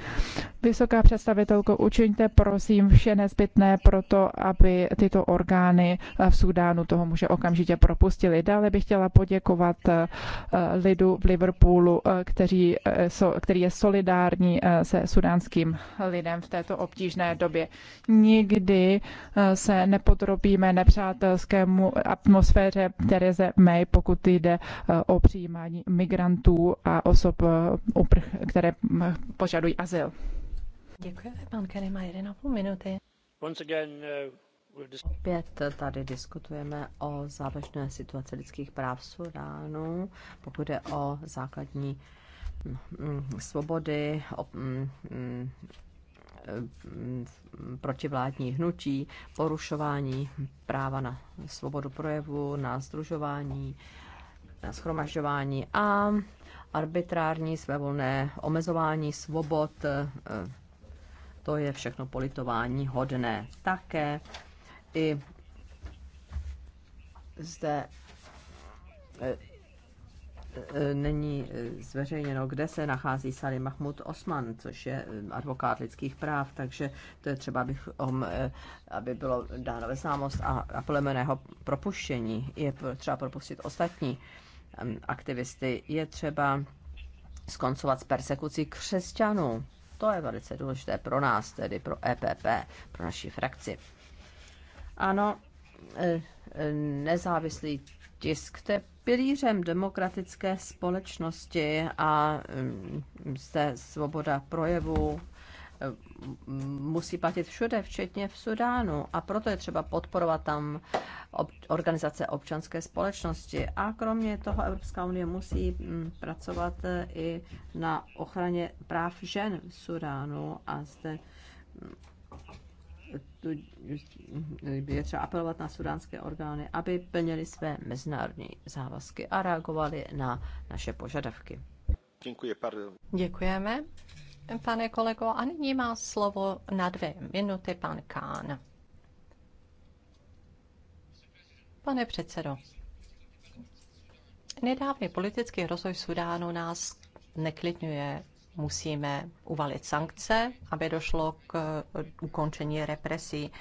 Vysoká představitelko, učiňte prosím vše nezbytné pro to, aby tyto orgány v Sudánu toho muže okamžitě propustili. Dále bych chtěla poděkovat eh, lidu v Liverpoolu, eh, který, eh, který je solidární se sudánským lidem v této obtížné době. Nikdy se nepodrobíme nepřátelskému atmosféře Tereze May, pokud jde o přijímání migrantů a osob, které hm, požadují azyl. Děkujeme, pan Kerry má půl minuty. Once again, uh... Opět tady diskutujeme o závažné situaci lidských práv v Sudánu, pokud je o základní mm, mm, svobody, o, mm, protivládní hnutí, porušování práva na svobodu projevu, na združování, na schromažďování a arbitrární svévolné omezování svobod. To je všechno politování hodné. Také i zde e, e, není zveřejněno, kde se nachází Salim Mahmud Osman, což je e, advokát lidských práv, takže to je třeba, abychom, aby bylo dáno ve známost a a plemeného propuštění. Je třeba propustit ostatní aktivisty. Je třeba skoncovat s persekucí křesťanů. To je velice důležité pro nás, tedy pro EPP, pro naši frakci. Ano, e, e, nezávislý tisk, to je pilířem demokratické společnosti a zde mm, svoboda projevu e, musí platit všude, včetně v Sudánu. A proto je třeba podporovat tam ob- organizace občanské společnosti. A kromě toho Evropská unie musí mm, pracovat i na ochraně práv žen v Sudánu. A zde mm, je třeba apelovat na sudánské orgány, aby plnili své mezinárodní závazky a reagovali na naše požadavky. Děkuji, Děkujeme, pane kolego. A nyní má slovo na dvě minuty pan Kán. Pane předsedo, nedávný politický rozvoj Sudánu nás neklidňuje musíme uvalit sankce, aby došlo k eh, ukončení represí.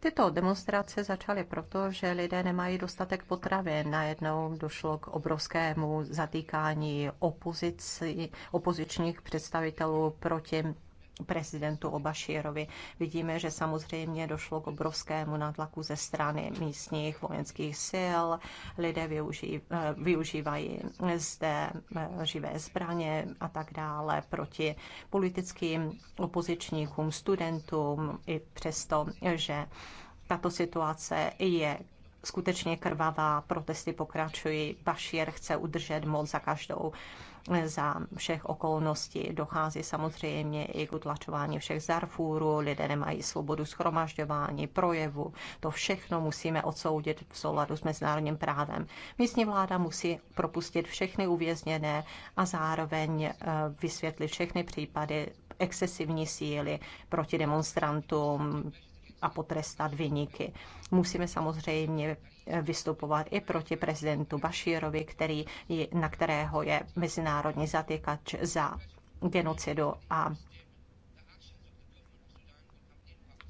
Tyto demonstrace začaly proto, že lidé nemají dostatek potravy. Najednou došlo k obrovskému zatýkání opozici, opozičních představitelů proti prezidentu Obašírovi. Vidíme, že samozřejmě došlo k obrovskému nátlaku ze strany místních vojenských sil. Lidé využí, eh, využívají zde eh, živé zbraně a tak dále proti politickým opozičníkům, studentům, i přesto, že tato situace je skutečně krvavá, protesty pokračují, Bašír chce udržet moc za každou za všech okolností. Dochází samozřejmě i k utlačování všech zarfůrů, lidé nemají svobodu schromažďování, projevu. To všechno musíme odsoudit v souladu s mezinárodním právem. Místní vláda musí propustit všechny uvězněné a zároveň eh, vysvětlit všechny případy excesivní síly proti demonstrantům a potrestat vyniky. Musíme samozřejmě vystupovat i proti prezidentu Bashirovi, který, na kterého je mezinárodní zatýkač za genocidu a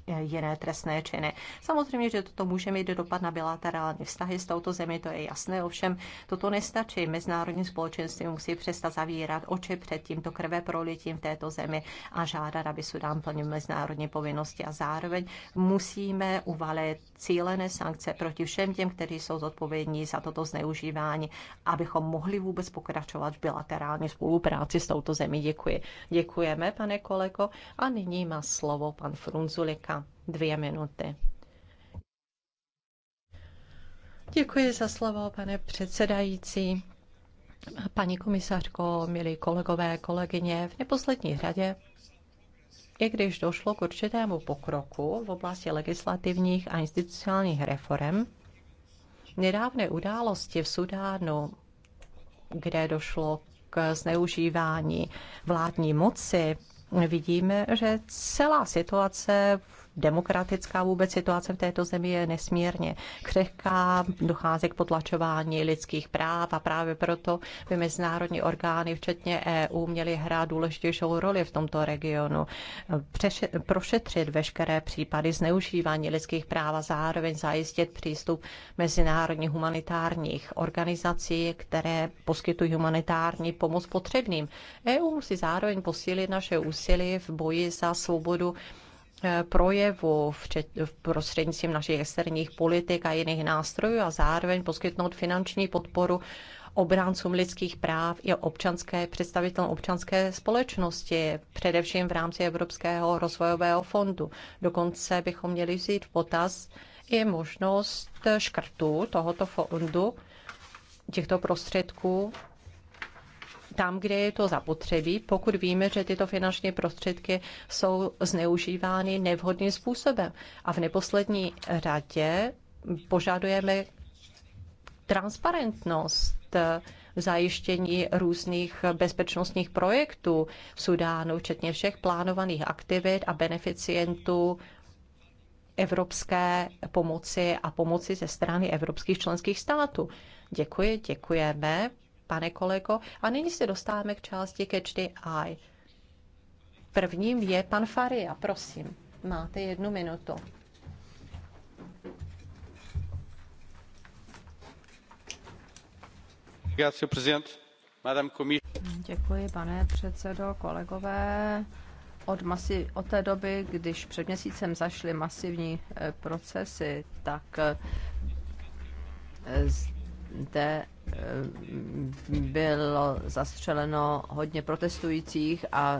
Eh, jiné trestné činy. Samozřejmě, že toto může mít dopad na bilaterální vztahy s touto zemí, to je jasné, ovšem toto nestačí. Mezinárodní společenství musí přestat zavírat oči před tímto krve prolitím v této zemi a žádat, aby Sudán plnil mezinárodní povinnosti a zároveň musíme uvalit cílené sankce proti všem těm, kteří jsou zodpovědní za toto zneužívání, abychom mohli vůbec pokračovat v bilaterální spolupráci s touto zemí. Děkuji. Děkujeme, pane kolego. A nyní má slovo pan Frunzulika dvě minuty. Děkuji za slovo, pane předsedající. Paní komisařko, milí kolegové, kolegyně, v neposlední řadě, i když došlo k určitému pokroku v oblasti legislativních a institucionálních reform, nedávné události v Sudánu, kde došlo k zneužívání vládní moci, vidíme, že celá situace demokratická vůbec situace v této zemi je nesmírně křehká, dochází k potlačování lidských práv a právě proto by mezinárodní orgány, včetně EU, měly hrát důležitějšou roli v tomto regionu. Přeše, prošetřit veškeré případy zneužívání lidských práv a zároveň zajistit přístup mezinárodních humanitárních organizací, které poskytují humanitární pomoc potřebným. EU musí zároveň posílit naše úsilí v boji za svobodu Eh, projevu v prostřednictvím našich externích politik a jiných nástrojů a zároveň poskytnout finanční podporu obráncům lidských práv i občanské, představitelům občanské společnosti, především v rámci Evropského rozvojového fondu. Dokonce bychom měli vzít v potaz i možnost škrtu tohoto fondu, těchto prostředků tam, kde je to zapotřebí, pokud víme, že tyto finanční prostředky jsou zneužívány nevhodným způsobem. A v neposlední řadě požadujeme transparentnost zajištění různých bezpečnostních projektů v Sudánu, včetně všech plánovaných aktivit a beneficientů evropské pomoci a pomoci ze strany evropských členských států. Děkuji, děkujeme pane kolego. A nyní se dostáváme k části Catch the Eye. Prvním je pan Faria, prosím. Máte jednu minutu. Děkuji, pane předsedo, kolegové. Od, masi, od té doby, když před měsícem zašly masivní eh, procesy, tak eh, zde Eh, bylo zastřeleno hodně protestujících a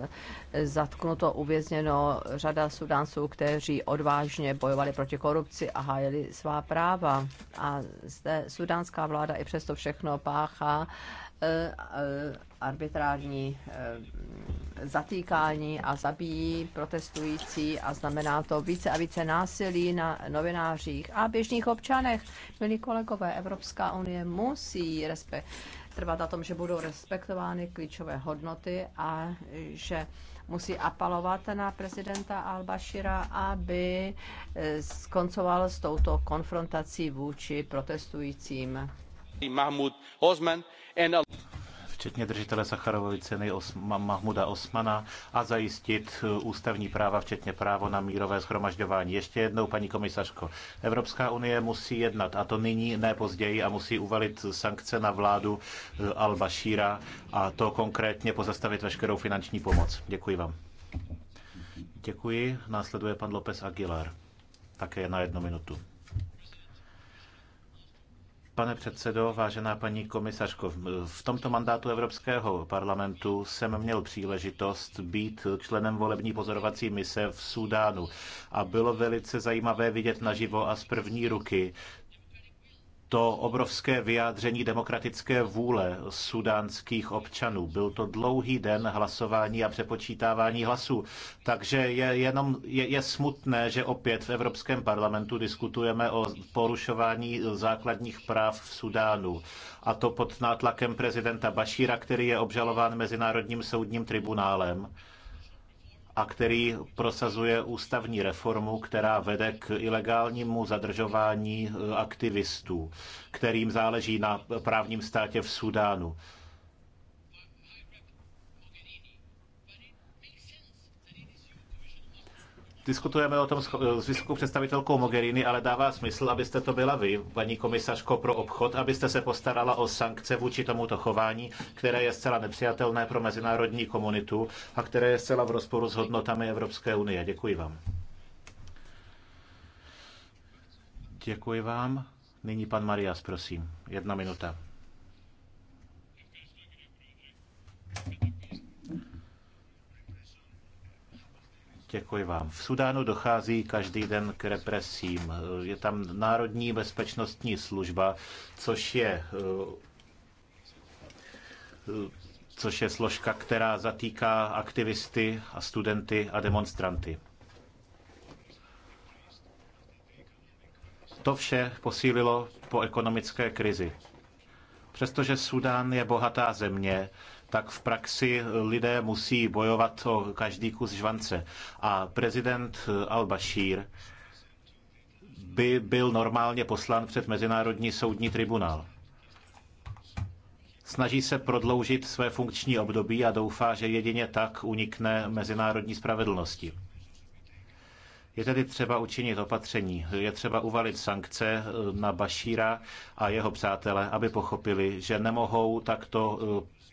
zatknuto, uvězněno řada sudánců, kteří odvážně bojovali proti korupci a hájili svá práva. A zde sudánská vláda i přesto všechno páchá eh, arbitrární eh, zatýkání a zabíjí protestující a znamená to více a více násilí na novinářích a běžných občanech. Milí kolegové, Evropská unie musí respekt, trvat na tom, že budou respektovány klíčové hodnoty a že musí apelovat na prezidenta Al-Bashira, aby eh, skoncoval s touto konfrontací vůči protestujícím. Mahmoud Osman and včetně držitele Sacharovovy ceny Osma, Mahmuda Osmana a zajistit uh, ústavní práva, včetně právo na mírové schromažďování. Ještě jednou, paní komisařko, Evropská unie musí jednat a to nyní, ne později a musí uvalit sankce na vládu uh, Al-Bashira a to konkrétně pozastavit veškerou finanční pomoc. Děkuji vám. Děkuji. Následuje pan López Aguilar. Také na jednu minutu. Pane předsedo, vážená paní komisařko, v tomto mandátu Evropského parlamentu jsem měl příležitost být členem volební pozorovací mise v Súdánu a bylo velice zajímavé vidět naživo a z první ruky, to obrovské vyjádření demokratické vůle sudánských občanů. Byl to dlouhý den hlasování a přepočítávání hlasů. Takže je, jenom, je, je smutné, že opět v Evropském parlamentu diskutujeme o porušování základních práv v Sudánu. A to pod nátlakem prezidenta Bašíra, který je obžalován Mezinárodním soudním tribunálem a který prosazuje ústavní reformu, která vede k ilegálnímu zadržování eh, aktivistů, kterým záleží na právním státě v Sudánu. Diskutujeme o tom s vysokou představitelkou Mogherini, ale dává smysl, abyste to byla vy, paní komisařko pro obchod, abyste se postarala o sankce vůči tomuto chování, které je zcela nepřijatelné pro mezinárodní komunitu a které je zcela v rozporu s hodnotami Evropské unie. Děkuji vám. Děkuji vám. Nyní pan Marias, prosím. Jedna minuta. Děkuji vám. V Sudánu dochází každý den k represím. Je tam Národní bezpečnostní služba, což je eh, což je složka, která zatýká aktivisty a studenty a demonstranty. To vše posílilo po ekonomické krizi. Přestože Sudán je bohatá země, tak v praxi lidé musí bojovat o každý kus žvance. A prezident al-Bashir by byl normálně poslán před Mezinárodní soudní tribunál. Snaží se prodloužit své funkční období a doufá, že jedině tak unikne mezinárodní spravedlnosti. Je tedy třeba učinit opatření, je třeba uvalit sankce eh, na Bašíra a jeho přátele, aby pochopili, že nemohou takto eh,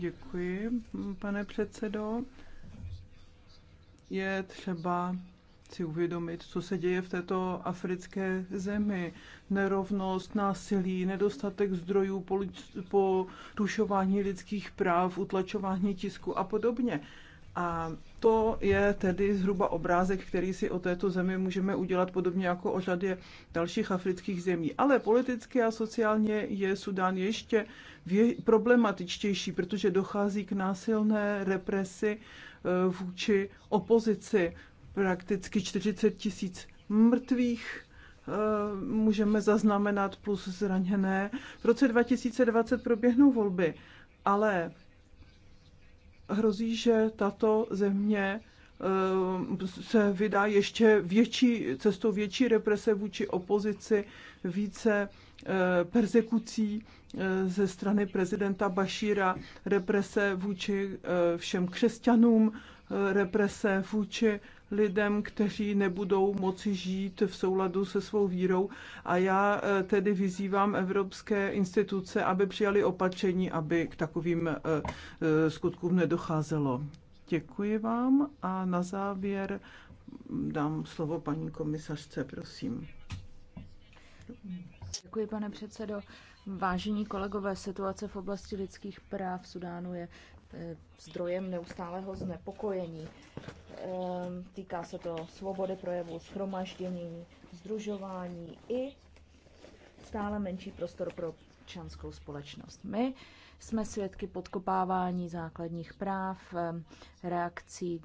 Děkuji, pane předsedo. Je třeba si uvědomit, co se děje v této africké zemi. Nerovnost, násilí, nedostatek zdrojů, porušování lidských práv, utlačování tisku a podobně. A to je tedy zhruba obrázek, který si o této zemi můžeme udělat podobně jako o řadě dalších afrických zemí. Ale politicky a sociálně je Sudán ještě problematičtější, protože dochází k násilné represi eh, vůči opozici. Prakticky 40 tisíc mrtvých eh, můžeme zaznamenat plus zraněné. V roce 2020 proběhnou volby, ale hrozí, že tato země eh, se vydá ještě větší, cestou větší represe vůči opozici, více eh, persekucí eh, ze strany prezidenta Bašíra, represe vůči všem křesťanům, represe vůči lidem, kteří nebudou moci žít v souladu se svou vírou. A já eh, tedy vyzývám evropské instituce, aby přijali opatření, aby k takovým eh, eh, skutkům nedocházelo. Děkuji vám a na závěr dám slovo paní komisařce, prosím. Děkuji, pane předsedo. Vážení kolegové, situace v oblasti lidských práv v Sudánu je Eh, zdrojem neustálého znepokojení. Ehm, týká se to svobody projevu, schromaždění, združování i stále menší prostor pro občanskou společnost. My jsme svědky podkopávání základních práv, ehm, reakcí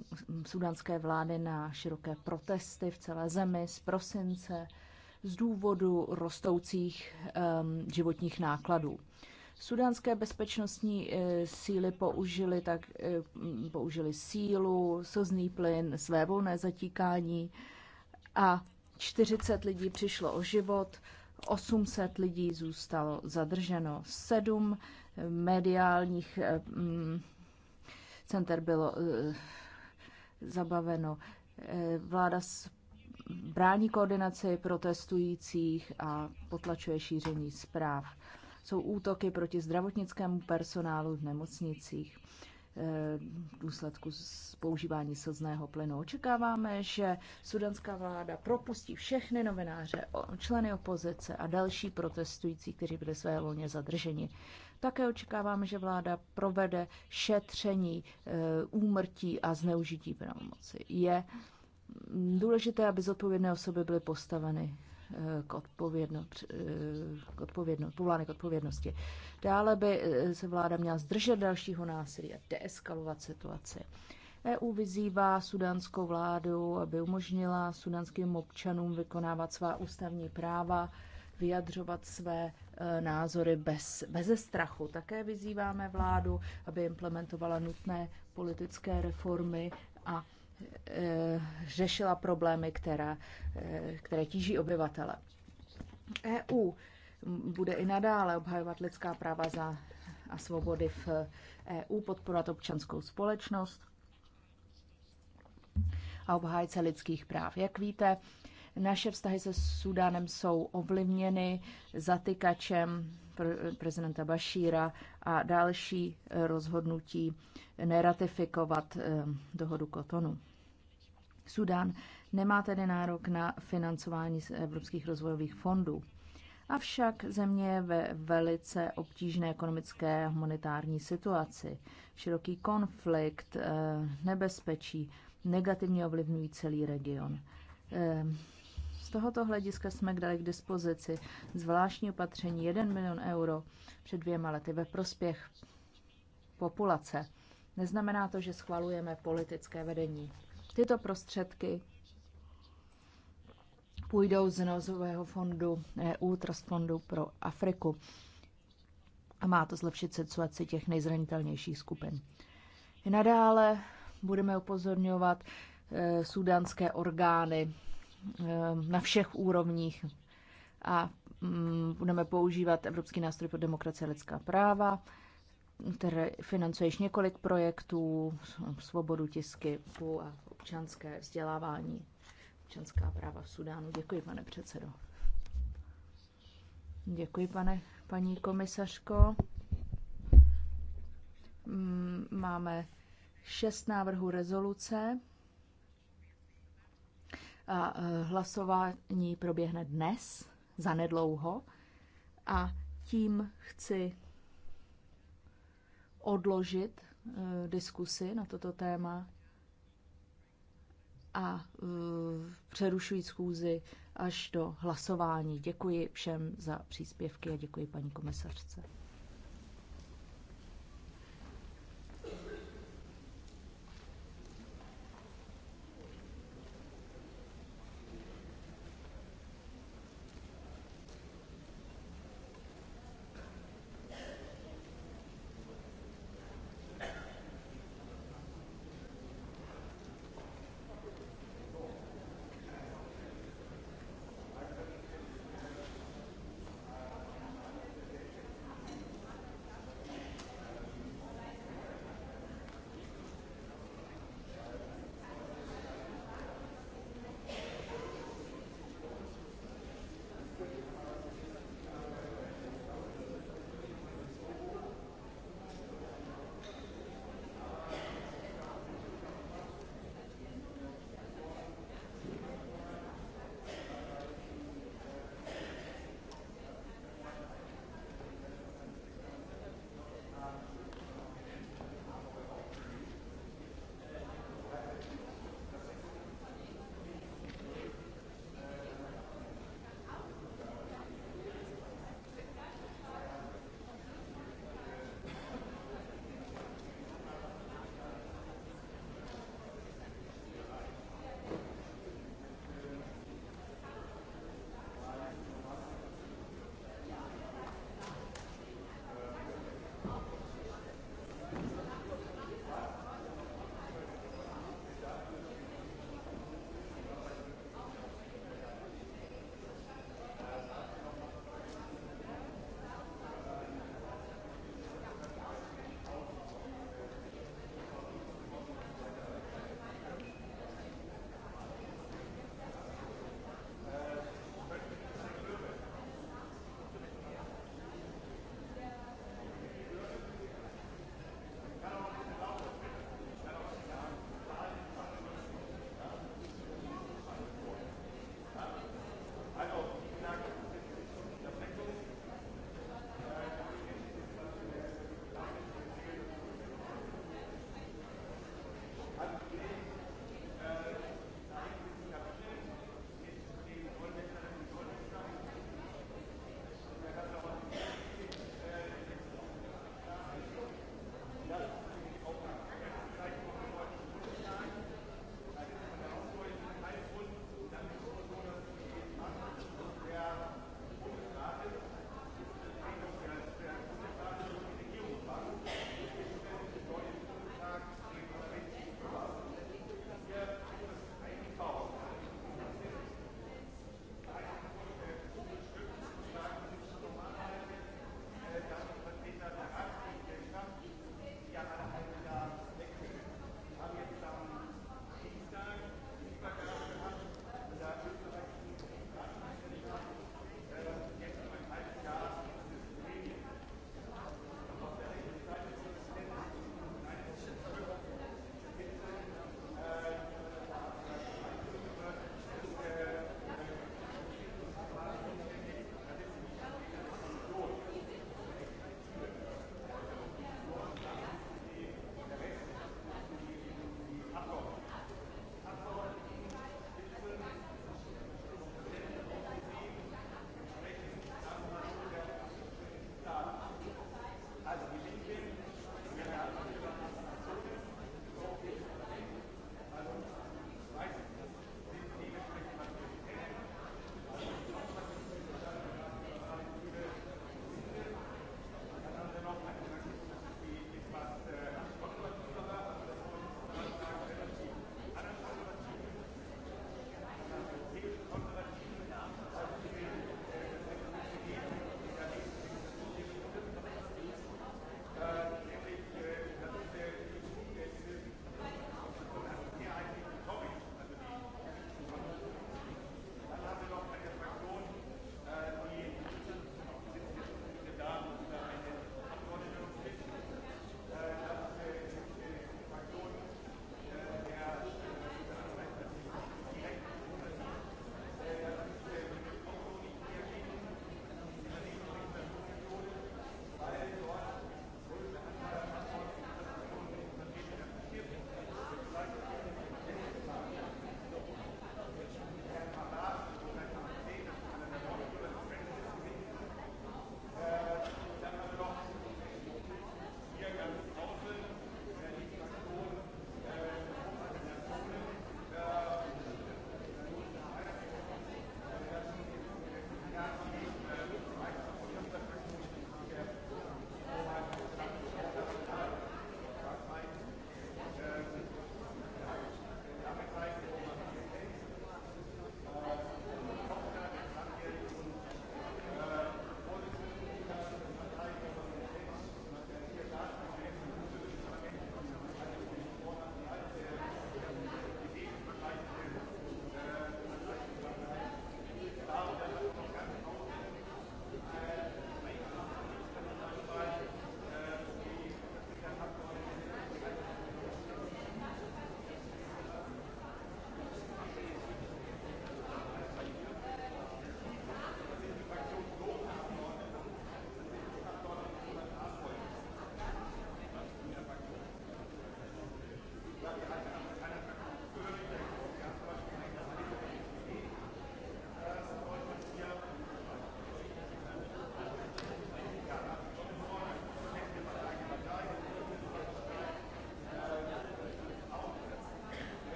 sudanské vlády na široké protesty v celé zemi z prosince z důvodu rostoucích um, životních nákladů. Sudánské bezpečnostní eh, síly použily, tak, eh, použili sílu, slzný plyn, své volné zatíkání a 40 lidí přišlo o život, 800 lidí zůstalo zadrženo, 7 eh, mediálních mm, center bylo zabaveno. Vláda brání koordinaci protestujících a potlačuje šíření zpráv jsou útoky proti zdravotnickému personálu v nemocnicích eh, v důsledku z používání slzného plynu. Očekáváme, že sudanská vláda propustí všechny novináře, členy opozice a další protestující, kteří byli své volně zadrženi. Také očekáváme, že vláda provede šetření eh, úmrtí a zneužití pravomoci. Je důležité, aby zodpovědné osoby byly postaveny k, odpovědno, k, odpovědno, k odpovědnosti. Dále by eh, se vláda měla zdržet dalšího násilí a deeskalovat situaci. EU vyzývá sudánskou vládu, aby umožnila sudánským občanům vykonávat svá ústavní práva, vyjadřovat své eh, názory bez, bez strachu. Také vyzýváme vládu, aby implementovala nutné politické reformy a Eh, řešila problémy, která, eh, které tíží obyvatele. EU bude i nadále obhajovat lidská práva za a svobody v EU, podporovat občanskou společnost a obhájce lidských práv. Jak víte, naše vztahy se Sudánem jsou ovlivněny zatykačem prezidenta Bašíra a další rozhodnutí neratifikovat eh, dohodu Kotonu. Sudán nemá tedy nárok na financování z evropských rozvojových fondů. Avšak země je ve velice obtížné ekonomické a humanitární situaci. Široký konflikt, eh, nebezpečí negativně ovlivňují celý region. Eh, z tohoto hlediska jsme dali k dispozici zvláštní opatření 1 milion euro před dvěma lety ve prospěch populace. Neznamená to, že schvalujeme politické vedení. Tyto prostředky půjdou z nozového fondu EU, eh, Trust fondu pro Afriku. A má to zlepšit situaci těch nejzranitelnějších skupin. Nadále budeme upozorňovat e, sudánské orgány e, na všech úrovních a mm, budeme používat Evropský nástroj pro demokracie a lidská práva, které financuje několik projektů, svobodu tisky a občanské vzdělávání, občanská práva v Sudánu. Děkuji, pane předsedo. Děkuji, pane, paní komisařko. Mm, máme šest návrhů rezoluce a e, hlasování proběhne dnes, zanedlouho. A tím chci odložit e, diskusy na toto téma a e, přerušuji schůzi až do hlasování. Děkuji všem za příspěvky a děkuji paní komisařce.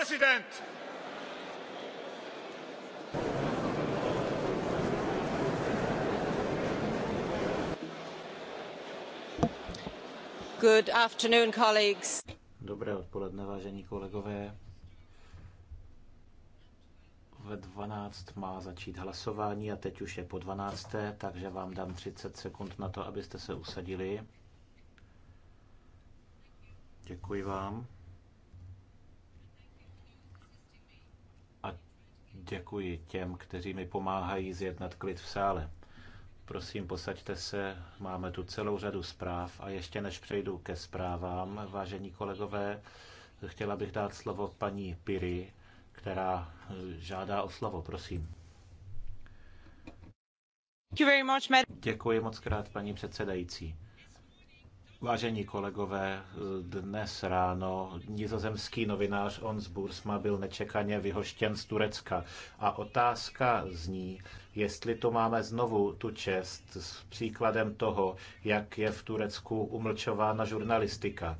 president. Good afternoon, colleagues. Dobré odpoledne, vážení kolegové. Ve 12 má začít hlasování a teď už je po 12, takže vám dám 30 sekund na to, abyste se usadili. Děkuji vám. těm, kteří mi pomáhají zjednat klid v sále. Prosím, posaďte se, máme tu celou řadu zpráv a ještě než přejdu ke zprávám, vážení kolegové, chtěla bych dát slovo paní Piri, která žádá o slovo, prosím. Děkuji moc krát, paní předsedající. Vážení kolegové, dnes ráno nizozemský novinář Ons Bursma byl nečekaně vyhoštěn z Turecka a otázka zní, jestli to máme znovu tu čest s příkladem toho, jak je v Turecku umlčována žurnalistika.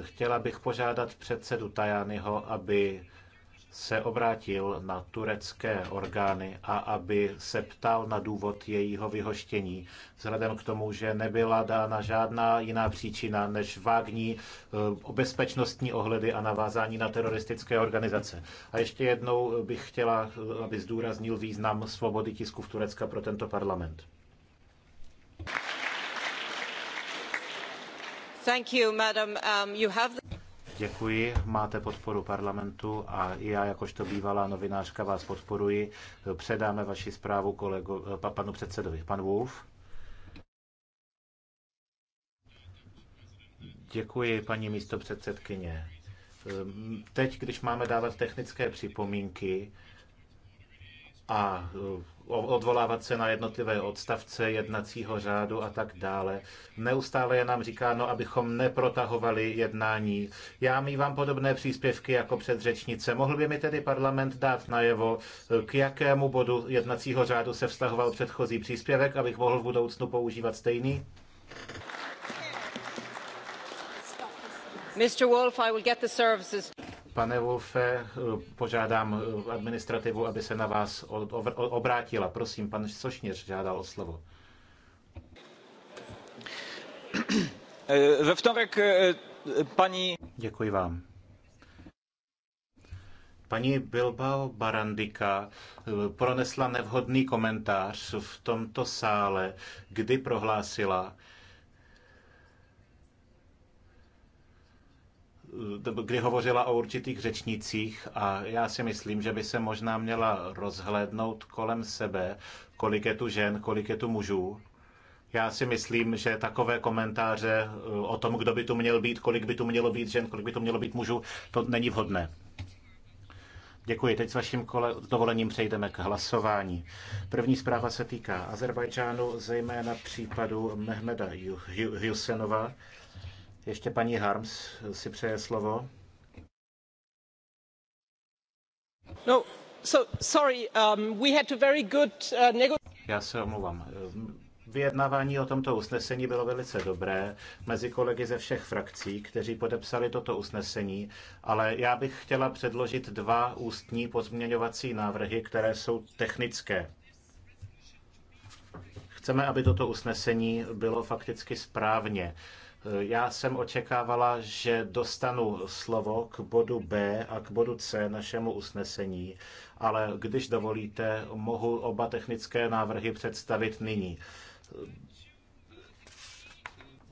Chtěla bych požádat předsedu Tajányho, aby se obrátil na turecké orgány a aby se ptal na důvod jejího vyhoštění, vzhledem k tomu, že nebyla dána žádná jiná příčina než vágní eh, bezpečnostní ohledy a navázání na teroristické organizace. A ještě jednou bych chtěla, eh, aby zdůraznil význam svobody tisku v Turecka pro tento parlament. Thank you, madam. Um, you have Děkuji, máte podporu parlamentu a já jakožto bývalá novinářka vás podporuji. Předáme vaši zprávu kolegu, eh, panu předsedovi. Pan Wolf. Děkuji, paní místo předsedkyně. Ehm, teď, když máme dávat technické připomínky a eh, odvolávat se na jednotlivé odstavce jednacího řádu a tak dále. Neustále je nám říkáno, abychom neprotahovali jednání. Já mývám podobné příspěvky jako předřečnice. Mohl by mi tedy parlament dát najevo, k jakému bodu jednacího řádu se vztahoval předchozí příspěvek, abych mohl v budoucnu používat stejný? Wolf, Pane Wolfe, požádám eh, administrativu, aby se na vás obrátila. Prosím, pan Sošněř žádal o slovo. Eh, ve vtorek eh, paní... Děkuji vám. Paní Bilbao Barandika pronesla nevhodný komentář v tomto sále, kdy prohlásila, Eh, kdy hovořila o určitých řečnicích a já si myslím, že by se možná měla rozhlédnout kolem sebe, kolik je tu žen, kolik je tu mužů. Já si myslím, že takové komentáře eh, o tom, kdo by tu měl být, kolik by tu mělo být žen, kolik by tu mělo být mužů, to není vhodné. Děkuji. Teď s vaším kole- dovolením přejdeme k hlasování. První zpráva se týká Azerbajdžánu, zejména případu Mehmeda Husenova. Ju- Ju- ještě paní Harms si přeje slovo. No, so, sorry, um, we had a very good uh, Já se omluvám. Vyjednávání o tomto usnesení bylo velice dobré mezi kolegy ze všech frakcí, kteří podepsali toto usnesení, ale já bych chtěla předložit dva ústní pozměňovací návrhy, které jsou technické. Chceme, aby toto usnesení bylo fakticky správně. Uh, já jsem očekávala, že dostanu slovo k bodu B a k bodu C našemu usnesení, ale když dovolíte, mohu oba technické návrhy představit nyní.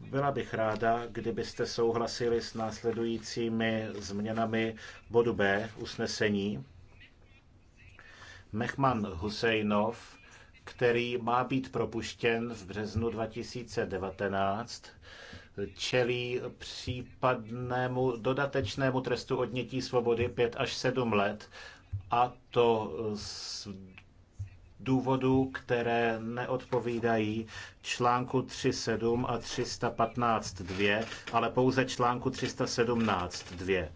Byla bych ráda, kdybyste souhlasili s následujícími změnami bodu B usnesení. Mechman Husejnov, který má být propuštěn v březnu 2019, čelí případnému dodatečnému trestu odnětí svobody 5 až 7 let a to z důvodů, které neodpovídají článku 3.7 a 315.2, ale pouze článku 317.2.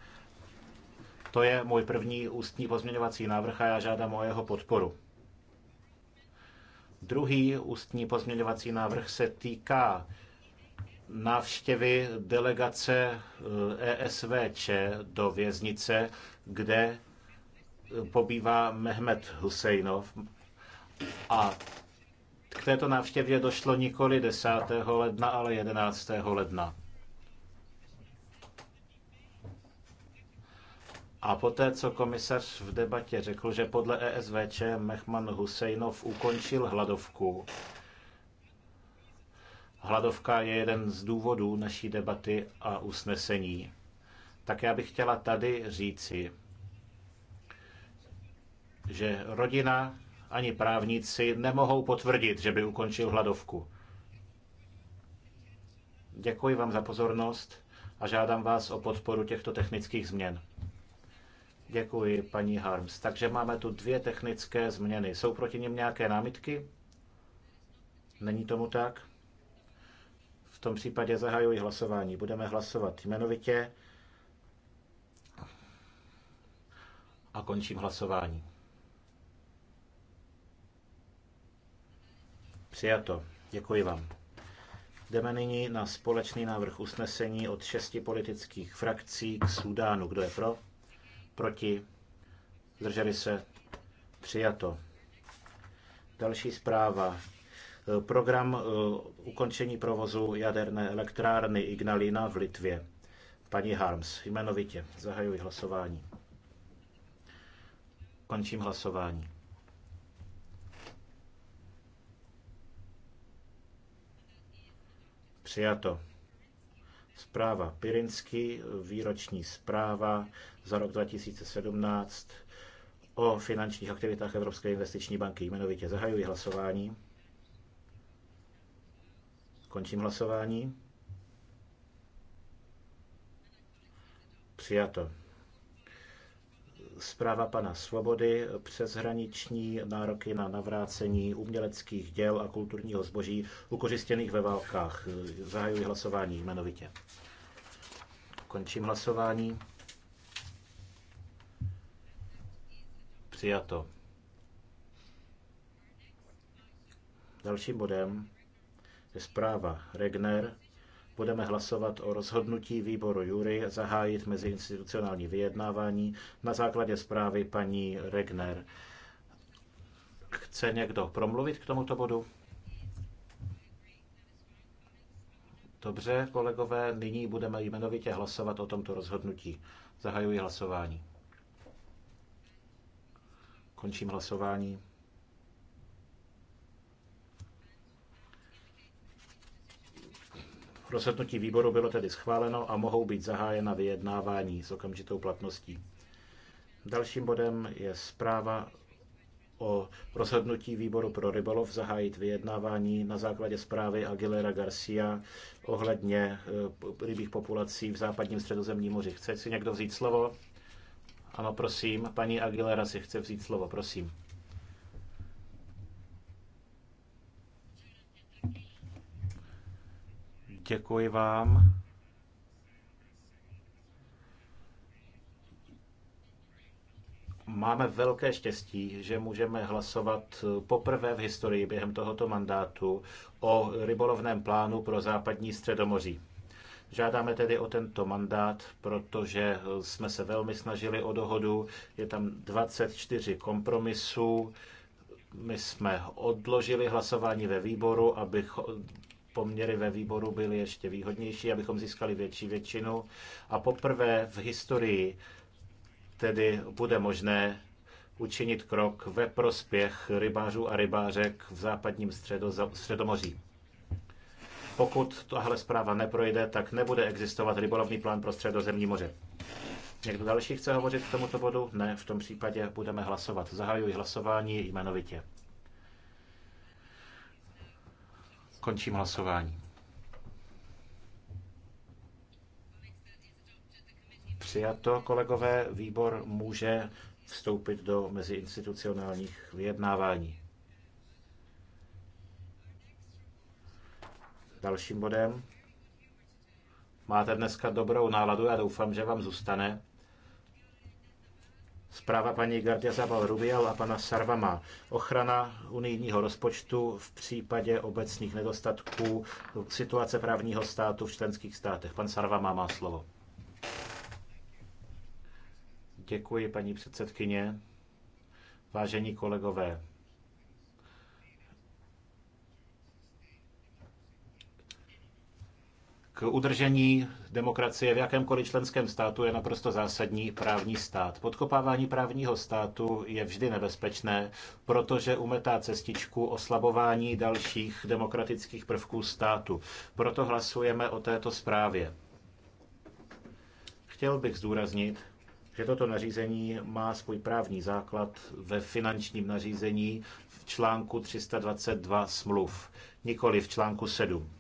To je můj první ústní pozměňovací návrh a já žádám o jeho podporu. Druhý ústní pozměňovací návrh se týká návštěvy delegace ESVČ eh, e do věznice, kde eh, pobývá Mehmet Husejnov. A k této návštěvě došlo nikoli 10. ledna, ale 11. ledna. A poté, co komisař v debatě řekl, že podle ESVČ Mehman Husejnov ukončil hladovku, Hladovka je jeden z důvodů naší debaty a usnesení. Tak já bych chtěla tady říci, že rodina ani právníci nemohou potvrdit, že by ukončil hladovku. Děkuji vám za pozornost a žádám vás o podporu těchto technických změn. Děkuji, paní Harms. Takže máme tu dvě technické změny. Jsou proti nim nějaké námitky? Není tomu tak? tom případě zahajuji hlasování. Budeme hlasovat jmenovitě a končím hlasování. Přijato. Děkuji vám. Jdeme nyní na společný návrh usnesení od šesti politických frakcí k Sudánu. Kdo je pro? Proti? Zdrželi se? Přijato. Další zpráva Eh, program eh, ukončení provozu jaderné elektrárny Ignalina v Litvě. Paní Harms, jmenovitě, zahajuji hlasování. Končím hlasování. Přijato. Zpráva Pirinský, výroční zpráva za rok 2017 o finančních aktivitách Evropské investiční banky. Jmenovitě zahajuji hlasování. Končím hlasování. Přijato. Zpráva pana Svobody přeshraniční nároky na navrácení uměleckých děl a kulturního zboží ukořistěných ve válkách. Zahajuji hlasování jmenovitě. Končím hlasování. Přijato. Dalším bodem Zpráva Regner. Budeme hlasovat o rozhodnutí výboru Jury zahájit meziinstitucionální vyjednávání na základě zprávy paní Regner. Chce někdo promluvit k tomuto bodu? Dobře, kolegové, nyní budeme jmenovitě hlasovat o tomto rozhodnutí. Zahajuji hlasování. Končím hlasování. Rozhodnutí výboru bylo tedy schváleno a mohou být zahájena vyjednávání s okamžitou platností. Dalším bodem je zpráva o rozhodnutí výboru pro rybolov zahájit vyjednávání na základě zprávy Aguilera Garcia ohledně eh, rybích populací v západním středozemním moři. Chce si někdo vzít slovo? Ano, prosím. Paní Aguilera si chce vzít slovo, prosím. Děkuji vám. Máme velké štěstí, že můžeme hlasovat poprvé v historii během tohoto mandátu o rybolovném plánu pro západní středomoří. Žádáme tedy o tento mandát, protože jsme se velmi snažili o dohodu. Je tam 24 kompromisů. My jsme odložili hlasování ve výboru, abych, poměry ve výboru byly ještě výhodnější, abychom získali větší většinu. A poprvé v historii tedy bude možné učinit krok ve prospěch rybářů a rybářek v západním středo, středomoří. Pokud tahle zpráva neprojde, tak nebude existovat rybolovný plán pro středozemní moře. Někdo další chce hovořit k tomuto bodu? Ne, v tom případě budeme hlasovat. Zahajuji hlasování jmenovitě. Končím hlasování. Přijato, kolegové, výbor může vstoupit do meziinstitucionálních vyjednávání. Dalším bodem. Máte dneska dobrou náladu, já doufám, že vám zůstane. Zpráva paní Gardia Zabal Rubial a pana Sarvama. Ochrana unijního rozpočtu v případě obecných nedostatků situace právního státu v členských státech. Pan Sarvama má slovo. Děkuji, paní předsedkyně. Vážení kolegové, K udržení demokracie v jakémkoliv členském státu je naprosto zásadní právní stát. Podkopávání právního státu je vždy nebezpečné, protože umetá cestičku oslabování dalších demokratických prvků státu. Proto hlasujeme o této zprávě. Chtěl bych zdůraznit, že toto nařízení má svůj právní základ ve finančním nařízení v článku 322 smluv, nikoli v článku 7.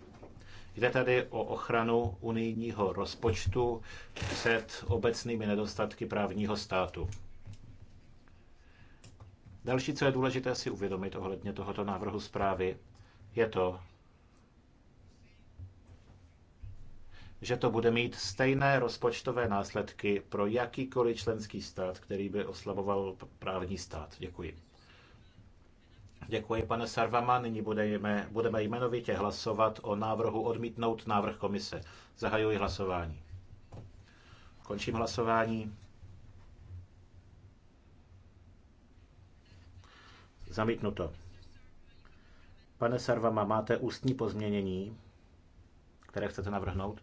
Jde tady o ochranu unijního rozpočtu před obecnými nedostatky právního státu. Další, co je důležité si uvědomit ohledně tohoto návrhu zprávy, je to, že to bude mít stejné rozpočtové následky pro jakýkoliv členský stát, který by oslaboval právní stát. Děkuji. Děkuji, pane Sarvama. Nyní budeme, budeme jmenovitě hlasovat o návrhu odmítnout návrh komise. Zahajuji hlasování. Končím hlasování. Zamítnuto. Pane Sarvama, máte ústní pozměnění, které chcete navrhnout?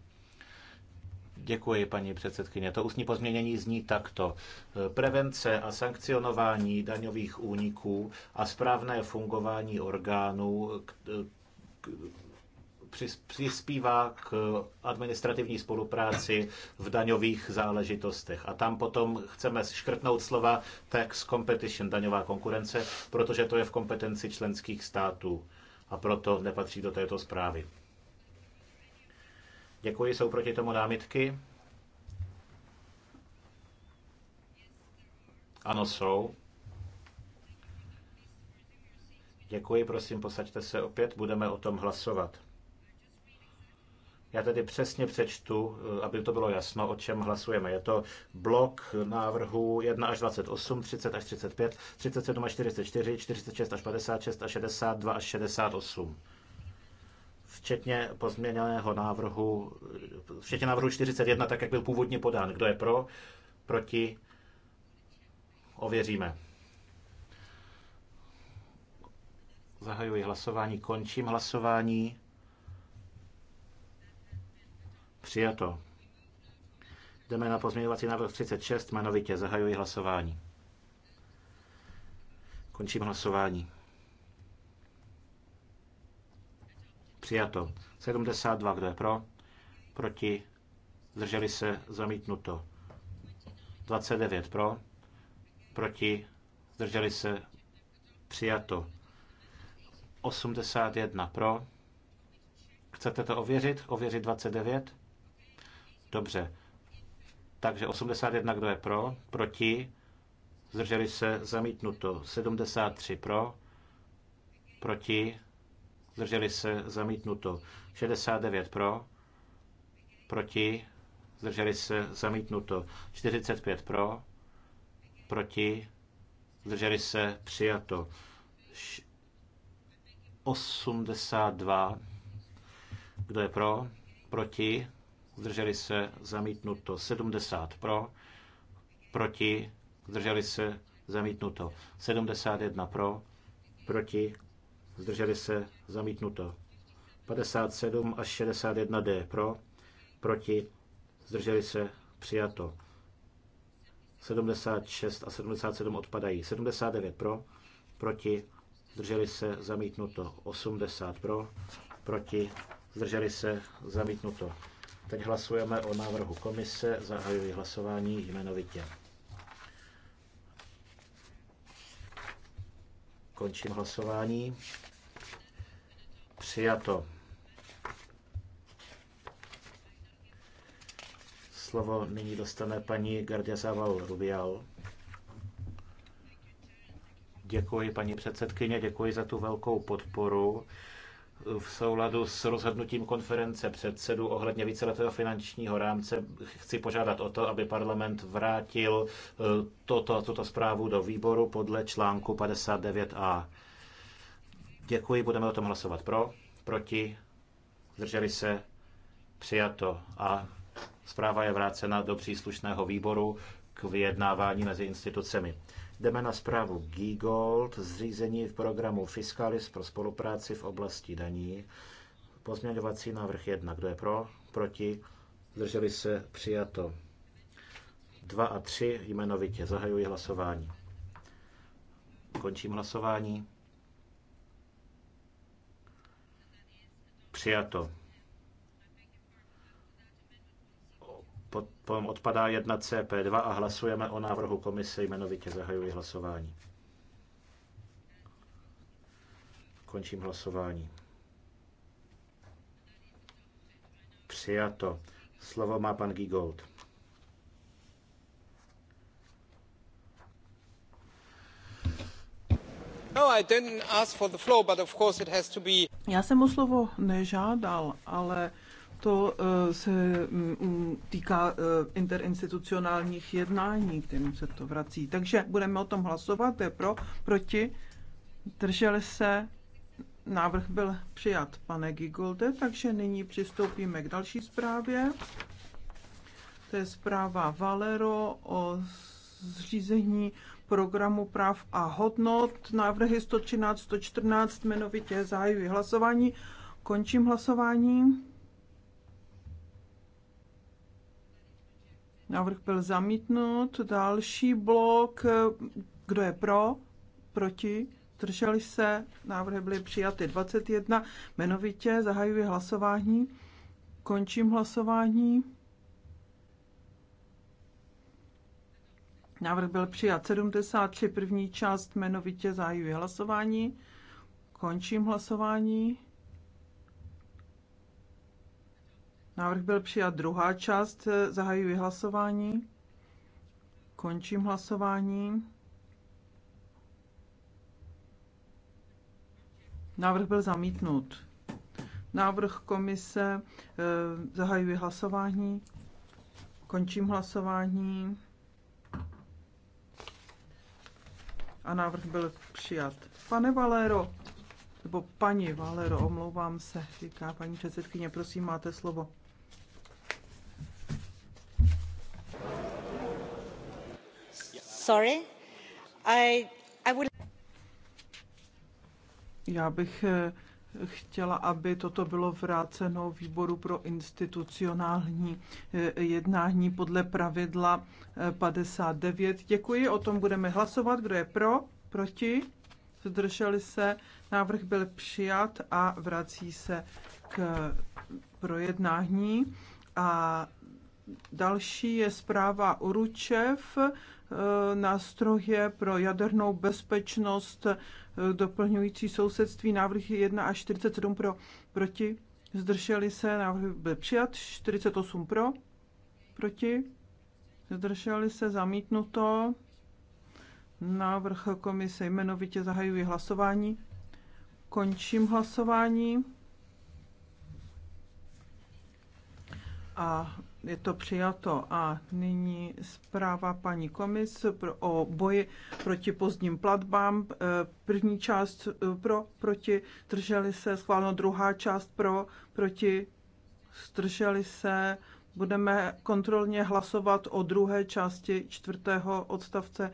Děkuji, paní předsedkyně. To ústní pozměnění zní takto. Prevence a sankcionování daňových úniků a správné fungování orgánů přispívá k administrativní spolupráci v daňových záležitostech. A tam potom chceme škrtnout slova tax competition, daňová konkurence, protože to je v kompetenci členských států a proto nepatří do této zprávy. Děkuji, jsou proti tomu námitky? Ano, jsou. Děkuji, prosím, posaďte se opět, budeme o tom hlasovat. Já tedy přesně přečtu, eh, aby to bylo jasno, o čem hlasujeme. Je to blok návrhu 1 až 28, 30 až 35, 37 až 44, 46 až 56 a 62 až 68 včetně pozměněného návrhu, včetně návrhu 41, tak jak byl původně podán. Kdo je pro, proti, ověříme. Zahajuji hlasování, končím hlasování. Přijato. Jdeme na pozměňovací návrh 36, jmenovitě zahajuji hlasování. Končím hlasování. Přijato. 72, kdo je pro? Proti? Zdrželi se? Zamítnuto. 29 pro? Proti? Zdrželi se? Přijato. 81 pro? Chcete to ověřit? Ověřit 29? Dobře. Takže 81, kdo je pro? Proti? Zdrželi se? Zamítnuto. 73 pro? Proti? zdrželi se, zamítnuto. 69 pro, proti, zdrželi se, zamítnuto. 45 pro, proti, zdrželi se, přijato. 82, kdo je pro, proti, zdrželi se, zamítnuto. 70 pro, proti, zdrželi se, zamítnuto. 71 pro, proti, zdrželi se, zamítnuto. 57 až 61D pro, proti, zdrželi se, přijato. 76 a 77 odpadají. 79 pro, proti, zdrželi se, zamítnuto. 80 pro, proti, zdrželi se, zamítnuto. Teď hlasujeme o návrhu komise, zahajuji hlasování jmenovitě. Končím hlasování. Přijato. Slovo nyní dostane paní Gardia Zaval Rubial. Děkuji, paní předsedkyně, děkuji za tu velkou podporu v souladu s rozhodnutím konference předsedů ohledně víceletého finančního rámce chci požádat o to, aby parlament vrátil eh, toto, tuto zprávu do výboru podle článku 59a. Děkuji, budeme o tom hlasovat pro, proti, zdrželi se, přijato a zpráva je vrácena do příslušného výboru k vyjednávání mezi institucemi. Jdeme na zprávu Gigold, zřízení v programu Fiscalis pro spolupráci v oblasti daní. Pozměňovací návrh 1. Kdo je pro? Proti? Zdrželi se? Přijato. 2 a 3 jmenovitě. Zahajuji hlasování. Končím hlasování. Přijato. Potom odpadá 1 CP2 a hlasujeme o návrhu komise jmenovitě. Zahajuji hlasování. Končím hlasování. Přijato. Slovo má pan Gigold. Já jsem o slovo nežádal, ale to eh, se mm, mm, týká eh, interinstitucionálních jednání, kterým se to vrací. Takže budeme o tom hlasovat, je pro, proti, drželi se, návrh byl přijat, pane Gigolde, takže nyní přistoupíme k další zprávě. To je zpráva Valero o zřízení programu práv a hodnot. Návrhy 113, 114 jmenovitě zahajuji hlasování. Končím hlasování. Návrh byl zamítnut. Další blok. Kdo je pro? Proti? Drželi se? Návrhy byly přijaty 21. Jmenovitě zahajuji hlasování. Končím hlasování. Návrh byl přijat 73, první část jmenovitě zahajuji hlasování. Končím hlasování. Návrh byl přijat druhá část, eh, zahajuji hlasování. Končím hlasování. Návrh byl zamítnut. Návrh komise, eh, zahajuji hlasování. Končím hlasování. a návrh byl přijat. Pane Valero, nebo paní Valero, omlouvám se, říká paní předsedkyně, prosím, máte slovo. Sorry. I, I would... Já bych eh, chtěla, aby toto bylo vráceno výboru pro institucionální eh, jednání podle pravidla 59. Eh, Děkuji, o tom budeme hlasovat. Kdo je pro, proti, zdrželi se, návrh byl přijat a vrací se k projednání. A další je zpráva Uručev, eh, nástroje pro jadernou bezpečnost Eh, doplňující sousedství návrh 1 až 47 pro, proti, zdrželi se, návrh byl přijat, 48 pro, proti, zdrželi se, zamítnuto, návrh komise jmenovitě zahajuje hlasování, končím hlasování a je to přijato. A nyní zpráva paní komis pro, o boji proti pozdním platbám. E, první část e, pro, proti, drželi se, schváleno druhá část pro, proti, strželi se. Budeme kontrolně hlasovat o druhé části čtvrtého odstavce.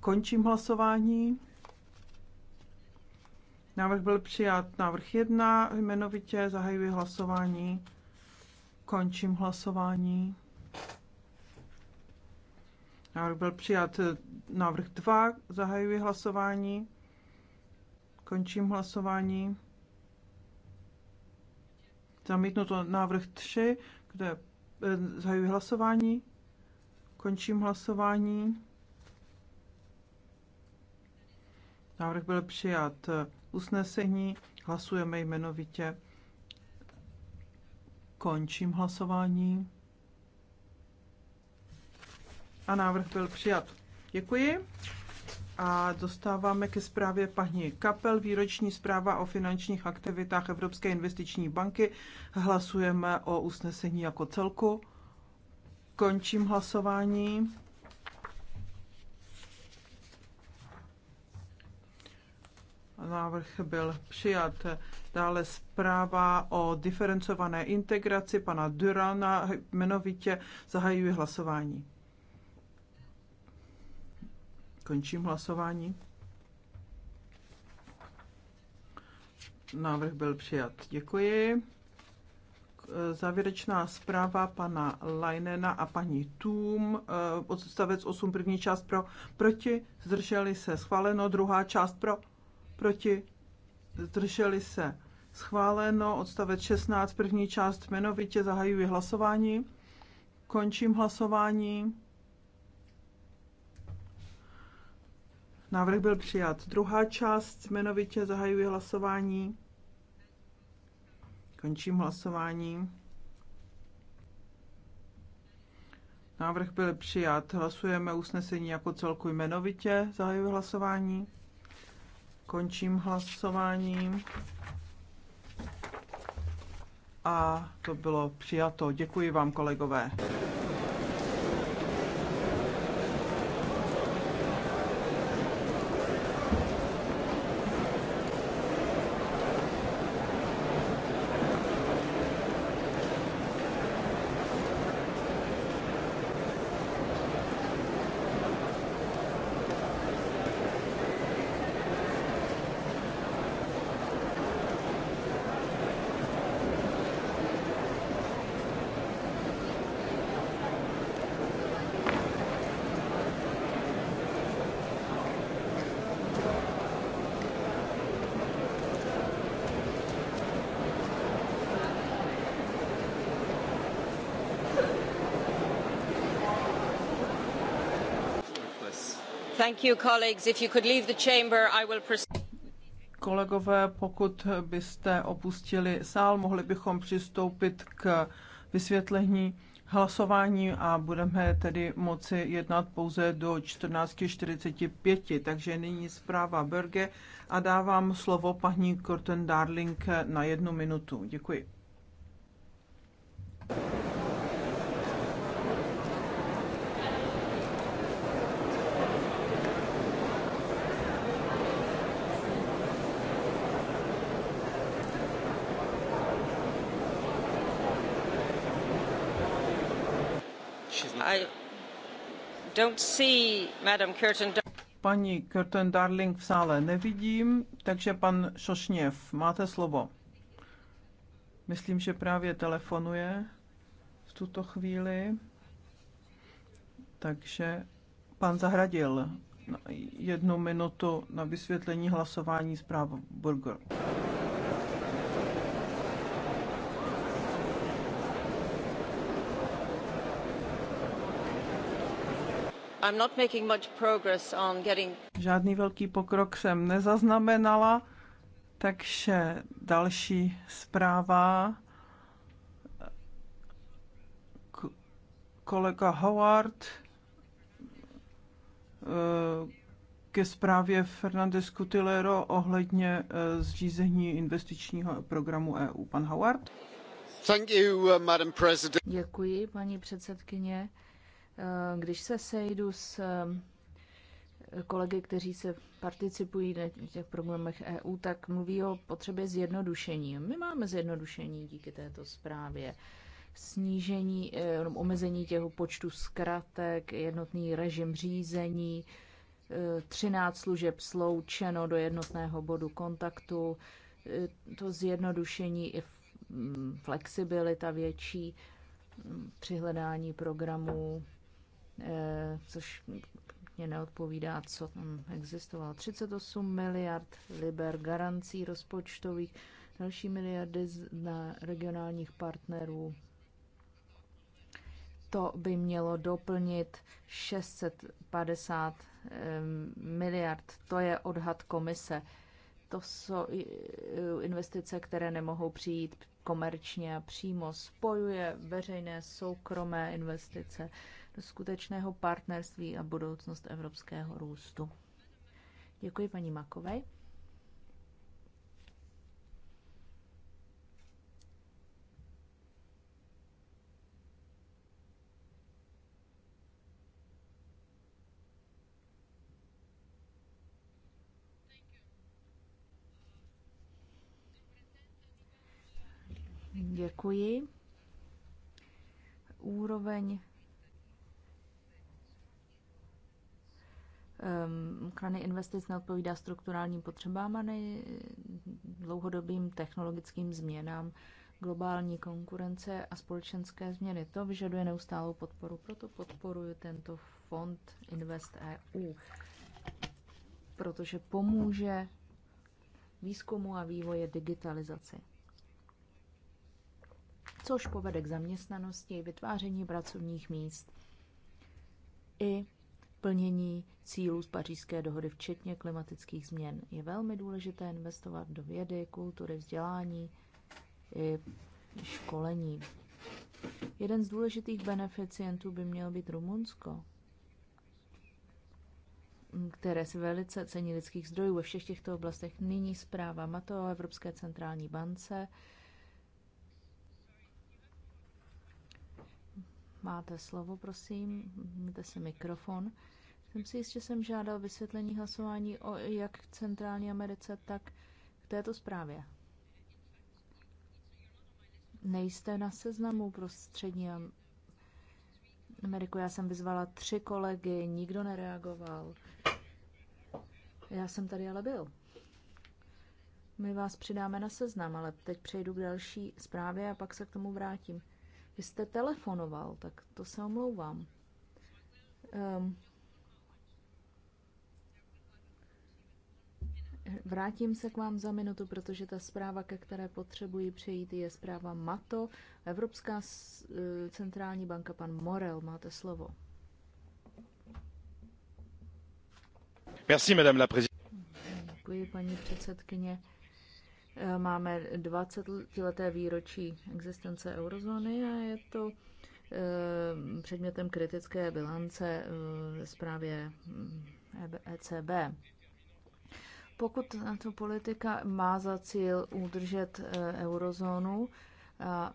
Končím hlasování. Návrh byl přijat. Návrh jedna. Jmenovitě zahajuji hlasování. Končím hlasování. Návrh byl přijat. Návrh 2. Zahajuji hlasování. Končím hlasování. Zamítnuto návrh 3, kde eh, zahajuji hlasování. Končím hlasování. Návrh byl přijat. Usnesení hlasujeme jmenovitě. Končím hlasování. A návrh byl přijat. Děkuji. A dostáváme ke zprávě paní Kapel, výroční zpráva o finančních aktivitách Evropské investiční banky. Hlasujeme o usnesení jako celku. Končím hlasování. Návrh byl přijat. Dále zpráva o diferencované integraci pana Durana jmenovitě zahajuje hlasování. Končím hlasování. Návrh byl přijat. Děkuji. Závěrečná zpráva pana Lajnena a paní Tům, eh, odstavec 8, první část pro, proti, zdrželi se schváleno, druhá část pro, proti, zdrželi se. Schváleno, odstavec 16, první část jmenovitě zahajuji hlasování. Končím hlasování. Návrh byl přijat. Druhá část jmenovitě zahajuji hlasování. Končím hlasování. Návrh byl přijat. Hlasujeme usnesení jako celku jmenovitě. Zahajuji hlasování. Končím hlasováním A to bylo přijato. Děkuji vám, kolegové. Kolegové, pokud byste opustili sál, mohli bychom přistoupit k vysvětlení hlasování a budeme tedy moci jednat pouze do 14.45. Takže nyní zpráva Berge a dávám slovo paní Korten Darling na jednu minutu. Děkuji. Paní Curtin Darling v sále nevidím, takže pan Šošněv, máte slovo. Myslím, že právě telefonuje v tuto chvíli. Takže pan Zahradil jednu minutu na vysvětlení hlasování zpráv Burger. Žádný velký pokrok jsem nezaznamenala, takže další zpráva. kolega Howard eh, ke zprávě Fernandez Cutillero ohledně eh, zřízení investičního programu EU. Pan Howard. Thank you, uh, Madam President. Děkuji, paní předsedkyně Eh, když se sejdu s eh, kolegy, kteří se participují na těch problémech EU, tak mluví o potřebě zjednodušení. My máme zjednodušení díky této zprávě. Snížení, eh, omezení těho počtu zkratek, jednotný režim řízení, 13 služeb sloučeno do jednotného bodu kontaktu, to zjednodušení i mm, flexibilita větší mm, při hledání programů Eh, což mě neodpovídá, co tam existovalo. 38 miliard liber garancí rozpočtových, další miliardy na regionálních partnerů. To by mělo doplnit 650 miliard. To je odhad komise. To jsou eh, investice, které nemohou přijít komerčně a přímo spojuje veřejné soukromé investice do skutečného partnerství a budoucnost evropského růstu. Děkuji paní Makovej. Děkuji. Úroveň Ehm, ochrany investic neodpovídá strukturálním potřebám a ne dlouhodobým technologickým změnám, globální konkurence a společenské změny. To vyžaduje neustálou podporu, proto podporuji tento fond Invest EU, protože pomůže výzkumu a vývoje digitalizaci, což povede k zaměstnanosti, vytváření pracovních míst i plnění cílů z pařížské dohody, včetně klimatických změn. Je velmi důležité investovat do vědy, kultury, vzdělání i školení. Jeden z důležitých beneficientů by měl být Rumunsko, které si velice cení lidských zdrojů ve všech těchto oblastech. Nyní zpráva Mato o Evropské centrální bance. Máte slovo, prosím, mějte si mikrofon. Jsem si jistě, jsem žádal vysvětlení hlasování o jak v Centrální Americe, tak k této zprávě. Nejste na seznamu pro střední Ameriku. Já jsem vyzvala tři kolegy, nikdo nereagoval. Já jsem tady ale byl. My vás přidáme na seznam, ale teď přejdu k další zprávě a pak se k tomu vrátím. Vy jste telefonoval, tak to se omlouvám. Um, Vrátím se k vám za minutu, protože ta zpráva, ke které potřebuji přejít, je zpráva MATO. Evropská e, centrální banka, pan Morel, máte slovo. Merci, madame la Děkuji, paní předsedkyně. E, máme 20-leté výročí existence eurozóny a je to e, předmětem kritické bilance zprávě ECB. Pokud tato politika má za cíl udržet eh, eurozónu, a,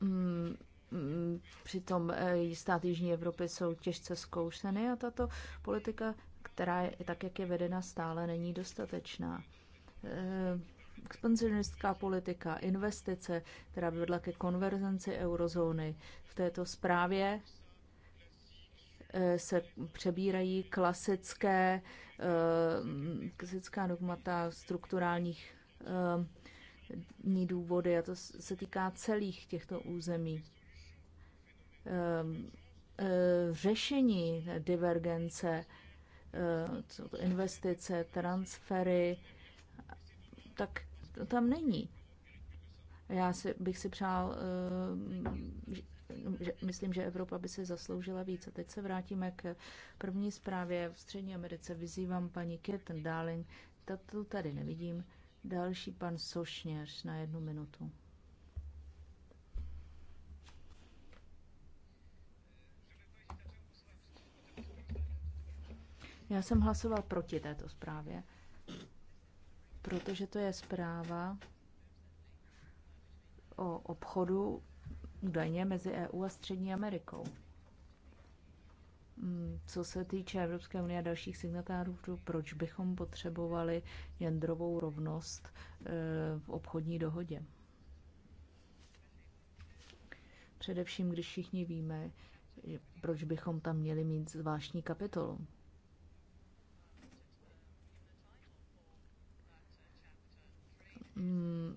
mm, mm přitom eh, stát Jižní Evropy jsou těžce zkoušeny a tato politika, která je tak, jak je vedena, stále není dostatečná. Eh, expansionistická politika, investice, která by vedla ke konverzenci eurozóny. V této zprávě Eh, se přebírají klasické, eh, klasická dogmata strukturálních eh, důvody a to se týká celých těchto území. Ehm, řešení divergence, investice, transfery, tak to tam není. Já si, bych si přál No, myslím, že Evropa by si zasloužila více. Teď se vrátíme k první zprávě v Střední Americe. Vyzývám paní Kirten Darling, tu tady nevidím. Další pan Sošněř na jednu minutu. Já jsem hlasoval proti této zprávě, protože to je zpráva o obchodu údajně mezi EU a Střední Amerikou. Mm, co se týče Evropské unie a dalších signatářů, proč bychom potřebovali jendrovou rovnost eh, v obchodní dohodě? Především, když všichni víme, proč bychom tam měli mít zvláštní kapitolu. Mm,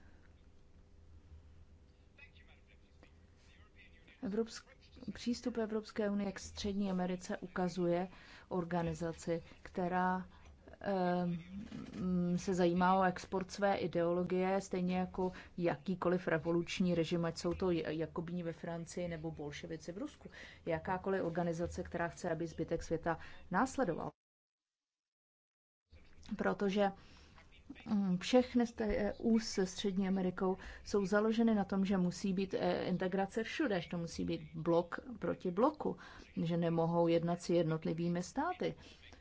Evropsk- přístup Evropské unie k Střední Americe ukazuje organizaci, která ehm, se zajímá o export své ideologie, stejně jako jakýkoliv revoluční režim, ať jsou to jakobní ve Francii nebo bolševici v Rusku. Jakákoliv organizace, která chce, aby zbytek světa následoval. Protože Mm, všechny z EU se Střední Amerikou jsou založeny na tom, že musí být e integrace všude, že to musí být blok proti bloku, že nemohou jednat si jednotlivými státy.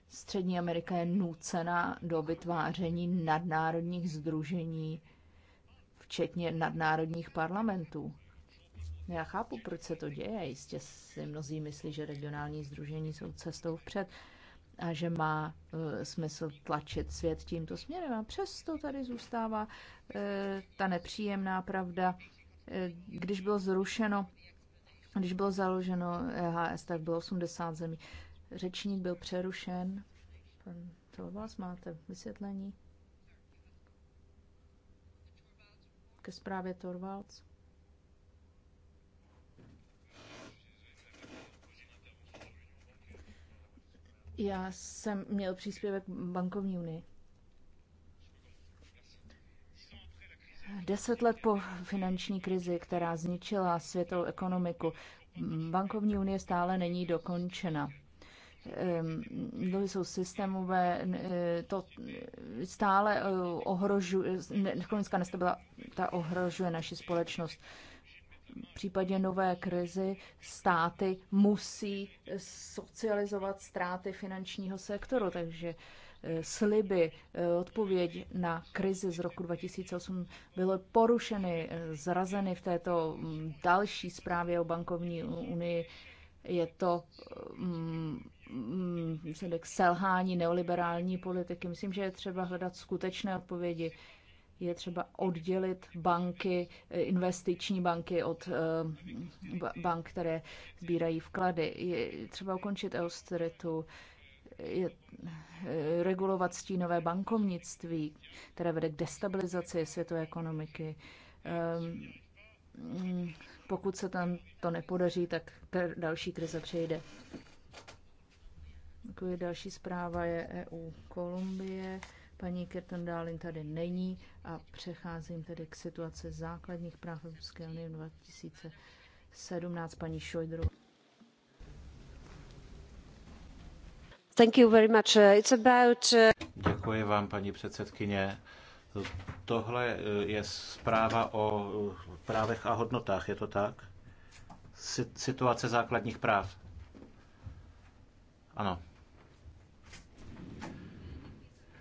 Střední Amerika je nucena do vytváření nadnárodních združení, včetně nadnárodních parlamentů. Já chápu, proč se to děje. Jistě si mnozí myslí, že regionální združení jsou cestou vpřed a že má eh, smysl tlačit svět tímto směrem. A přesto tady zůstává eh, ta nepříjemná pravda. Eh, když bylo zrušeno, když bylo založeno EHS, tak bylo 80 zemí. Řečník byl přerušen. Pan Torvalds, máte vysvětlení? Ke zprávě Torvalds. Já jsem měl příspěvek bankovní unii. Deset let po finanční krizi, která zničila světovou ekonomiku, bankovní unie stále není dokončena. Ehm, dluhy jsou systémové, e, to stále e, ohrožuje, ekonomická nestabilita ohrožuje naši společnost případě nové krizi státy musí socializovat ztráty finančního sektoru, takže eh, sliby, eh, odpověď na krizi z roku 2008 byly porušeny, eh, zrazeny v této mm, další zprávě o bankovní unii. Je to mm, mm, mm, selhání neoliberální politiky. Myslím, že je třeba hledat skutečné odpovědi je třeba oddělit banky, investiční banky od eh, bank, které sbírají vklady. Je třeba ukončit austeritu, je, eh, regulovat stínové bankovnictví, které vede k destabilizaci světové ekonomiky. Ehm, mm, pokud se tam to nepodaří, tak další krize přejde. Další zpráva je EU Kolumbie. Paní Kirton Dálin tady není a přecházím tedy k situaci základních práv Evropské unie 2017. Paní Šojdru. Thank you very much. It's about... Uh, Děkuji vám, paní předsedkyně. Tohle uh, je zpráva o uh, právech a hodnotách, je to tak? Situace základních práv. Ano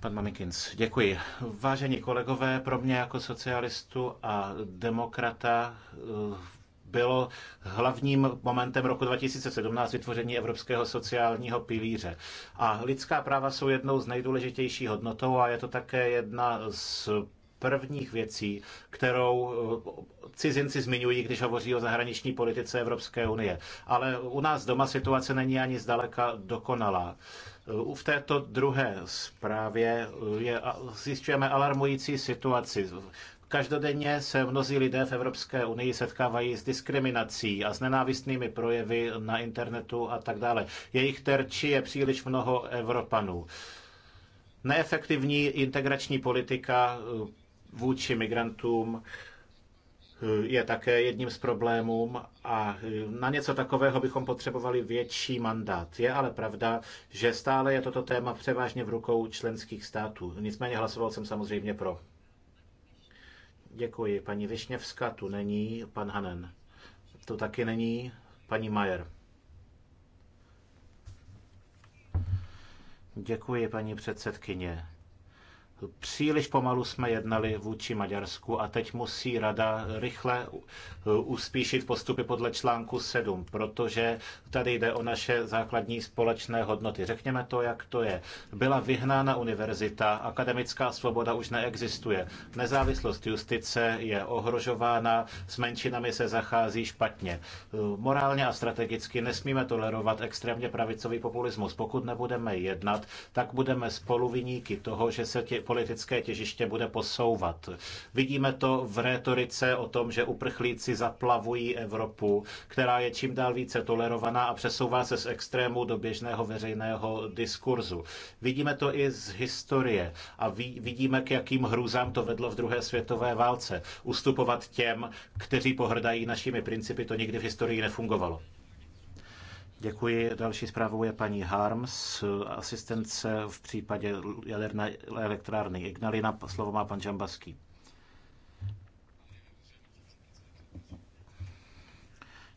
Pan Mamikins, děkuji. Vážení kolegové, pro mě jako socialistu a demokrata eh, bylo hlavním momentem roku 2017 vytvoření Evropského sociálního pilíře. A lidská práva jsou jednou z nejdůležitějších hodnotou a je to také jedna z prvních věcí, kterou eh, cizinci zmiňují, když hovoří o zahraniční politice Evropské unie. Ale u nás doma situace není ani zdaleka dokonalá. V této druhé zprávě uh, je, zjišťujeme alarmující situaci. Každodenně se mnozí lidé v Evropské unii setkávají s diskriminací a s nenávistnými projevy na internetu a tak dále. Jejich terči je příliš mnoho Evropanů. Neefektivní integrační politika uh, vůči migrantům je také jedním z problémů a na něco takového bychom potřebovali větší mandát. Je ale pravda, že stále je toto téma převážně v rukou členských států. Nicméně hlasoval jsem samozřejmě pro. Děkuji. Paní Višněvská tu není, pan Hanen. To taky není, paní Majer. Děkuji, paní předsedkyně. Příliš pomalu jsme jednali vůči Maďarsku a teď musí rada rychle uspíšit postupy podle článku 7, protože tady jde o naše základní společné hodnoty. Řekněme to, jak to je. Byla vyhnána univerzita, akademická svoboda už neexistuje, nezávislost justice je ohrožována, s menšinami se zachází špatně. Morálně a strategicky nesmíme tolerovat extrémně pravicový populismus. Pokud nebudeme jednat, tak budeme spoluviníky toho, že se tě, politické těžiště bude posouvat. Vidíme to v rétorice o tom, že uprchlíci zaplavují Evropu, která je čím dál více tolerovaná a přesouvá se z extrému do běžného veřejného diskurzu. Vidíme to i z historie a vidíme, k jakým hrůzám to vedlo v druhé světové válce. Ustupovat těm, kteří pohrdají našimi principy, to nikdy v historii nefungovalo. Děkuji. Další zprávou je paní Harms, asistence v případě jaderné elektrárny Ignalina. Slovo má pan Žambaský.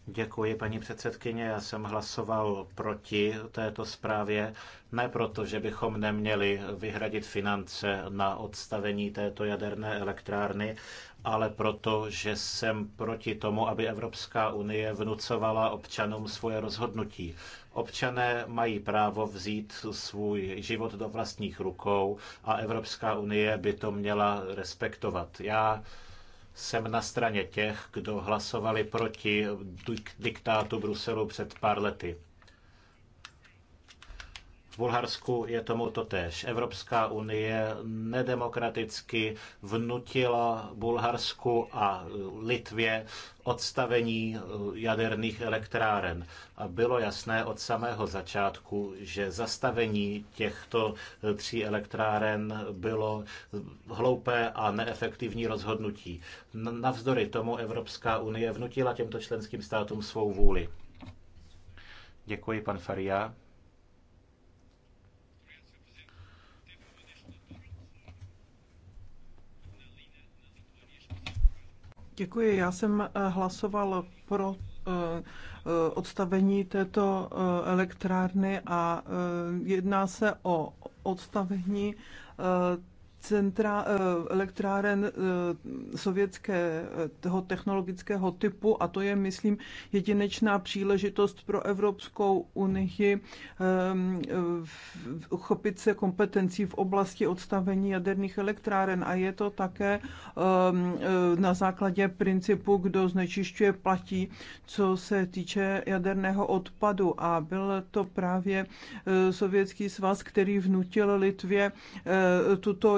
Děkuji, paní předsedkyně. Já jsem hlasoval proti této zprávě, ne proto, že bychom neměli vyhradit finance na odstavení této jaderné elektrárny, ale proto, že jsem proti tomu, aby Evropská unie vnucovala občanům svoje rozhodnutí. Občané mají právo vzít svůj život do vlastních rukou a Evropská unie by to měla respektovat. Já jsem na straně těch, kdo hlasovali proti diktátu Bruselu před pár lety. Bulharsku je tomu totéž. Evropská unie nedemokraticky vnutila Bulharsku a Litvě odstavení eh, jaderných elektráren. A bylo jasné od samého začátku, že zastavení těchto eh, tří elektráren bylo eh, hloupé a neefektivní rozhodnutí. Navzdory tomu Evropská unie vnutila těmto členským státům svou vůli. Děkuji, pan Faria. Děkuji. Já jsem eh, hlasoval pro eh, eh, odstavení této elektrárny a jedná se o odstavení centra eh, elektráren eh, sovětského technologického typu a to je, myslím, jedinečná příležitost pro Evropskou unii ehm, chopit se kompetencí v oblasti odstavení jaderných elektráren a je to také ehm, eh, na základě principu, kdo znečišťuje, platí, co se týče jaderného odpadu a byl to právě Sovětský svaz, který vnutil Litvě tuto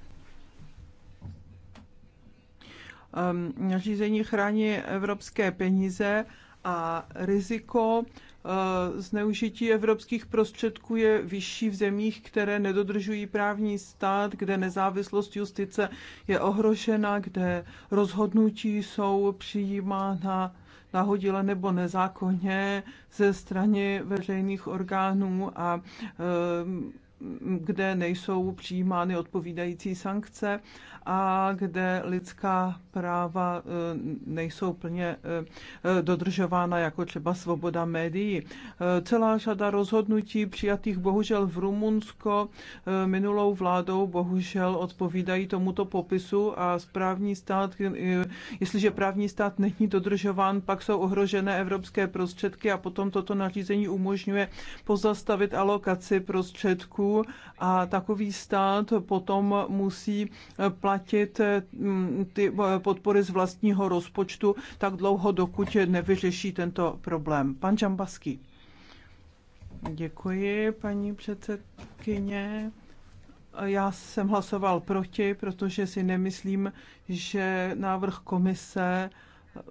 Ehm, nařízení chrání evropské peníze a riziko eh, zneužití evropských prostředků je vyšší v zemích, které nedodržují právní stát, kde nezávislost justice je ohrožena, kde rozhodnutí jsou přijímána nahodile nebo nezákonně ze strany veřejných orgánů a ehm, kde nejsou přijímány odpovídající sankce a kde lidská práva eh, nejsou plně eh, dodržována, jako třeba svoboda médií. Eh, celá řada rozhodnutí přijatých bohužel v Rumunsko minulou vládou bohužel odpovídají tomuto popisu a správní stát, jestliže právní stát není dodržován, pak jsou ohrožené evropské prostředky a potom toto nařízení umožňuje pozastavit alokaci prostředků a takový stát potom musí eh, platit mm, ty eh, podpory z vlastního rozpočtu tak dlouho, dokud nevyřeší tento problém. Pan čambaský, Děkuji, paní předsedkyně. Já jsem hlasoval proti, protože si nemyslím, že návrh komise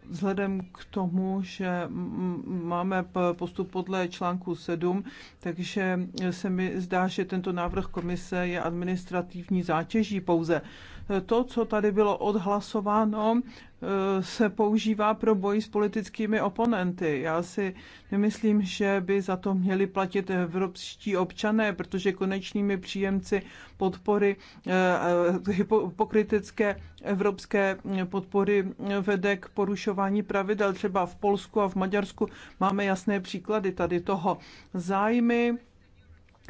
vzhledem k tomu, že máme postup podle článku 7, takže se mi zdá, že tento návrh komise je administrativní zátěží pouze to, co tady bylo odhlasováno, eh, se používá pro boj s politickými oponenty. Já si nemyslím, že by za to měli platit evropští občané, protože konečnými příjemci podpory eh, eh, hypokritické evropské podpory vede k porušování pravidel. Třeba v Polsku a v Maďarsku máme jasné příklady tady toho. Zájmy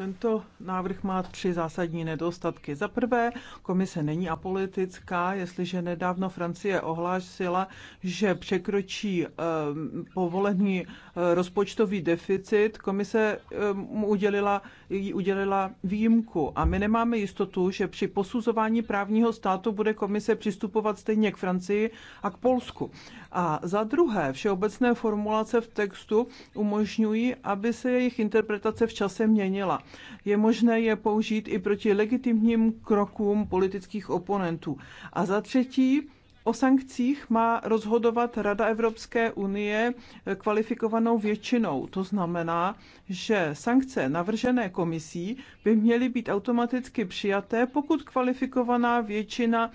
Tento návrh má tři zásadní nedostatky. Za prvé, komise není apolitická, jestliže nedávno Francie ohlásila, že překročí eh, povolený eh, rozpočtový deficit, komise eh, mu udělila, jí udělila výjimku a my nemáme jistotu, že při posuzování právního státu bude komise přistupovat stejně k Francii a k Polsku. A za druhé, všeobecné formulace v textu umožňují, aby se jejich interpretace v čase měnila. Je možné je použít i proti legitimním krokům politických oponentů. A za třetí, O sankcích má rozhodovat Rada Evropské unie kvalifikovanou většinou. To znamená, že sankce navržené komisí by měly být automaticky přijaté, pokud kvalifikovaná většina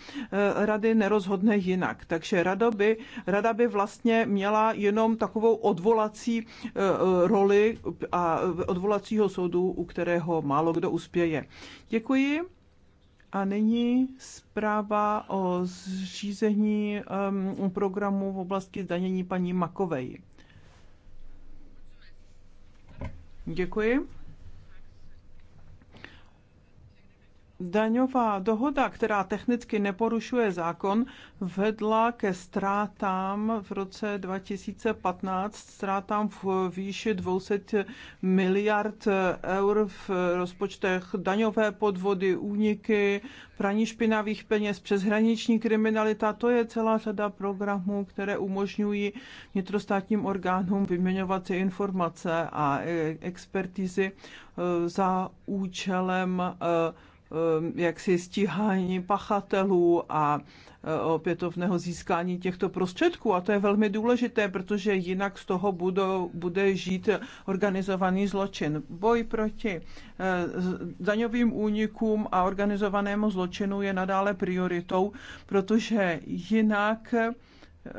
rady nerozhodne jinak. Takže rada by, rada by vlastně měla jenom takovou odvolací roli a odvolacího soudu, u kterého málo kdo uspěje. Děkuji. A nyní zpráva o zřízení um, programu v oblasti zdanění paní Makovej. Děkuji. daňová dohoda, která technicky neporušuje zákon, vedla ke ztrátám v roce 2015, ztrátám v výši 200 miliard eur v rozpočtech daňové podvody, úniky, praní špinavých peněz, přeshraniční kriminalita. To je celá řada programů, které umožňují vnitrostátním orgánům vyměňovat si informace a e- expertizy e- za účelem e- Um, jaksi stíhání pachatelů a uh, opětovného získání těchto prostředků. A to je velmi důležité, protože jinak z toho budou, bude žít organizovaný zločin. Boj proti uh, daňovým únikům a organizovanému zločinu je nadále prioritou, protože jinak Eh,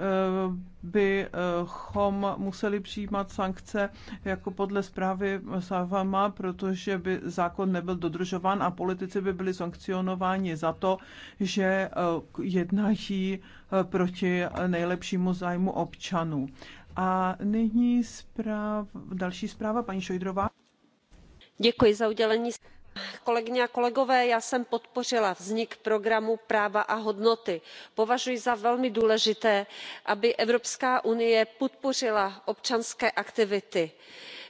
bychom museli přijímat sankce jako podle zprávy Savama, protože by zákon nebyl dodržován a politici by byli sankcionováni za to, že eh, jednají eh, proti nejlepšímu zájmu občanů. A nyní zpráv, další zpráva, paní Šojdrová. Děkuji za udělení kolegyně a kolegové já jsem podpořila vznik programu práva a hodnoty. považuji za velmi důležité aby evropská unie podpořila občanské aktivity.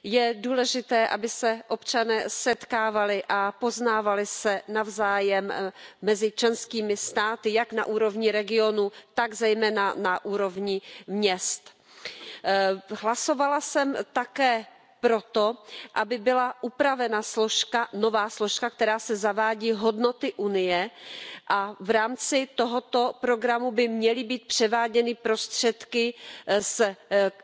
je důležité aby se občané setkávali a poznávali se navzájem eh, mezi členskými státy jak na úrovni regionů tak zejména na úrovni měst. Eh, hlasovala jsem také pro to aby byla upravena nová složka která se zavádí hodnoty unie a v rámci tohoto programu by měly být převáděny prostředky eh, z eh,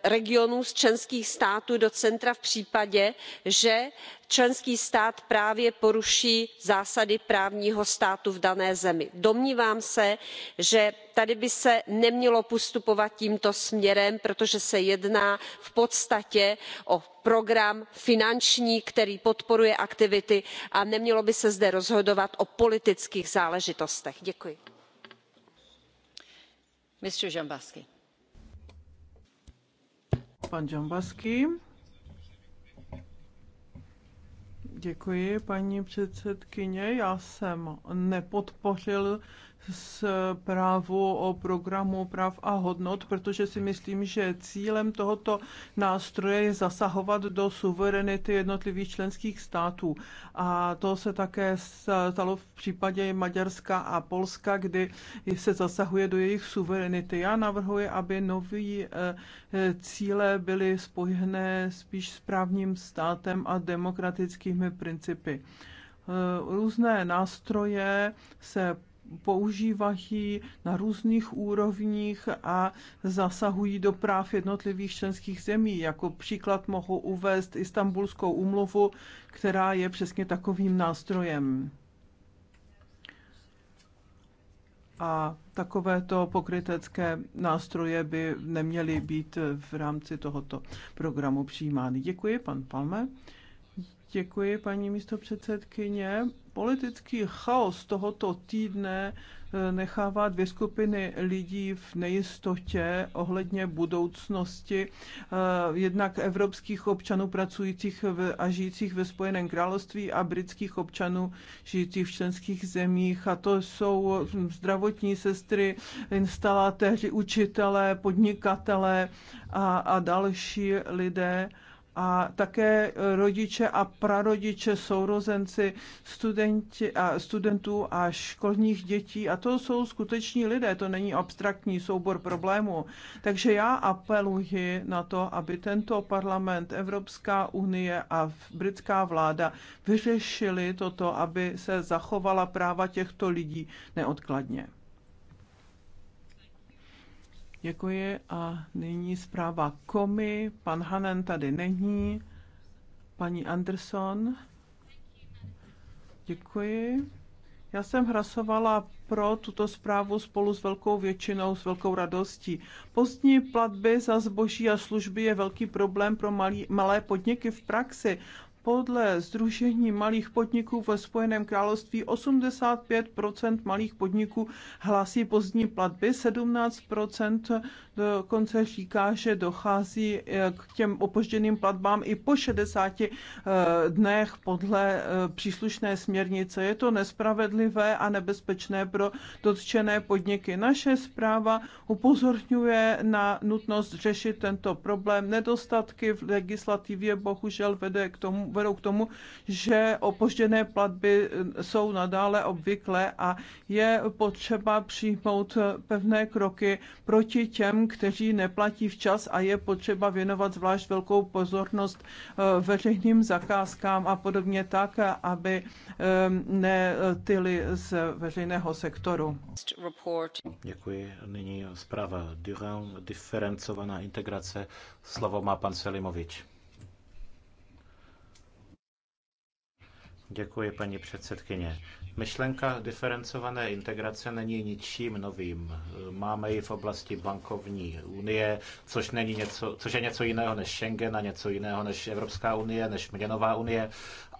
regionů z členských států do centra v případě že členský stát právě poruší zásady právního státu v dané zemi. domnívám se že tady by se nemělo postupovat tímto směrem protože se jedná v podstatě o program finanční který podporuje aktivity a nemělo by se zde rozhodovat o politických záležitostech. děkuji. Děkuji, paní předsedkyně. Já jsem nepodpořil zprávu o programu práv a hodnot, protože si myslím, že cílem tohoto nástroje je zasahovat do suverenity jednotlivých členských států. A to se také stalo v případě Maďarska a Polska, kdy se zasahuje do jejich suverenity. Já navrhuji, aby nový eh, cíle byly spojené spíš s právním státem a demokratickými principy. Eh, různé nástroje se používají na různých úrovních a zasahují do práv jednotlivých členských zemí. Jako příklad mohu uvést Istanbulskou umluvu, která je přesně takovým nástrojem. A takovéto pokrytecké nástroje by neměly být v rámci tohoto programu přijímány. Děkuji, pan Palme. Děkuji, paní předsedkyně. Politický chaos tohoto týdne eh, nechává dvě skupiny lidí v nejistotě ohledně budoucnosti eh, jednak evropských občanů pracujících a žijících ve Spojeném království a britských občanů žijících v členských zemích. A to jsou zdravotní sestry, instalatéři, učitelé, podnikatelé a, a další lidé a také e, rodiče a prarodiče, sourozenci studenti a studentů a školních dětí. A to jsou skuteční lidé, to není abstraktní soubor problémů. Takže já apeluji na to, aby tento parlament, Evropská unie a britská vláda vyřešili toto, aby se zachovala práva těchto lidí neodkladně. Děkuji a nyní zpráva Komi. Pan Hanen tady není. Paní Anderson. Děkuji. Já jsem hlasovala pro tuto zprávu spolu s velkou většinou, s velkou radostí. Postní platby za zboží a služby je velký problém pro malý, malé podniky v praxi. Podle Združení malých podniků ve Spojeném království 85 malých podniků hlásí pozdní platby, 17 dokonce říká, že dochází eh, k těm opožděným platbám i po 60 eh, dnech podle eh, příslušné směrnice. Je to nespravedlivé a nebezpečné pro dotčené podniky. Naše zpráva upozorňuje na nutnost řešit tento problém. Nedostatky v legislativě bohužel vede k tomu, vedou k tomu, že opožděné platby eh, jsou nadále obvyklé a je potřeba přijmout eh, pevné kroky proti těm, kteří neplatí včas a je potřeba věnovat zvlášť velkou pozornost eh, veřejným zakázkám a podobně tak, aby netyly z veřejného sektoru. Děkuji. Nyní zpráva Durand, diferencovaná integrace. Slovo má pan Selimovič. Děkuji, paní předsedkyně. Myšlenka diferencované integrace není ničím novým. Máme ji v oblasti bankovní unie, což, není něco, což je něco jiného než Schengen a něco jiného než Evropská unie, než měnová unie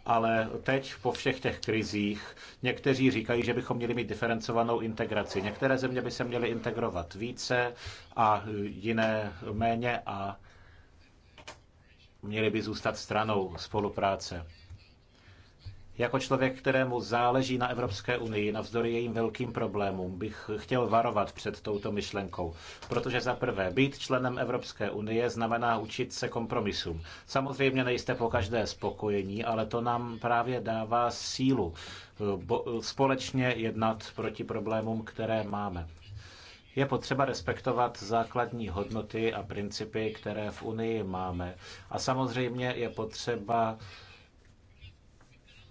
ale teď po všech těch krizích někteří říkají, že bychom měli mít diferencovanou integraci. Některé země by se měly integrovat více a jiné méně a měly by zůstat stranou spolupráce. Jako člověk, kterému záleží na Evropské unii, navzdory jejím velkým problémům, bych chtěl varovat před touto myšlenkou. Protože za prvé, být členem Evropské unie znamená učit se kompromisům. Samozřejmě nejste po každé spokojení, ale to nám právě dává sílu eh, eh, společně jednat proti problémům, které máme. Je potřeba respektovat základní hodnoty a principy, které v Unii máme. A samozřejmě je potřeba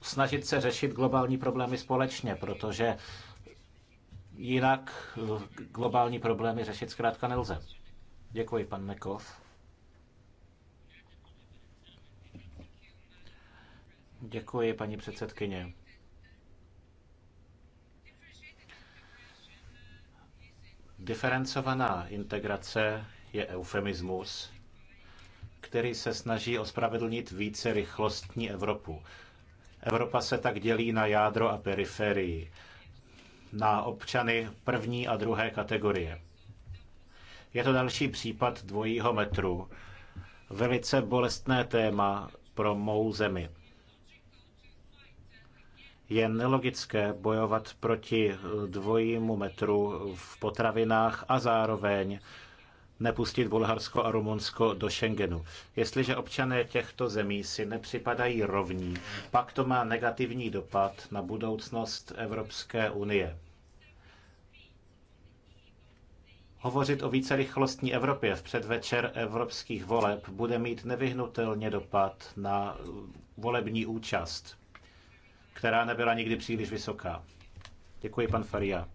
snažit se řešit globální problémy společně, protože jinak eh, globální problémy řešit zkrátka nelze. Děkuji, pan Nekov. Děkuji, paní předsedkyně. Diferencovaná integrace je eufemismus, který se snaží ospravedlnit více rychlostní Evropu. Evropa se tak dělí na jádro a periferii, na občany první a druhé kategorie. Je to další případ dvojího metru, velice bolestné téma pro mou zemi. Je nelogické bojovat proti dvojímu metru v potravinách a zároveň nepustit Bulharsko a Rumunsko do Schengenu. Jestliže občané těchto zemí si nepřipadají rovní, pak to má negativní dopad na budoucnost Evropské unie. Hovořit o vícerychlostní Evropě v předvečer evropských voleb bude mít nevyhnutelně dopad na volební účast, která nebyla nikdy příliš vysoká. Děkuji, pan Faria.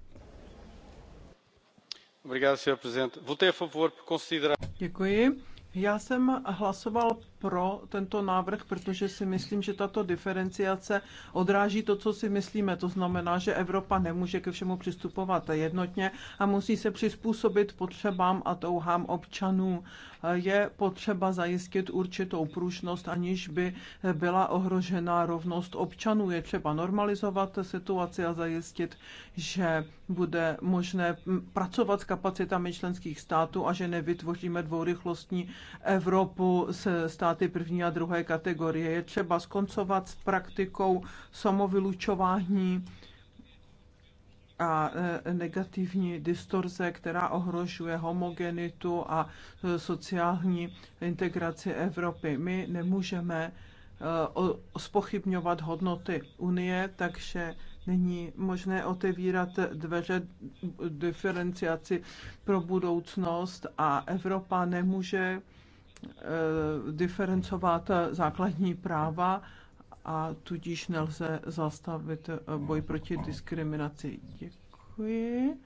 Děkuji. Já jsem hlasoval pro tento návrh, protože si myslím, že tato diferenciace odráží to, co si myslíme. To znamená, že Evropa nemůže ke všemu přistupovat jednotně a musí se přizpůsobit potřebám a touhám občanů. Je potřeba zajistit určitou pružnost, aniž by byla ohrožena rovnost občanů. Je třeba normalizovat situaci a zajistit, že bude možné pracovat s kapacitami členských států a že nevytvoříme dvourychlostní Evropu se stát státy první a druhé kategorie. Je třeba skoncovat s praktikou samovylučování a e, negativní distorze, která ohrožuje homogenitu a e, sociální integraci Evropy. My nemůžeme e, spochybňovat hodnoty Unie, takže není možné otevírat dveře diferenciaci pro budoucnost a Evropa nemůže Eh, diferencovat základní práva a tudíž nelze zastavit eh, boj proti diskriminaci. Děkuji.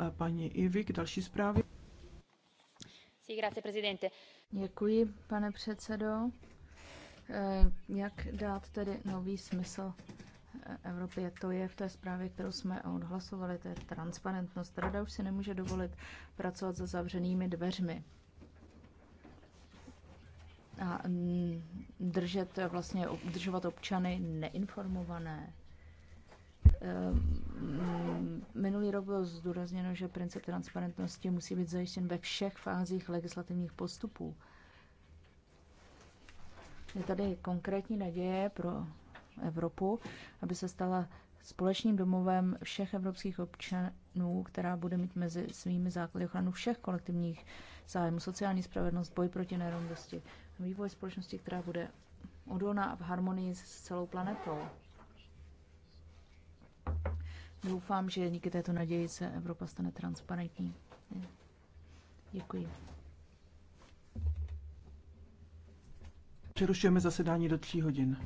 Eh, paní Ivik, další zprávy. Děkuji, pane předsedo. Jak dát tedy nový smysl Evropě, to je v té zprávě, kterou jsme odhlasovali, to je transparentnost. Rada už si nemůže dovolit pracovat za zavřenými dveřmi a mm, držet vlastně, držovat občany neinformované. Ehm, minulý rok bylo zdůrazněno, že princip transparentnosti musí být zajištěn ve všech fázích legislativních postupů. Je tady konkrétní naděje pro Evropu, aby se stala společným domovem všech evropských občanů, která bude mít mezi svými základy ochranu všech kolektivních zájmů, sociální spravedlnost, boj proti nerovnosti, vývoj společnosti, která bude odolná a v harmonii s celou planetou. Doufám, že díky této naději se Evropa stane transparentní. Děkuji. Přerušujeme zasedání do tří hodin.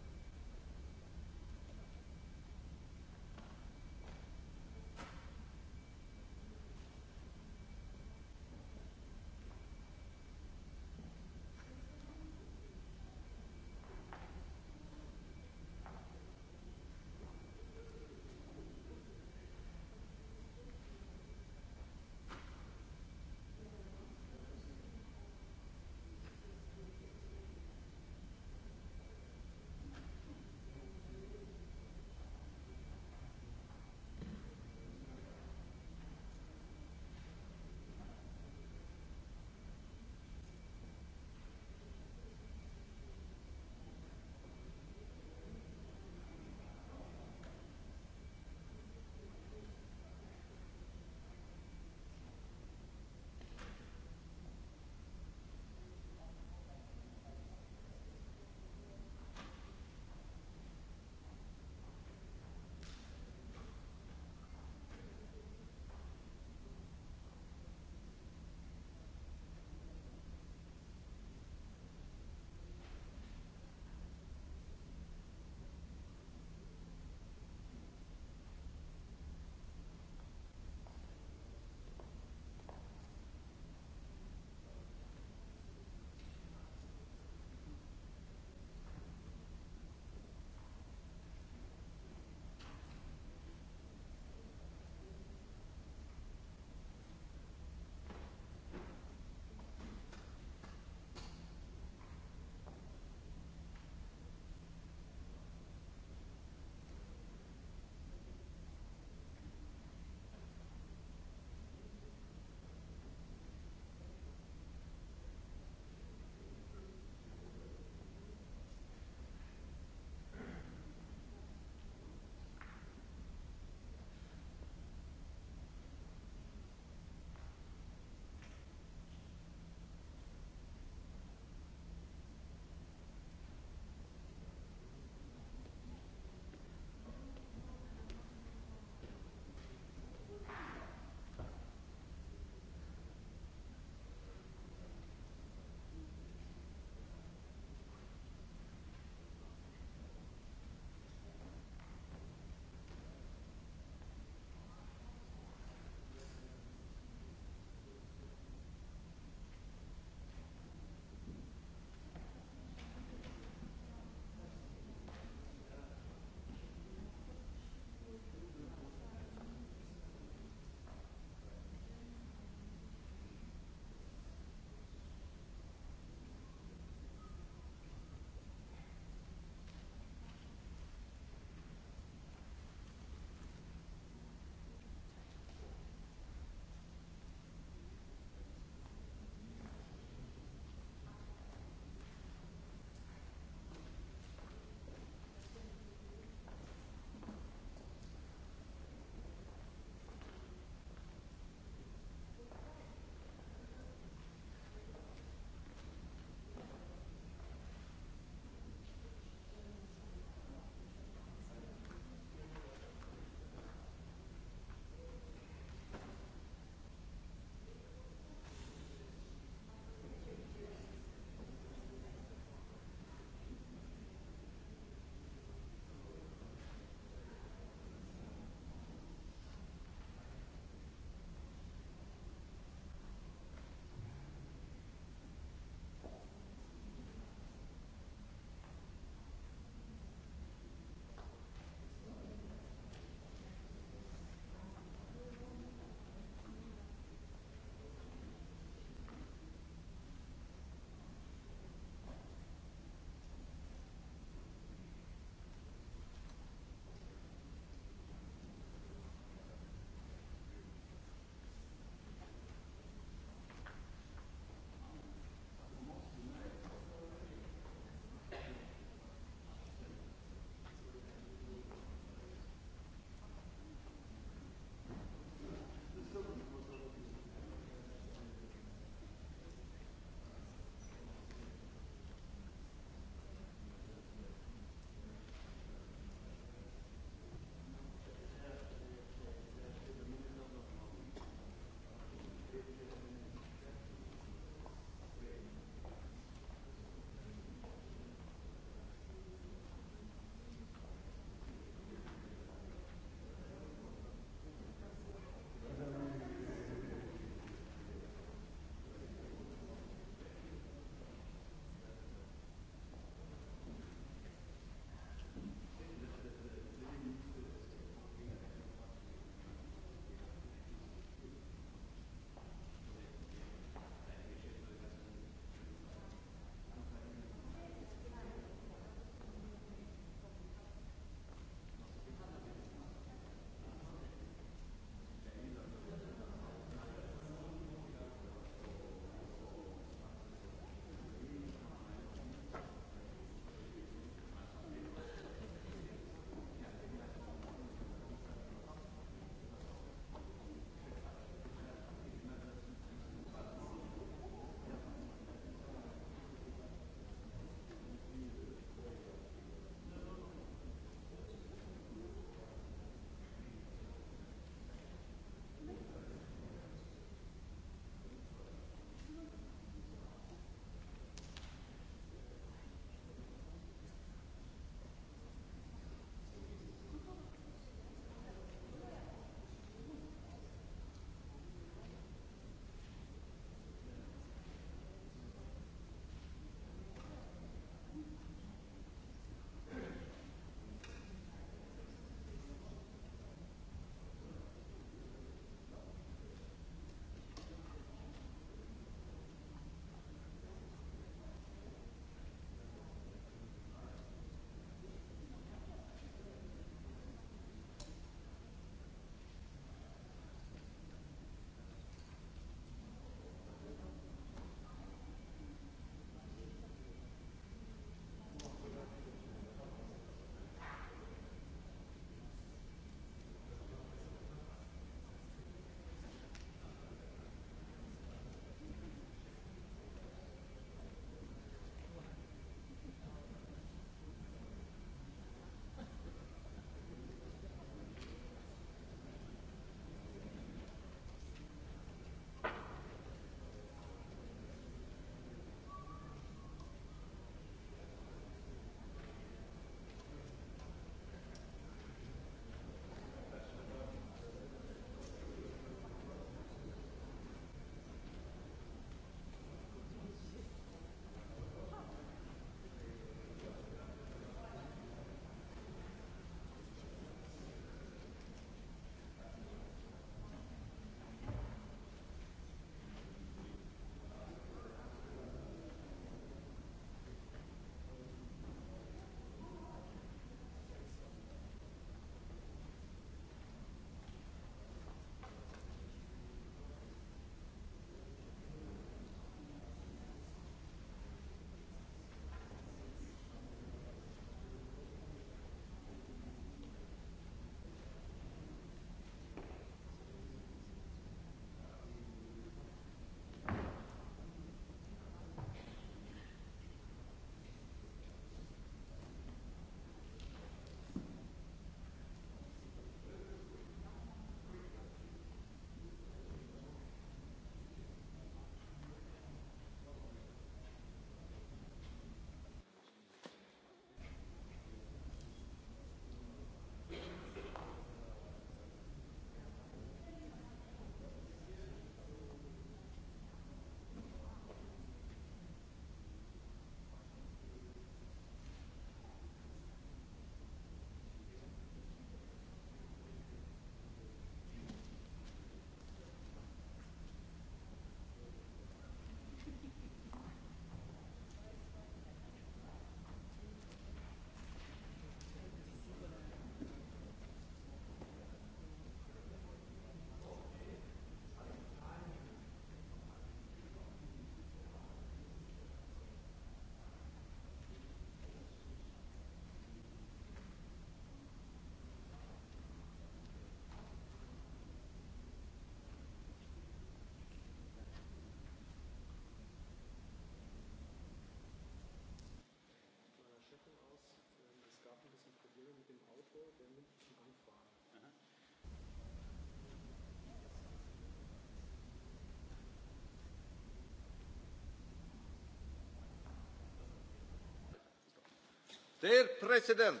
Der Präsident.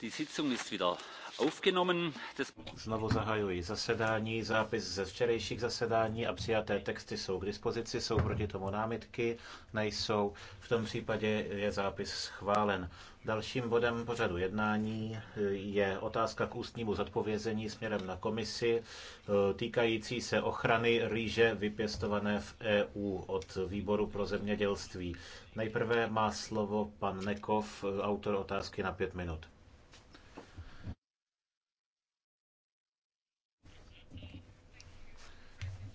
Die Sitzung ist wieder Znovu zahajuji zasedání, zápis ze včerejších zasedání a přijaté texty jsou k dispozici, jsou proti tomu námitky, nejsou. V tom případě je zápis schválen. Dalším bodem pořadu jednání je otázka k ústnímu zodpovězení směrem na komisi e, týkající se ochrany rýže vypěstované v EU od výboru pro zemědělství. Nejprve má slovo pan Nekov, autor otázky na pět minut.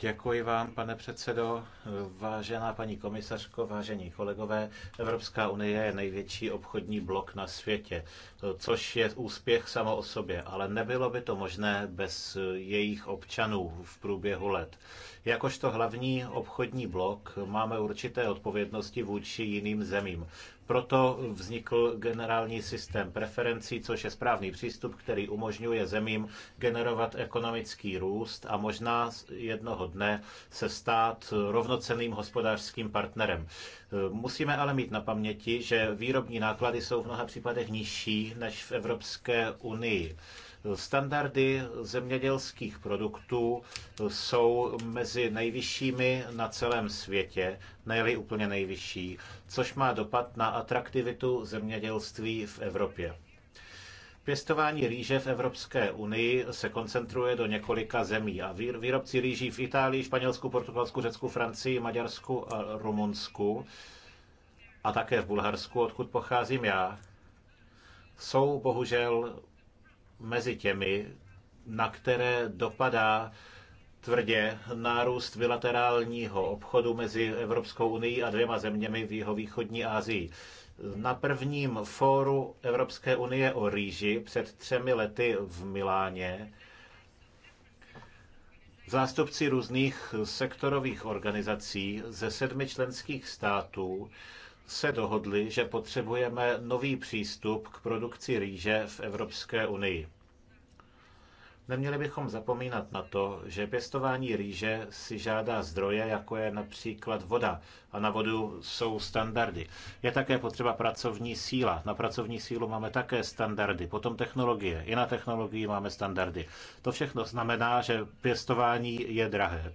Děkuji vám, pane předsedo. Vážená paní komisařko, vážení kolegové, Evropská unie je největší obchodní blok na světě, což je úspěch samo o sobě, ale nebylo by to možné bez jejich občanů v průběhu let. Jakožto hlavní obchodní blok máme určité odpovědnosti vůči jiným zemím. Proto vznikl generální systém preferencí, což je správný přístup, který umožňuje zemím generovat ekonomický růst a možná jednoho dne se stát rovnocenným hospodářským partnerem. Musíme ale mít na paměti, že výrobní náklady jsou v mnoha případech nižší než v Evropské unii. Standardy zemědělských produktů jsou mezi nejvyššími na celém světě, nejli úplně nejvyšší, což má dopad na atraktivitu zemědělství v Evropě. Pěstování rýže v Evropské unii se koncentruje do několika zemí a výrobci rýží v Itálii, Španělsku, Portugalsku, Řecku, Francii, Maďarsku a Rumunsku a také v Bulharsku, odkud pocházím já, jsou bohužel mezi těmi, na které dopadá tvrdě nárůst bilaterálního obchodu mezi Evropskou unii a dvěma zeměmi v jihovýchodní Asii. Na prvním fóru Evropské unie o rýži před třemi lety v Miláně zástupci různých sektorových organizací ze sedmi členských států se dohodli, že potřebujeme nový přístup k produkci rýže v Evropské unii. Neměli bychom zapomínat na to, že pěstování rýže si žádá zdroje, jako je například voda. A na vodu jsou standardy. Je také potřeba pracovní síla. Na pracovní sílu máme také standardy. Potom technologie. I na technologii máme standardy. To všechno znamená, že pěstování je drahé.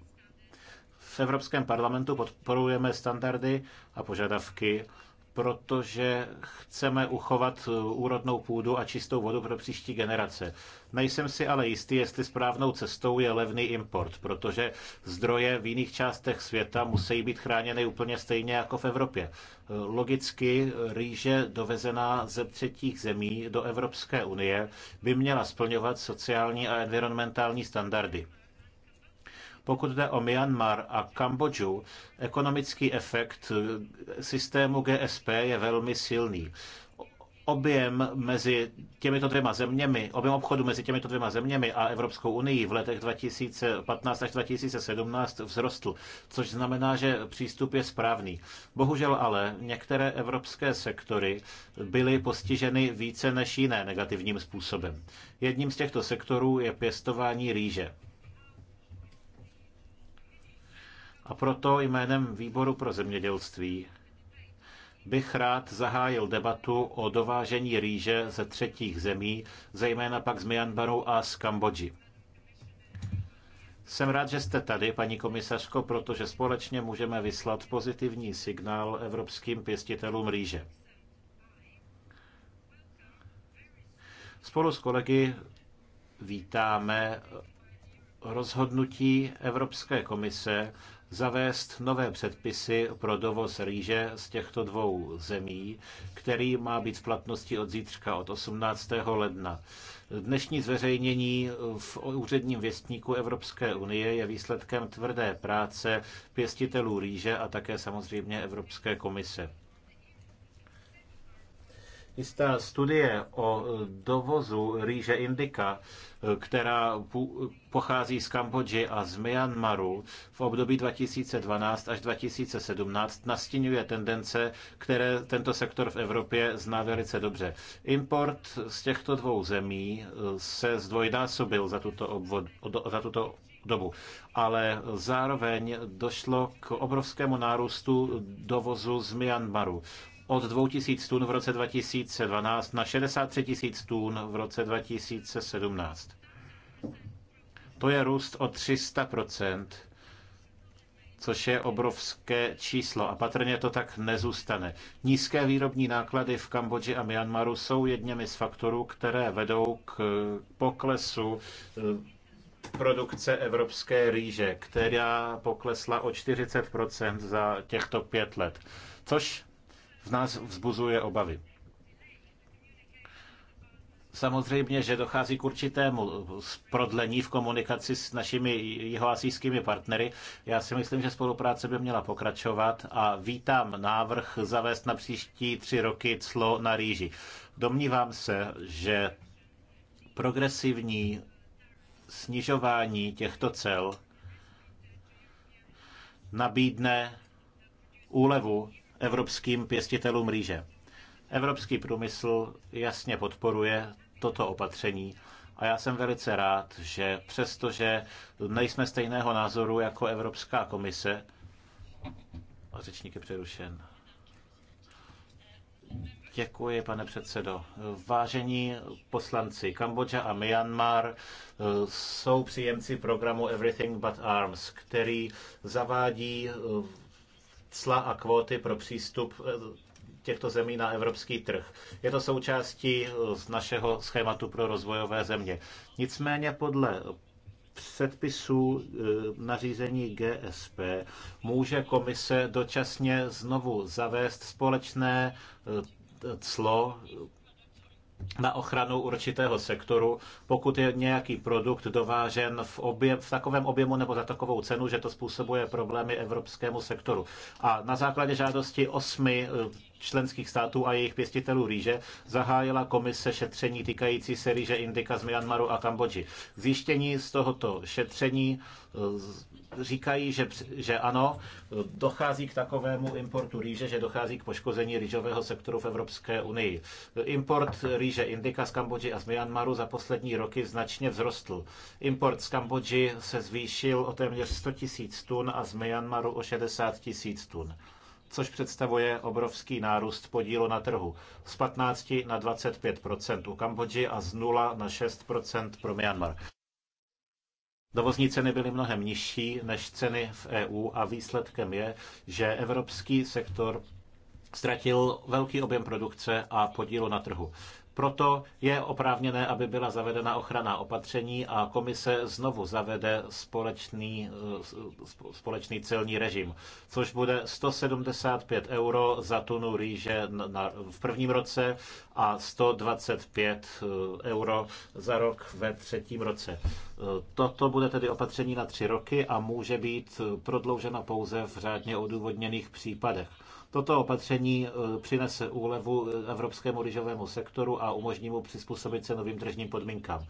Evropském parlamentu podporujeme standardy a požadavky, protože chceme uchovat úrodnou půdu a čistou vodu pro příští generace. Nejsem si ale jistý, jestli správnou cestou je levný import, protože zdroje v jiných částech světa musí být chráněny úplně stejně jako v Evropě. Logicky rýže dovezená ze třetích zemí do Evropské unie by měla splňovat sociální a environmentální standardy. Pokud jde o Myanmar a Kambodžu, ekonomický efekt systému GSP je velmi silný objem mezi těmito dvěma zeměmi, objem obchodu mezi těmito dvěma zeměmi a Evropskou unii v letech 2015 až 2017 vzrostl, což znamená, že přístup je správný. Bohužel ale některé evropské sektory byly postiženy více než jiné negativním způsobem. Jedním z těchto sektorů je pěstování rýže. A proto jménem Výboru pro zemědělství bych rád zahájil debatu o dovážení rýže ze třetích zemí, zejména pak z Myanmaru a z Kambodži. Jsem rád, že jste tady, paní komisařko, protože společně můžeme vyslat pozitivní signál evropským pěstitelům rýže. Spolu s kolegy vítáme rozhodnutí Evropské komise zavést nové předpisy pro dovoz rýže z těchto dvou zemí, který má být v platnosti od zítřka, od 18. ledna. Dnešní zveřejnění v úředním věstníku Evropské unie je výsledkem tvrdé práce pěstitelů rýže a také samozřejmě Evropské komise. Jistá studie o dovozu rýže indika, která pochází z Kambodži a z Myanmaru v období 2012 až 2017, nastínuje tendence, které tento sektor v Evropě zná velice dobře. Import z těchto dvou zemí eh, se zdvojnásobil za tuto, obvod, za tuto dobu. Ale zároveň došlo k obrovskému nárůstu dovozu z Myanmaru od 2000 tun v roce 2012 na 63 000 tun v roce 2017. To je růst o 300 což je obrovské číslo a patrně to tak nezůstane. Nízké výrobní náklady v Kambodži a Myanmaru jsou jedněmi z faktorů, které vedou k poklesu eh, produkce evropské rýže, která poklesla o 40% za těchto pět let. Což v nás vzbuzuje obavy. Samozřejmě, že dochází k určitému prodlení v komunikaci s našimi jihoasijskými partnery. Já si myslím, že spolupráce by měla pokračovat a vítám návrh zavést na příští tři roky clo na rýži. Domnívám se, že progresivní snižování těchto cel nabídne úlevu evropským pěstitelům rýže. Evropský průmysl jasně podporuje toto opatření a já jsem velice rád, že přestože nejsme stejného názoru jako Evropská komise, a řečník je přerušen. Děkuji, pane předsedo. Vážení poslanci, Kambodža a Myanmar eh, jsou příjemci programu Everything But Arms, který zavádí eh, cla a kvóty pro přístup eh, těchto zemí na evropský trh. Je to součástí eh, z našeho schématu pro rozvojové země. Nicméně podle předpisů eh, nařízení GSP může komise dočasně znovu zavést společné clo na ochranu určitého sektoru, pokud je nějaký produkt dovážen v, objem, v takovém objemu nebo za takovou cenu, že to způsobuje problémy evropskému sektoru. A na základě žádosti osmi eh, členských států a jejich pěstitelů rýže zahájila komise šetření týkající se rýže indika z Myanmaru a Kambodži. Zjištění z tohoto šetření eh, říkají, že, že ano, dochází k takovému importu rýže, že dochází k poškození rýžového sektoru v Evropské unii. Import rýže indika z Kambodži a z Myanmaru za poslední roky značně vzrostl. Import z Kambodži se zvýšil o téměř 100 tisíc tun a z Myanmaru o 60 tisíc tun což představuje obrovský nárůst podílu na trhu z 15 na 25 u Kambodži a z 0 na 6 pro Myanmar. Dovozní ceny byly mnohem nižší než ceny v EU a výsledkem je, že evropský sektor ztratil velký objem produkce a podílu na trhu. Proto je oprávněné, aby byla zavedena ochrana opatření a komise znovu zavede společný, eh, společný celní režim, což bude 175 euro za tunu rýže v prvním roce a 125 eh, euro za rok ve třetím roce. Eh, toto bude tedy opatření na tři roky a může být prodlouženo pouze v řádně odůvodněných případech. Toto opatření eh, přinese úlevu eh, evropskému ryžovému sektoru a umožní mu přizpůsobit se novým tržním podmínkám.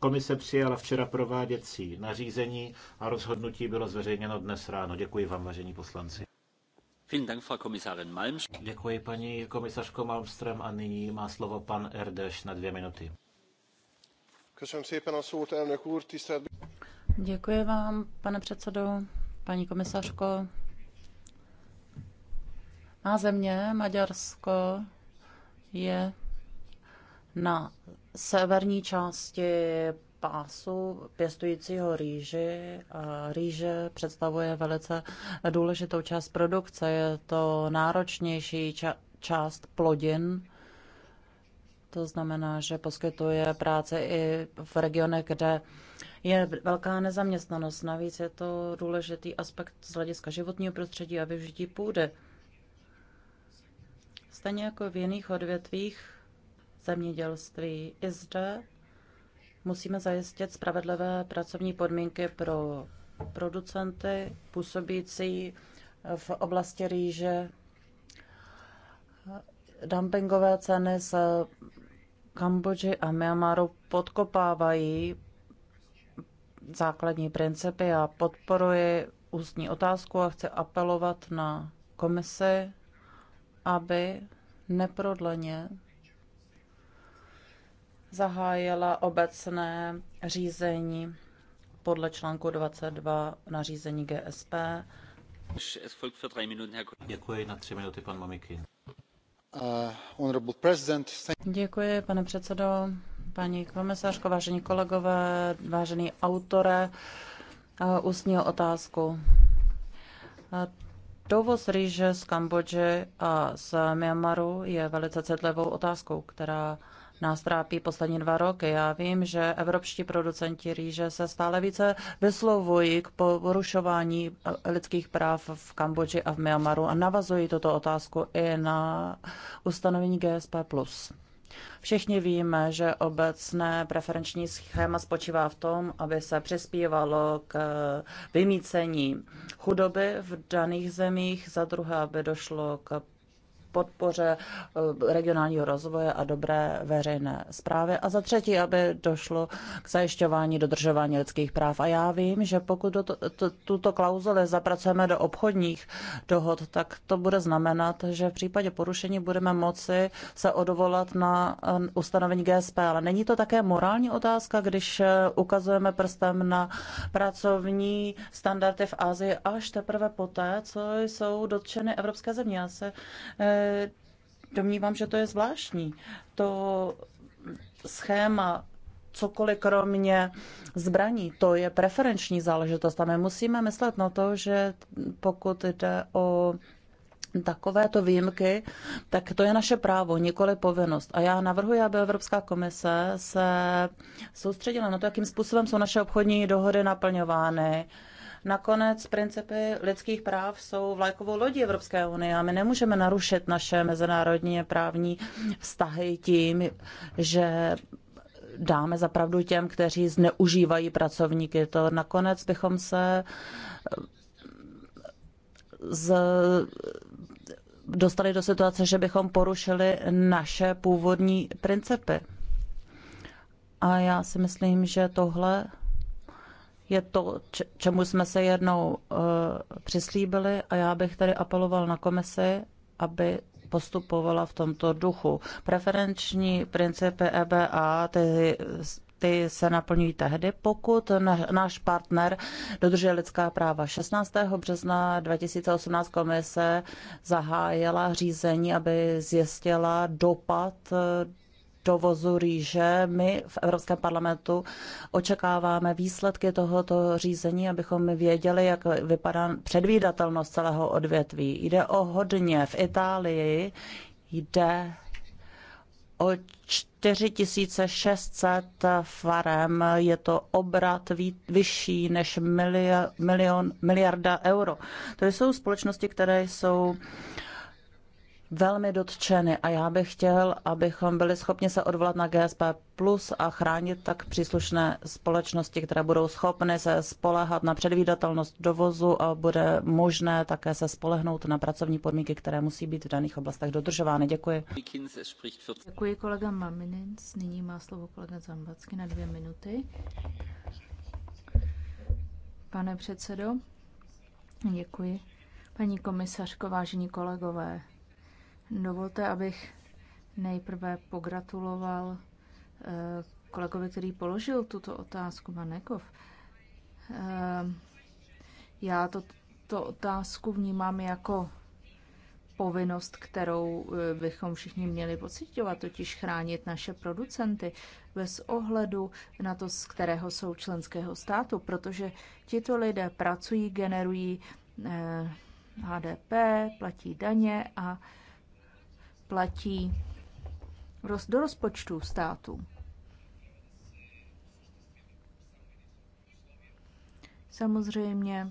Komise přijala včera prováděcí nařízení a rozhodnutí bylo zveřejněno dnes ráno. Děkuji vám, vážení poslanci. Děkuji paní komisařko Malmström a nyní má slovo pan Erdeš na dvě minuty. Děkuji vám, pane předsedo, paní komisařko, má země, Maďarsko, je na severní části pásu pěstujícího rýži. Rýže představuje velice důležitou část produkce. Je to náročnější ča- část plodin. To znamená, že poskytuje práce i v regionech, kde je velká nezaměstnanost. Navíc je to důležitý aspekt z hlediska životního prostředí a využití půdy. Stejně jako v jiných odvětvích zemědělství, i zde musíme zajistit spravedlivé pracovní podmínky pro producenty působící v oblasti rýže. Dumpingové ceny z Kambodži a Myanmaru podkopávají základní principy. a podporuji ústní otázku a chci apelovat na komisi, aby neprodleně zahájila obecné řízení podle článku 22 na řízení GSP. Děkuji na tři minuty, pan Mamikin. Uh, Děkuji, pane předsedo, paní komisařko, vážení kolegové, vážený autore uh, ústního otázku. Uh, Dovoz rýže z Kambodže a z Myanmaru je velice citlivou otázkou, která nás trápí poslední dva roky. Já vím, že evropští producenti rýže se stále více vyslovují k porušování eh, lidských práv v Kambodži a v Myanmaru a navazují tuto otázku i na ustanovení GSP+. Všichni víme, že obecné preferenční schéma spočívá v tom, aby se přispívalo k vymícení chudoby v daných zemích, za druhé, aby došlo k podpoře eh, regionálního rozvoje a dobré veřejné zprávy. A za třetí, aby došlo k zajišťování dodržování lidských práv. A já vím, že pokud to, to, tuto klauzuli zapracujeme do obchodních dohod, tak to bude znamenat, že v případě porušení budeme moci se odvolat na eh, ustanovení GSP. Ale není to také morální otázka, když eh, ukazujeme prstem na pracovní standardy v Asii až teprve poté, co jsou dotčeny evropské země. Já se domnívám, že to je zvláštní. To schéma cokoliv kromě zbraní. To je preferenční záležitost a my musíme myslet na to, že pokud jde o takovéto výjimky, tak to je naše právo, nikoli povinnost. A já navrhuji, aby Evropská komise se soustředila na to, jakým způsobem jsou naše obchodní dohody naplňovány Nakonec principy lidských práv jsou vlajkovou lodí Evropské unie a my nemůžeme narušit naše mezinárodní právní vztahy tím, že dáme zapravdu těm, kteří zneužívají pracovníky. To nakonec bychom se eh, z, dostali do situace, že bychom porušili naše původní principy. A já si myslím, že tohle je to, čemu jsme se jednou uh, přislíbili a já bych tady apeloval na komisi, aby postupovala v tomto duchu. Preferenční principy EBA, ty ty se naplňují tehdy, pokud náš partner dodržuje lidská práva. 16. března 2018 komise zahájila řízení, aby zjistila dopad eh, dovozu rýže. My v Evropském parlamentu očekáváme výsledky tohoto řízení, abychom věděli, jak vypadá předvídatelnost celého odvětví. Jde o hodně. V Itálii jde o 4600 farem. Je to obrat vyšší než milion, miliarda euro. To jsou společnosti, které jsou velmi dotčeny a já bych chtěl, abychom byli schopni se odvolat na GSP Plus a chránit tak příslušné společnosti, které budou schopny se spolehat na předvídatelnost dovozu a bude možné také se spolehnout na pracovní podmínky, které musí být v daných oblastech dodržovány. Děkuji. Děkuji kolega Maminens. Nyní má slovo kolega Zambacky na dvě minuty. Pane předsedo, děkuji. Paní komisařko, vážení kolegové, Dovolte, abych nejprve pogratuloval eh, kolegovi, který položil tuto otázku, Manekov. Eh, já to, to otázku vnímám jako povinnost, kterou eh, bychom všichni měli pocitovat, totiž chránit naše producenty bez ohledu na to, z kterého jsou členského státu, protože tito lidé pracují, generují HDP, platí daně a platí do rozpočtu státu. Samozřejmě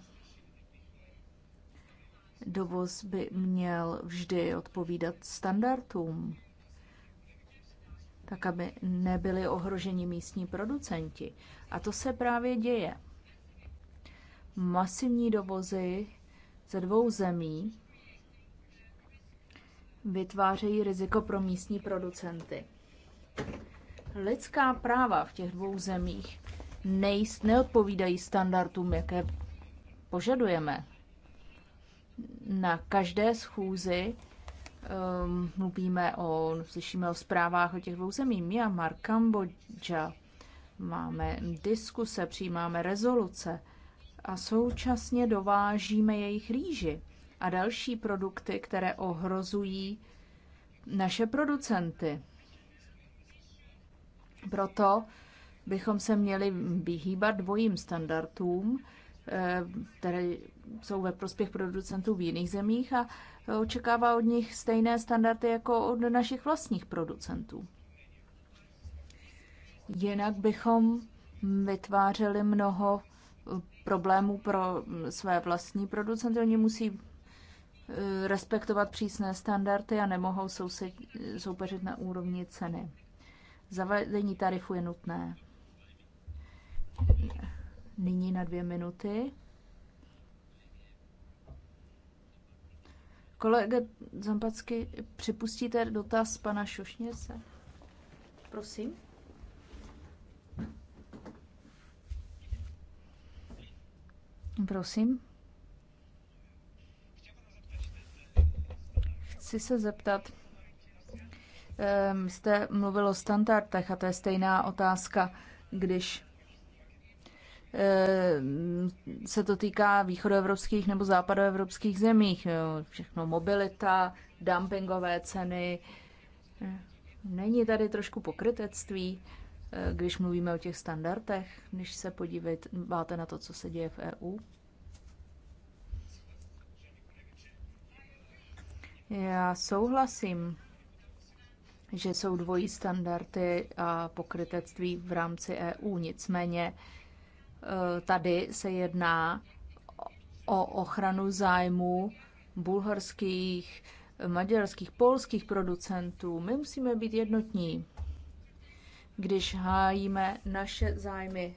dovoz by měl vždy odpovídat standardům, tak aby nebyli ohroženi místní producenti. A to se právě děje. Masivní dovozy ze dvou zemí vytvářejí riziko pro místní producenty. Lidská práva v těch dvou zemích nejst, neodpovídají standardům, jaké požadujeme. Na každé schůzi um, mluvíme o, slyšíme o zprávách o těch dvou zemích: Myanmar, Kambodža, máme diskuse, přijímáme rezoluce a současně dovážíme jejich rýži a další produkty, které ohrozují naše producenty. Proto bychom se měli vyhýbat dvojím standardům, eh, které jsou ve prospěch producentů v jiných zemích a očekává od nich stejné standardy jako od našich vlastních producentů. Jinak bychom vytvářeli mnoho problémů pro své vlastní producenty. Oni musí Eh, respektovat přísné standardy a nemohou soupeřit na úrovni ceny. Zavedení tarifu je nutné. Nyní na dvě minuty. Kolega Zampacky, připustíte dotaz pana Šošněse? Prosím. Prosím. Chci se zeptat, ehm, jste mluvil o standardech a to je stejná otázka, když ehm, se to týká východoevropských nebo západoevropských zemích. Všechno mobilita, dumpingové ceny. Není tady trošku pokrytectví, eh, když mluvíme o těch standardech, když se podíváte na to, co se děje v EU? Já souhlasím, že jsou dvojí standardy a pokrytectví v rámci EU. Nicméně eh, tady se jedná o ochranu zájmu bulharských, maďarských, polských producentů. My musíme být jednotní, když hájíme naše zájmy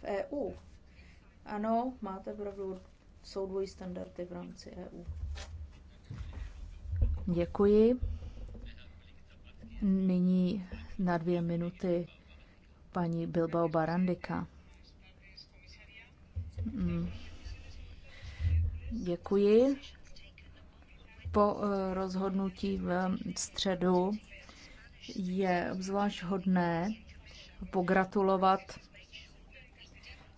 v EU. Ano, máte pravdu, jsou dvojí standardy v rámci EU. Děkuji. Nyní na dvě minuty paní Bilbao Barandika. Mm. Děkuji. Po eh, rozhodnutí v eh, středu je obzvlášť hodné pogratulovat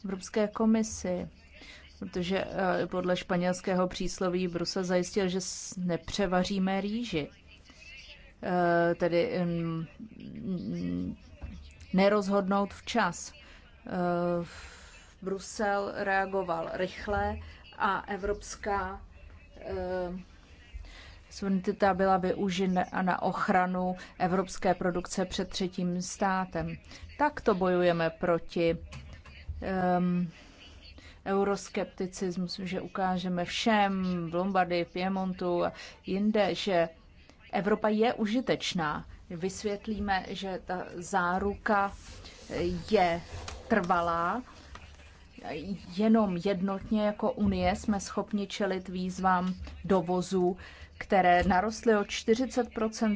Evropské komisi protože eh, podle španělského přísloví Brusel zajistil, že nepřevaříme rýži. Eh, tedy mm, mm, nerozhodnout včas. Eh, Brusel reagoval rychle a evropská suverenita byla využita na ochranu evropské produkce před třetím státem. Takto bojujeme proti um, euroskepticismus, že ukážeme všem v Lombardii, v Piemontu a jinde, že Evropa je užitečná. Vysvětlíme, že ta záruka je trvalá. Jenom jednotně jako Unie jsme schopni čelit výzvám dovozu, které narostly o 40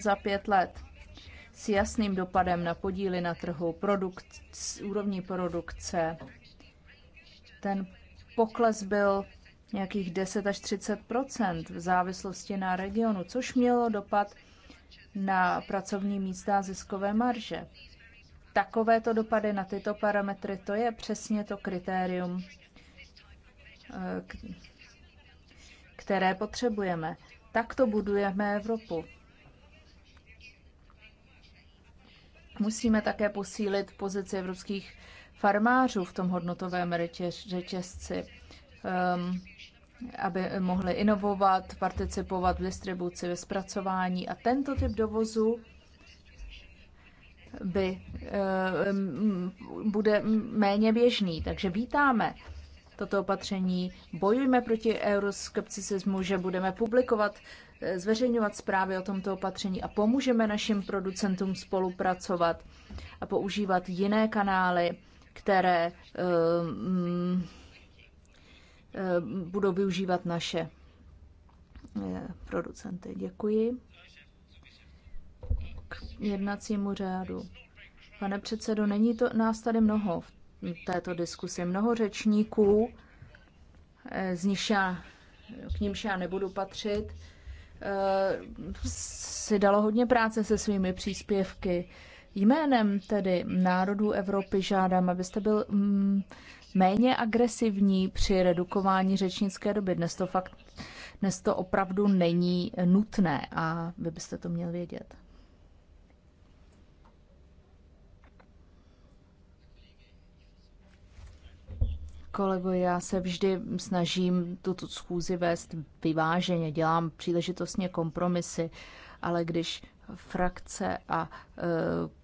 za pět let s jasným dopadem na podíly na trhu, produkt, úrovní produkce, ten pokles byl nějakých 10 až 30 v závislosti na regionu, což mělo dopad na pracovní místa a ziskové marže. Takovéto dopady na tyto parametry, to je přesně to kritérium, eh, které potřebujeme. Takto budujeme Evropu. Musíme také posílit pozici evropských farmářů v tom hodnotovém řetězci, ehm, aby mohli inovovat, participovat v distribuci, ve zpracování. A tento typ dovozu by ehm, bude méně běžný. Takže vítáme toto opatření. Bojujeme proti euroskepticismu, že budeme publikovat, eh, zveřejňovat zprávy o tomto opatření a pomůžeme našim producentům spolupracovat a používat jiné kanály které eh, mm, eh, budou využívat naše eh, producenty. Děkuji. K jednacímu řádu. Pane předsedo, není to nás tady mnoho v této diskusi. Mnoho řečníků, z níž já, k nímž já nebudu patřit, si dalo hodně práce se svými příspěvky. Jménem tedy národů Evropy žádám, abyste byl mm, méně agresivní při redukování řečnické doby. Dnes to, fakt, dnes to opravdu není nutné a vy byste to měl vědět. kolego, já se vždy snažím tuto schůzi vést vyváženě, dělám příležitostně kompromisy, ale když frakce a e,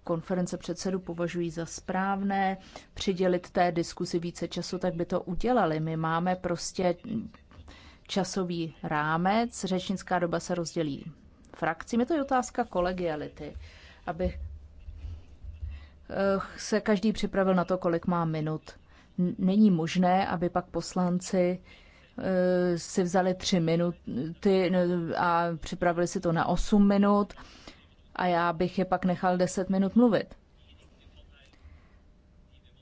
konference předsedu považují za správné přidělit té diskusi více času, tak by to udělali. My máme prostě časový rámec, řečnická doba se rozdělí frakcím. Je to i otázka kolegiality, aby e, se každý připravil na to, kolik má minut. Není možné, aby pak poslanci e, si vzali tři minuty a připravili si to na osm minut a já bych je pak nechal 10 minut mluvit.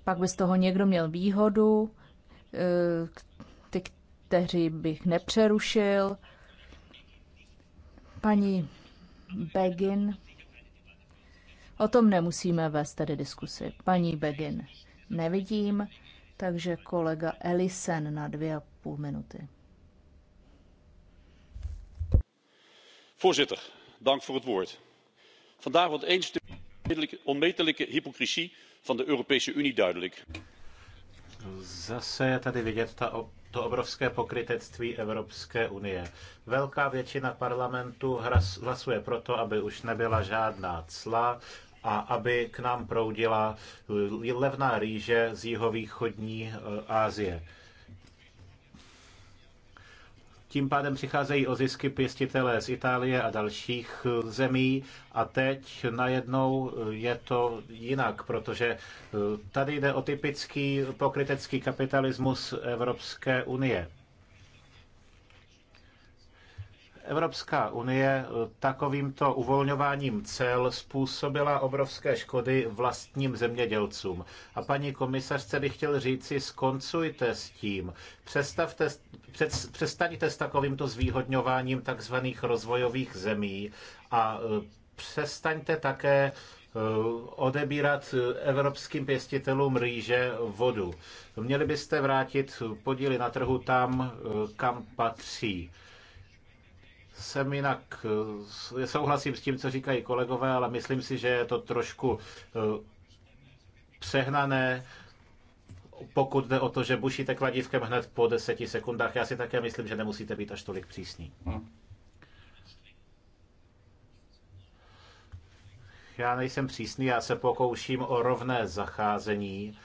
Pak by z toho někdo měl výhodu, eh, ty, kteří bych nepřerušil. Paní Begin, o tom nemusíme vést tedy diskusi. Paní Begin, nevidím, takže kolega Elisen na dvě a půl minuty. Voorzitter, dank voor het woord vandaag wordt eens te meer de onmetelijke hypocrisie van de europese unie duidelijk. Zase je tady vidět ta, to obrovské pokrytectví Evropské unie. Velká většina parlamentu hlasuje proto, aby už nebyla žádná cla a aby k nám proudila levná rýže z jihovýchodní eh, Asie. Tím pádem přicházejí o zisky pěstitelé z Itálie a dalších eh, zemí a teď najednou eh, je to jinak, protože eh, tady jde o typický pokrytecký kapitalismus Evropské unie. Evropská unie eh, takovýmto uvolňováním cel způsobila obrovské škody vlastním zemědělcům. A paní komisařce bych chtěl říci, skoncujte s tím. Přestavte, před, přestaňte s takovýmto zvýhodňováním takzvaných rozvojových zemí a eh, přestaňte také eh, odebírat evropským pěstitelům rýže vodu. Měli byste vrátit podíly na trhu tam, kam patří jsem jinak, eh, souhlasím s tím, co říkají kolegové, ale myslím si, že je to trošku eh, přehnané, pokud jde o to, že bušíte kladívkem hned po deseti sekundách. Já si také myslím, že nemusíte být až tolik přísní. No. Já nejsem přísný, já se pokouším o rovné zacházení.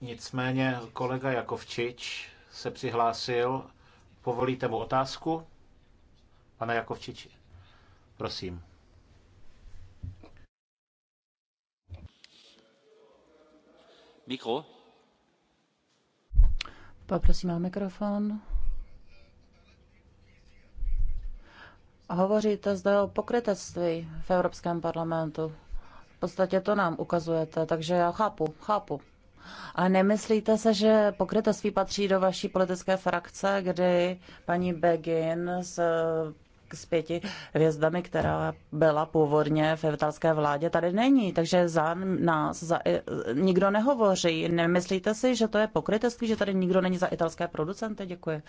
Nicméně kolega Jakovčič se přihlásil Povolíte mu otázku? Pane Jakovčiči, prosím. Mikro. Poprosím o mikrofon. Hovoříte zde o pokrytectví v Evropském parlamentu. V podstatě to nám ukazujete, takže já chápu, chápu. A nemyslíte se, že pokrytoství patří do vaší politické frakce, kdy paní Begin z s pěti hvězdami, která byla původně v italské vládě, tady není. Takže za nás za, eh, nikdo nehovoří. Nemyslíte si, že to je pokrytoství, že tady nikdo není za italské producenty? Děkuji.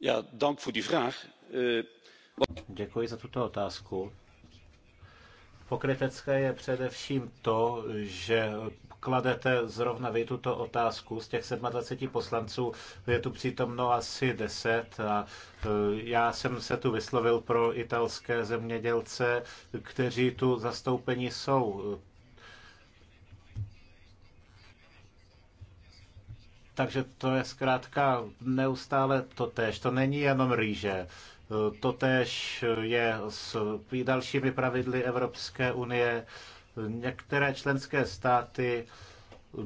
Ja, dank für die vraag. Eh, Děkuji za tuto otázku. Pokrytecké je především to, že kladete zrovna vy tuto otázku. Z těch 27 poslanců je tu přítomno asi 10 a e, já jsem se tu vyslovil pro italské zemědělce, kteří tu zastoupení jsou. Takže to je zkrátka neustále to tež. To není jenom rýže. Totež je s dalšími pravidly Evropské unie. Některé členské státy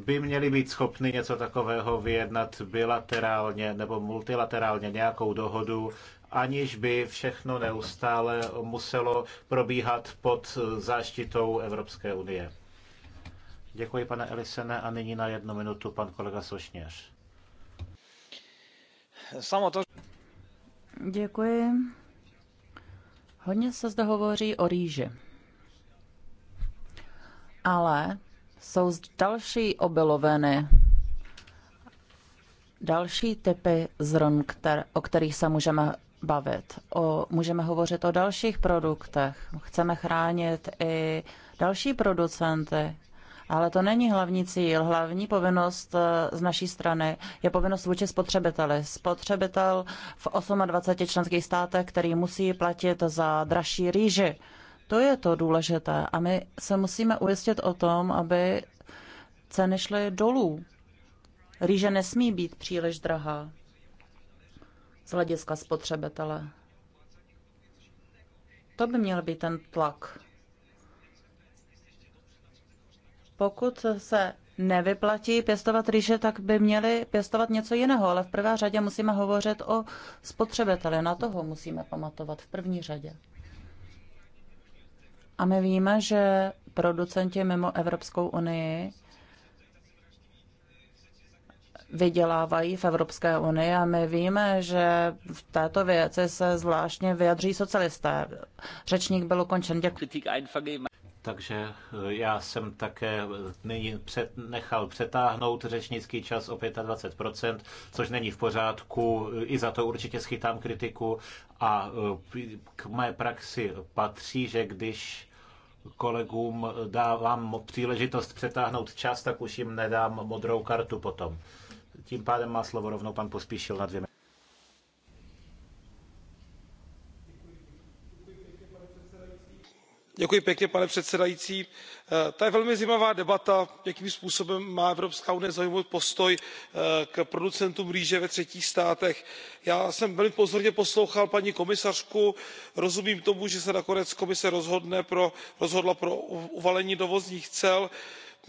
by měly být schopny něco takového vyjednat bilaterálně nebo multilaterálně nějakou dohodu, aniž by všechno neustále muselo probíhat pod záštitou Evropské unie. Děkuji, pane Elisene, a nyní na jednu minutu pan kolega Sošněř. Samo to, Děkuji. Hodně se zde hovoří o rýži. Ale jsou další obiloviny, další typy zrn, kter, o kterých se můžeme bavit. O, můžeme hovořit o dalších produktech. Chceme chránit i další producenty, ale to není hlavní cíl. Hlavní povinnost eh, z naší strany je povinnost vůči spotřebiteli. Spotřebitel v 28 členských státech, který musí platit za dražší rýži. To je to důležité. A my se musíme ujistit o tom, aby ceny šly dolů. Rýže nesmí být příliš drahá z hlediska spotřebitele. To by měl být ten tlak. Pokud se nevyplatí pěstovat rýže, tak by měli pěstovat něco jiného, ale v prvé řadě musíme hovořit o spotřebiteli. Na toho musíme pamatovat v první řadě. A my víme, že producenti mimo Evropskou unii vydělávají v Evropské unii a my víme, že v této věci se zvláštně vyjadří socialisté. Řečník byl ukončen. Děkuji. Takže eh, já jsem také eh, před, nechal přetáhnout řečnický čas o 25%, což není v pořádku. I za to určitě schytám kritiku. A eh, k mé praxi patří, že když kolegům dávám příležitost přetáhnout čas, tak už jim nedám modrou kartu potom. Tím pádem má slovo rovnou pan Pospíšil na dvě pane předsedající eh, to je velmi zajímavá debata jakým způsobem má evropská unie zaujmout postoj eh, k producentům rýže ve třetích státech. já jsem velmi pozorně poslouchal paní komisařku rozumím tomu že se nakonec komise rozhodla pro uvalení dovozních cel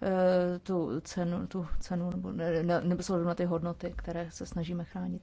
Eh, tu cenu, tu cenu nebo, ne, nebo na ty hodnoty, které se snažíme chránit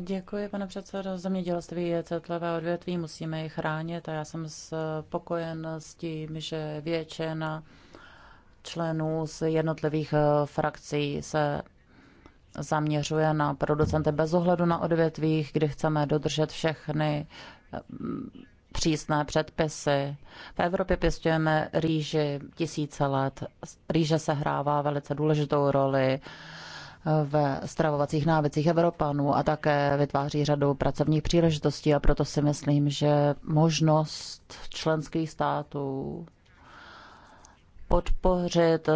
Děkuji, pane předsedo. Zemědělství je citlivé odvětví, musíme ji chránit a já jsem spokojen s tím, že většina členů z jednotlivých eh, frakcí se zaměřuje na producenty bez ohledu na odvětví, kdy chceme dodržet všechny eh, přísné předpisy. V Evropě pěstujeme rýži tisíce let. Rýže se hrává velice důležitou roli v stravovacích návycích Evropanů a také vytváří řadu pracovních příležitostí a proto si myslím, že možnost členských států podpořit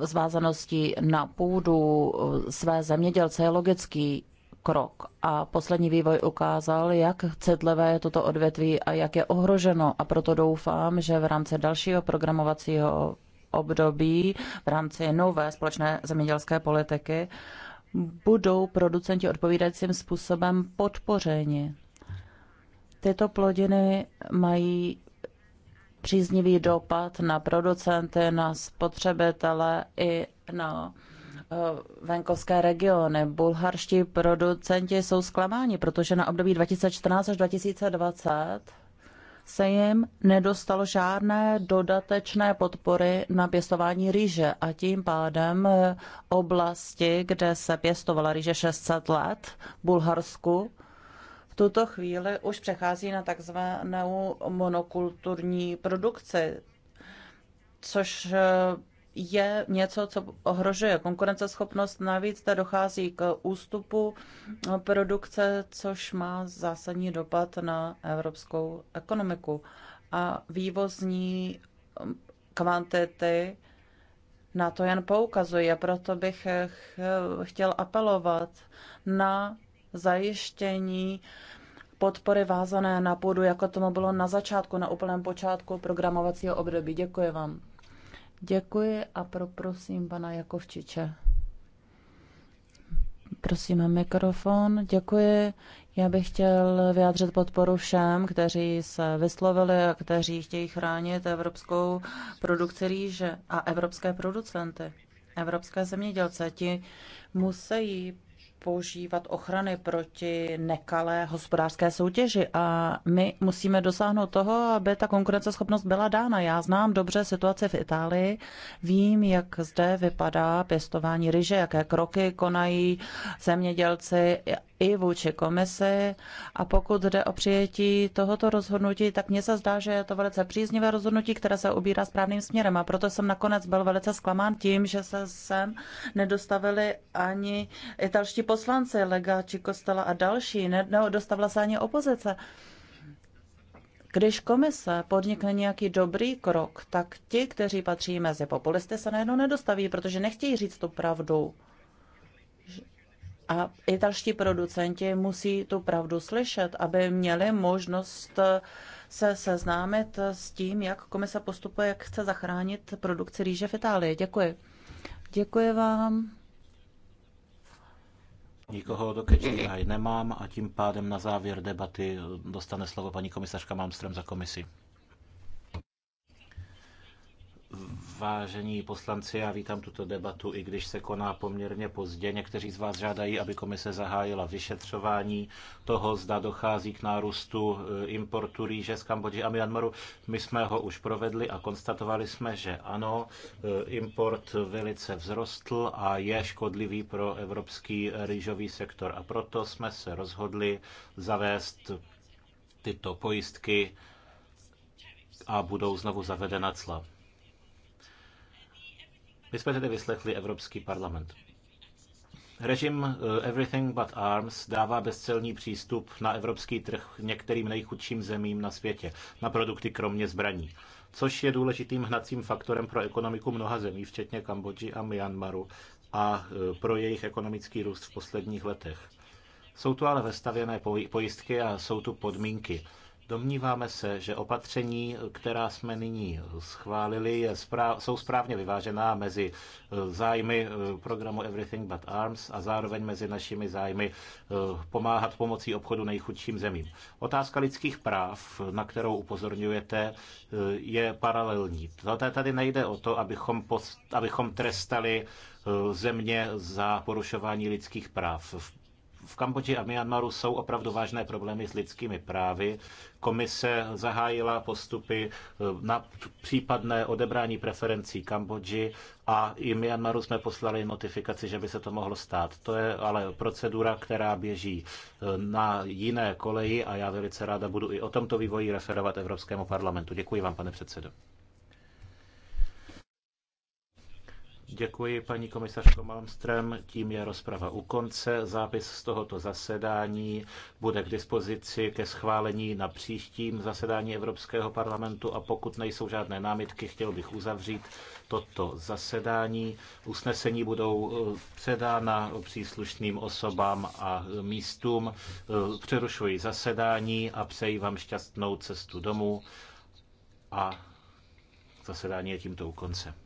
zvázaností eh, na půdu eh, své zemědělce je logický krok. A poslední vývoj ukázal, jak citlivé je toto odvětví a jak je ohroženo. A proto doufám, že v rámci dalšího programovacího období v rámci nové společné zemědělské politiky budou producenti odpovídajícím způsobem podpořeni. Tyto plodiny mají příznivý dopad na producenty, na spotřebitele i na eh, venkovské regiony. Bulharští producenti jsou zklamáni, protože na období 2014 až 2020 se jim nedostalo žádné dodatečné podpory na pěstování rýže a tím pádem eh, oblasti, kde se pěstovala rýže 600 let, v Bulharsku, v tuto chvíli už přechází na takzvanou monokulturní produkci, což eh, je něco, co ohrožuje konkurenceschopnost. Navíc ta dochází k ústupu produkce, což má zásadní dopad na evropskou ekonomiku. A vývozní um, kvantity na to jen poukazují. A proto bych chtěl apelovat na zajištění podpory vázané na půdu, jako tomu bylo na začátku, na úplném počátku programovacího období. Děkuji vám. Děkuji a poprosím pana Jakovčiče. Prosím, mikrofon. Děkuji. Já bych chtěl vyjádřit podporu všem, kteří se vyslovili a kteří chtějí chránit evropskou produkci rýže a evropské producenty, evropské zemědělce. Ti musí používat ochrany proti nekalé hospodářské soutěži a my musíme dosáhnout toho, aby ta konkurenceschopnost byla dána. Já znám dobře situaci v Itálii, vím, jak zde vypadá pěstování ryže, jaké kroky konají zemědělci i vůči komisi. A pokud jde o přijetí tohoto rozhodnutí, tak mně se zdá, že je to velice příznivé rozhodnutí, které se ubírá správným směrem. A proto jsem nakonec byl velice zklamán tím, že se sem nedostavili ani italští poslanci poslanci Legáči, Kostela a další, nedostavila se ani opozice. Když komise podnikne nějaký dobrý krok, tak ti, kteří patří mezi populisty, se najednou nedostaví, protože nechtějí říct tu pravdu. A italští producenti musí tu pravdu slyšet, aby měli možnost se seznámit s tím, jak komise postupuje, jak chce zachránit produkci rýže v Itálii. Děkuji. Děkuji vám. Nikoho do KHDI nemám a tím pádem na závěr debaty dostane slovo paní komisařka Malmström za komisi. Vážení poslanci, já vítám tuto debatu, i když se koná poměrně pozdě. Někteří z vás žádají, aby komise zahájila vyšetřování toho, zda dochází k nárůstu eh, importu rýže z Kambodži a Myanmaru. My jsme ho už provedli a konstatovali jsme, že ano, eh, import velice vzrostl a je škodlivý pro evropský rýžový sektor. A proto jsme se rozhodli zavést tyto pojistky a budou znovu zavedena cla. My jsme tedy vyslechli Evropský parlament. Režim eh, Everything but Arms dává bezcelní přístup na evropský trh některým nejchudším zemím na světě, na produkty kromě zbraní, což je důležitým hnacím faktorem pro ekonomiku mnoha zemí, včetně Kambodži a Myanmaru, a eh, pro jejich ekonomický růst v posledních letech. Jsou tu ale vestavěné pojistky a jsou tu podmínky. Domníváme se, že opatření, která jsme nyní schválili, správ, jsou správně vyvážená mezi eh, zájmy eh, programu Everything But Arms a zároveň mezi našimi zájmy eh, pomáhat pomocí obchodu nejchudším zemím. Otázka lidských práv, na kterou upozorňujete, je paralelní. Tady nejde o to, abychom, post, abychom trestali země za porušování lidských práv. V v Kambodži a Myanmaru jsou opravdu vážné problémy s lidskými právy. Komise zahájila postupy eh, na případné odebrání preferencí Kambodži a i Myanmaru jsme poslali notifikaci, že by se to mohlo stát. To je ale procedura, která běží eh, na jiné koleji a já velice ráda budu i o tomto vývoji referovat Evropskému parlamentu. Děkuji vám, pane předsedo. Děkuji paní komisařko Malmström, tím je rozprava u konce. Zápis z tohoto zasedání bude k dispozici ke schválení na příštím zasedání Evropského parlamentu a pokud nejsou žádné námitky, chtěl bych uzavřít toto zasedání. Usnesení budou eh, předána příslušným osobám a místům. Eh, přerušuji zasedání a přeji vám šťastnou cestu domů a zasedání je tímto u konce.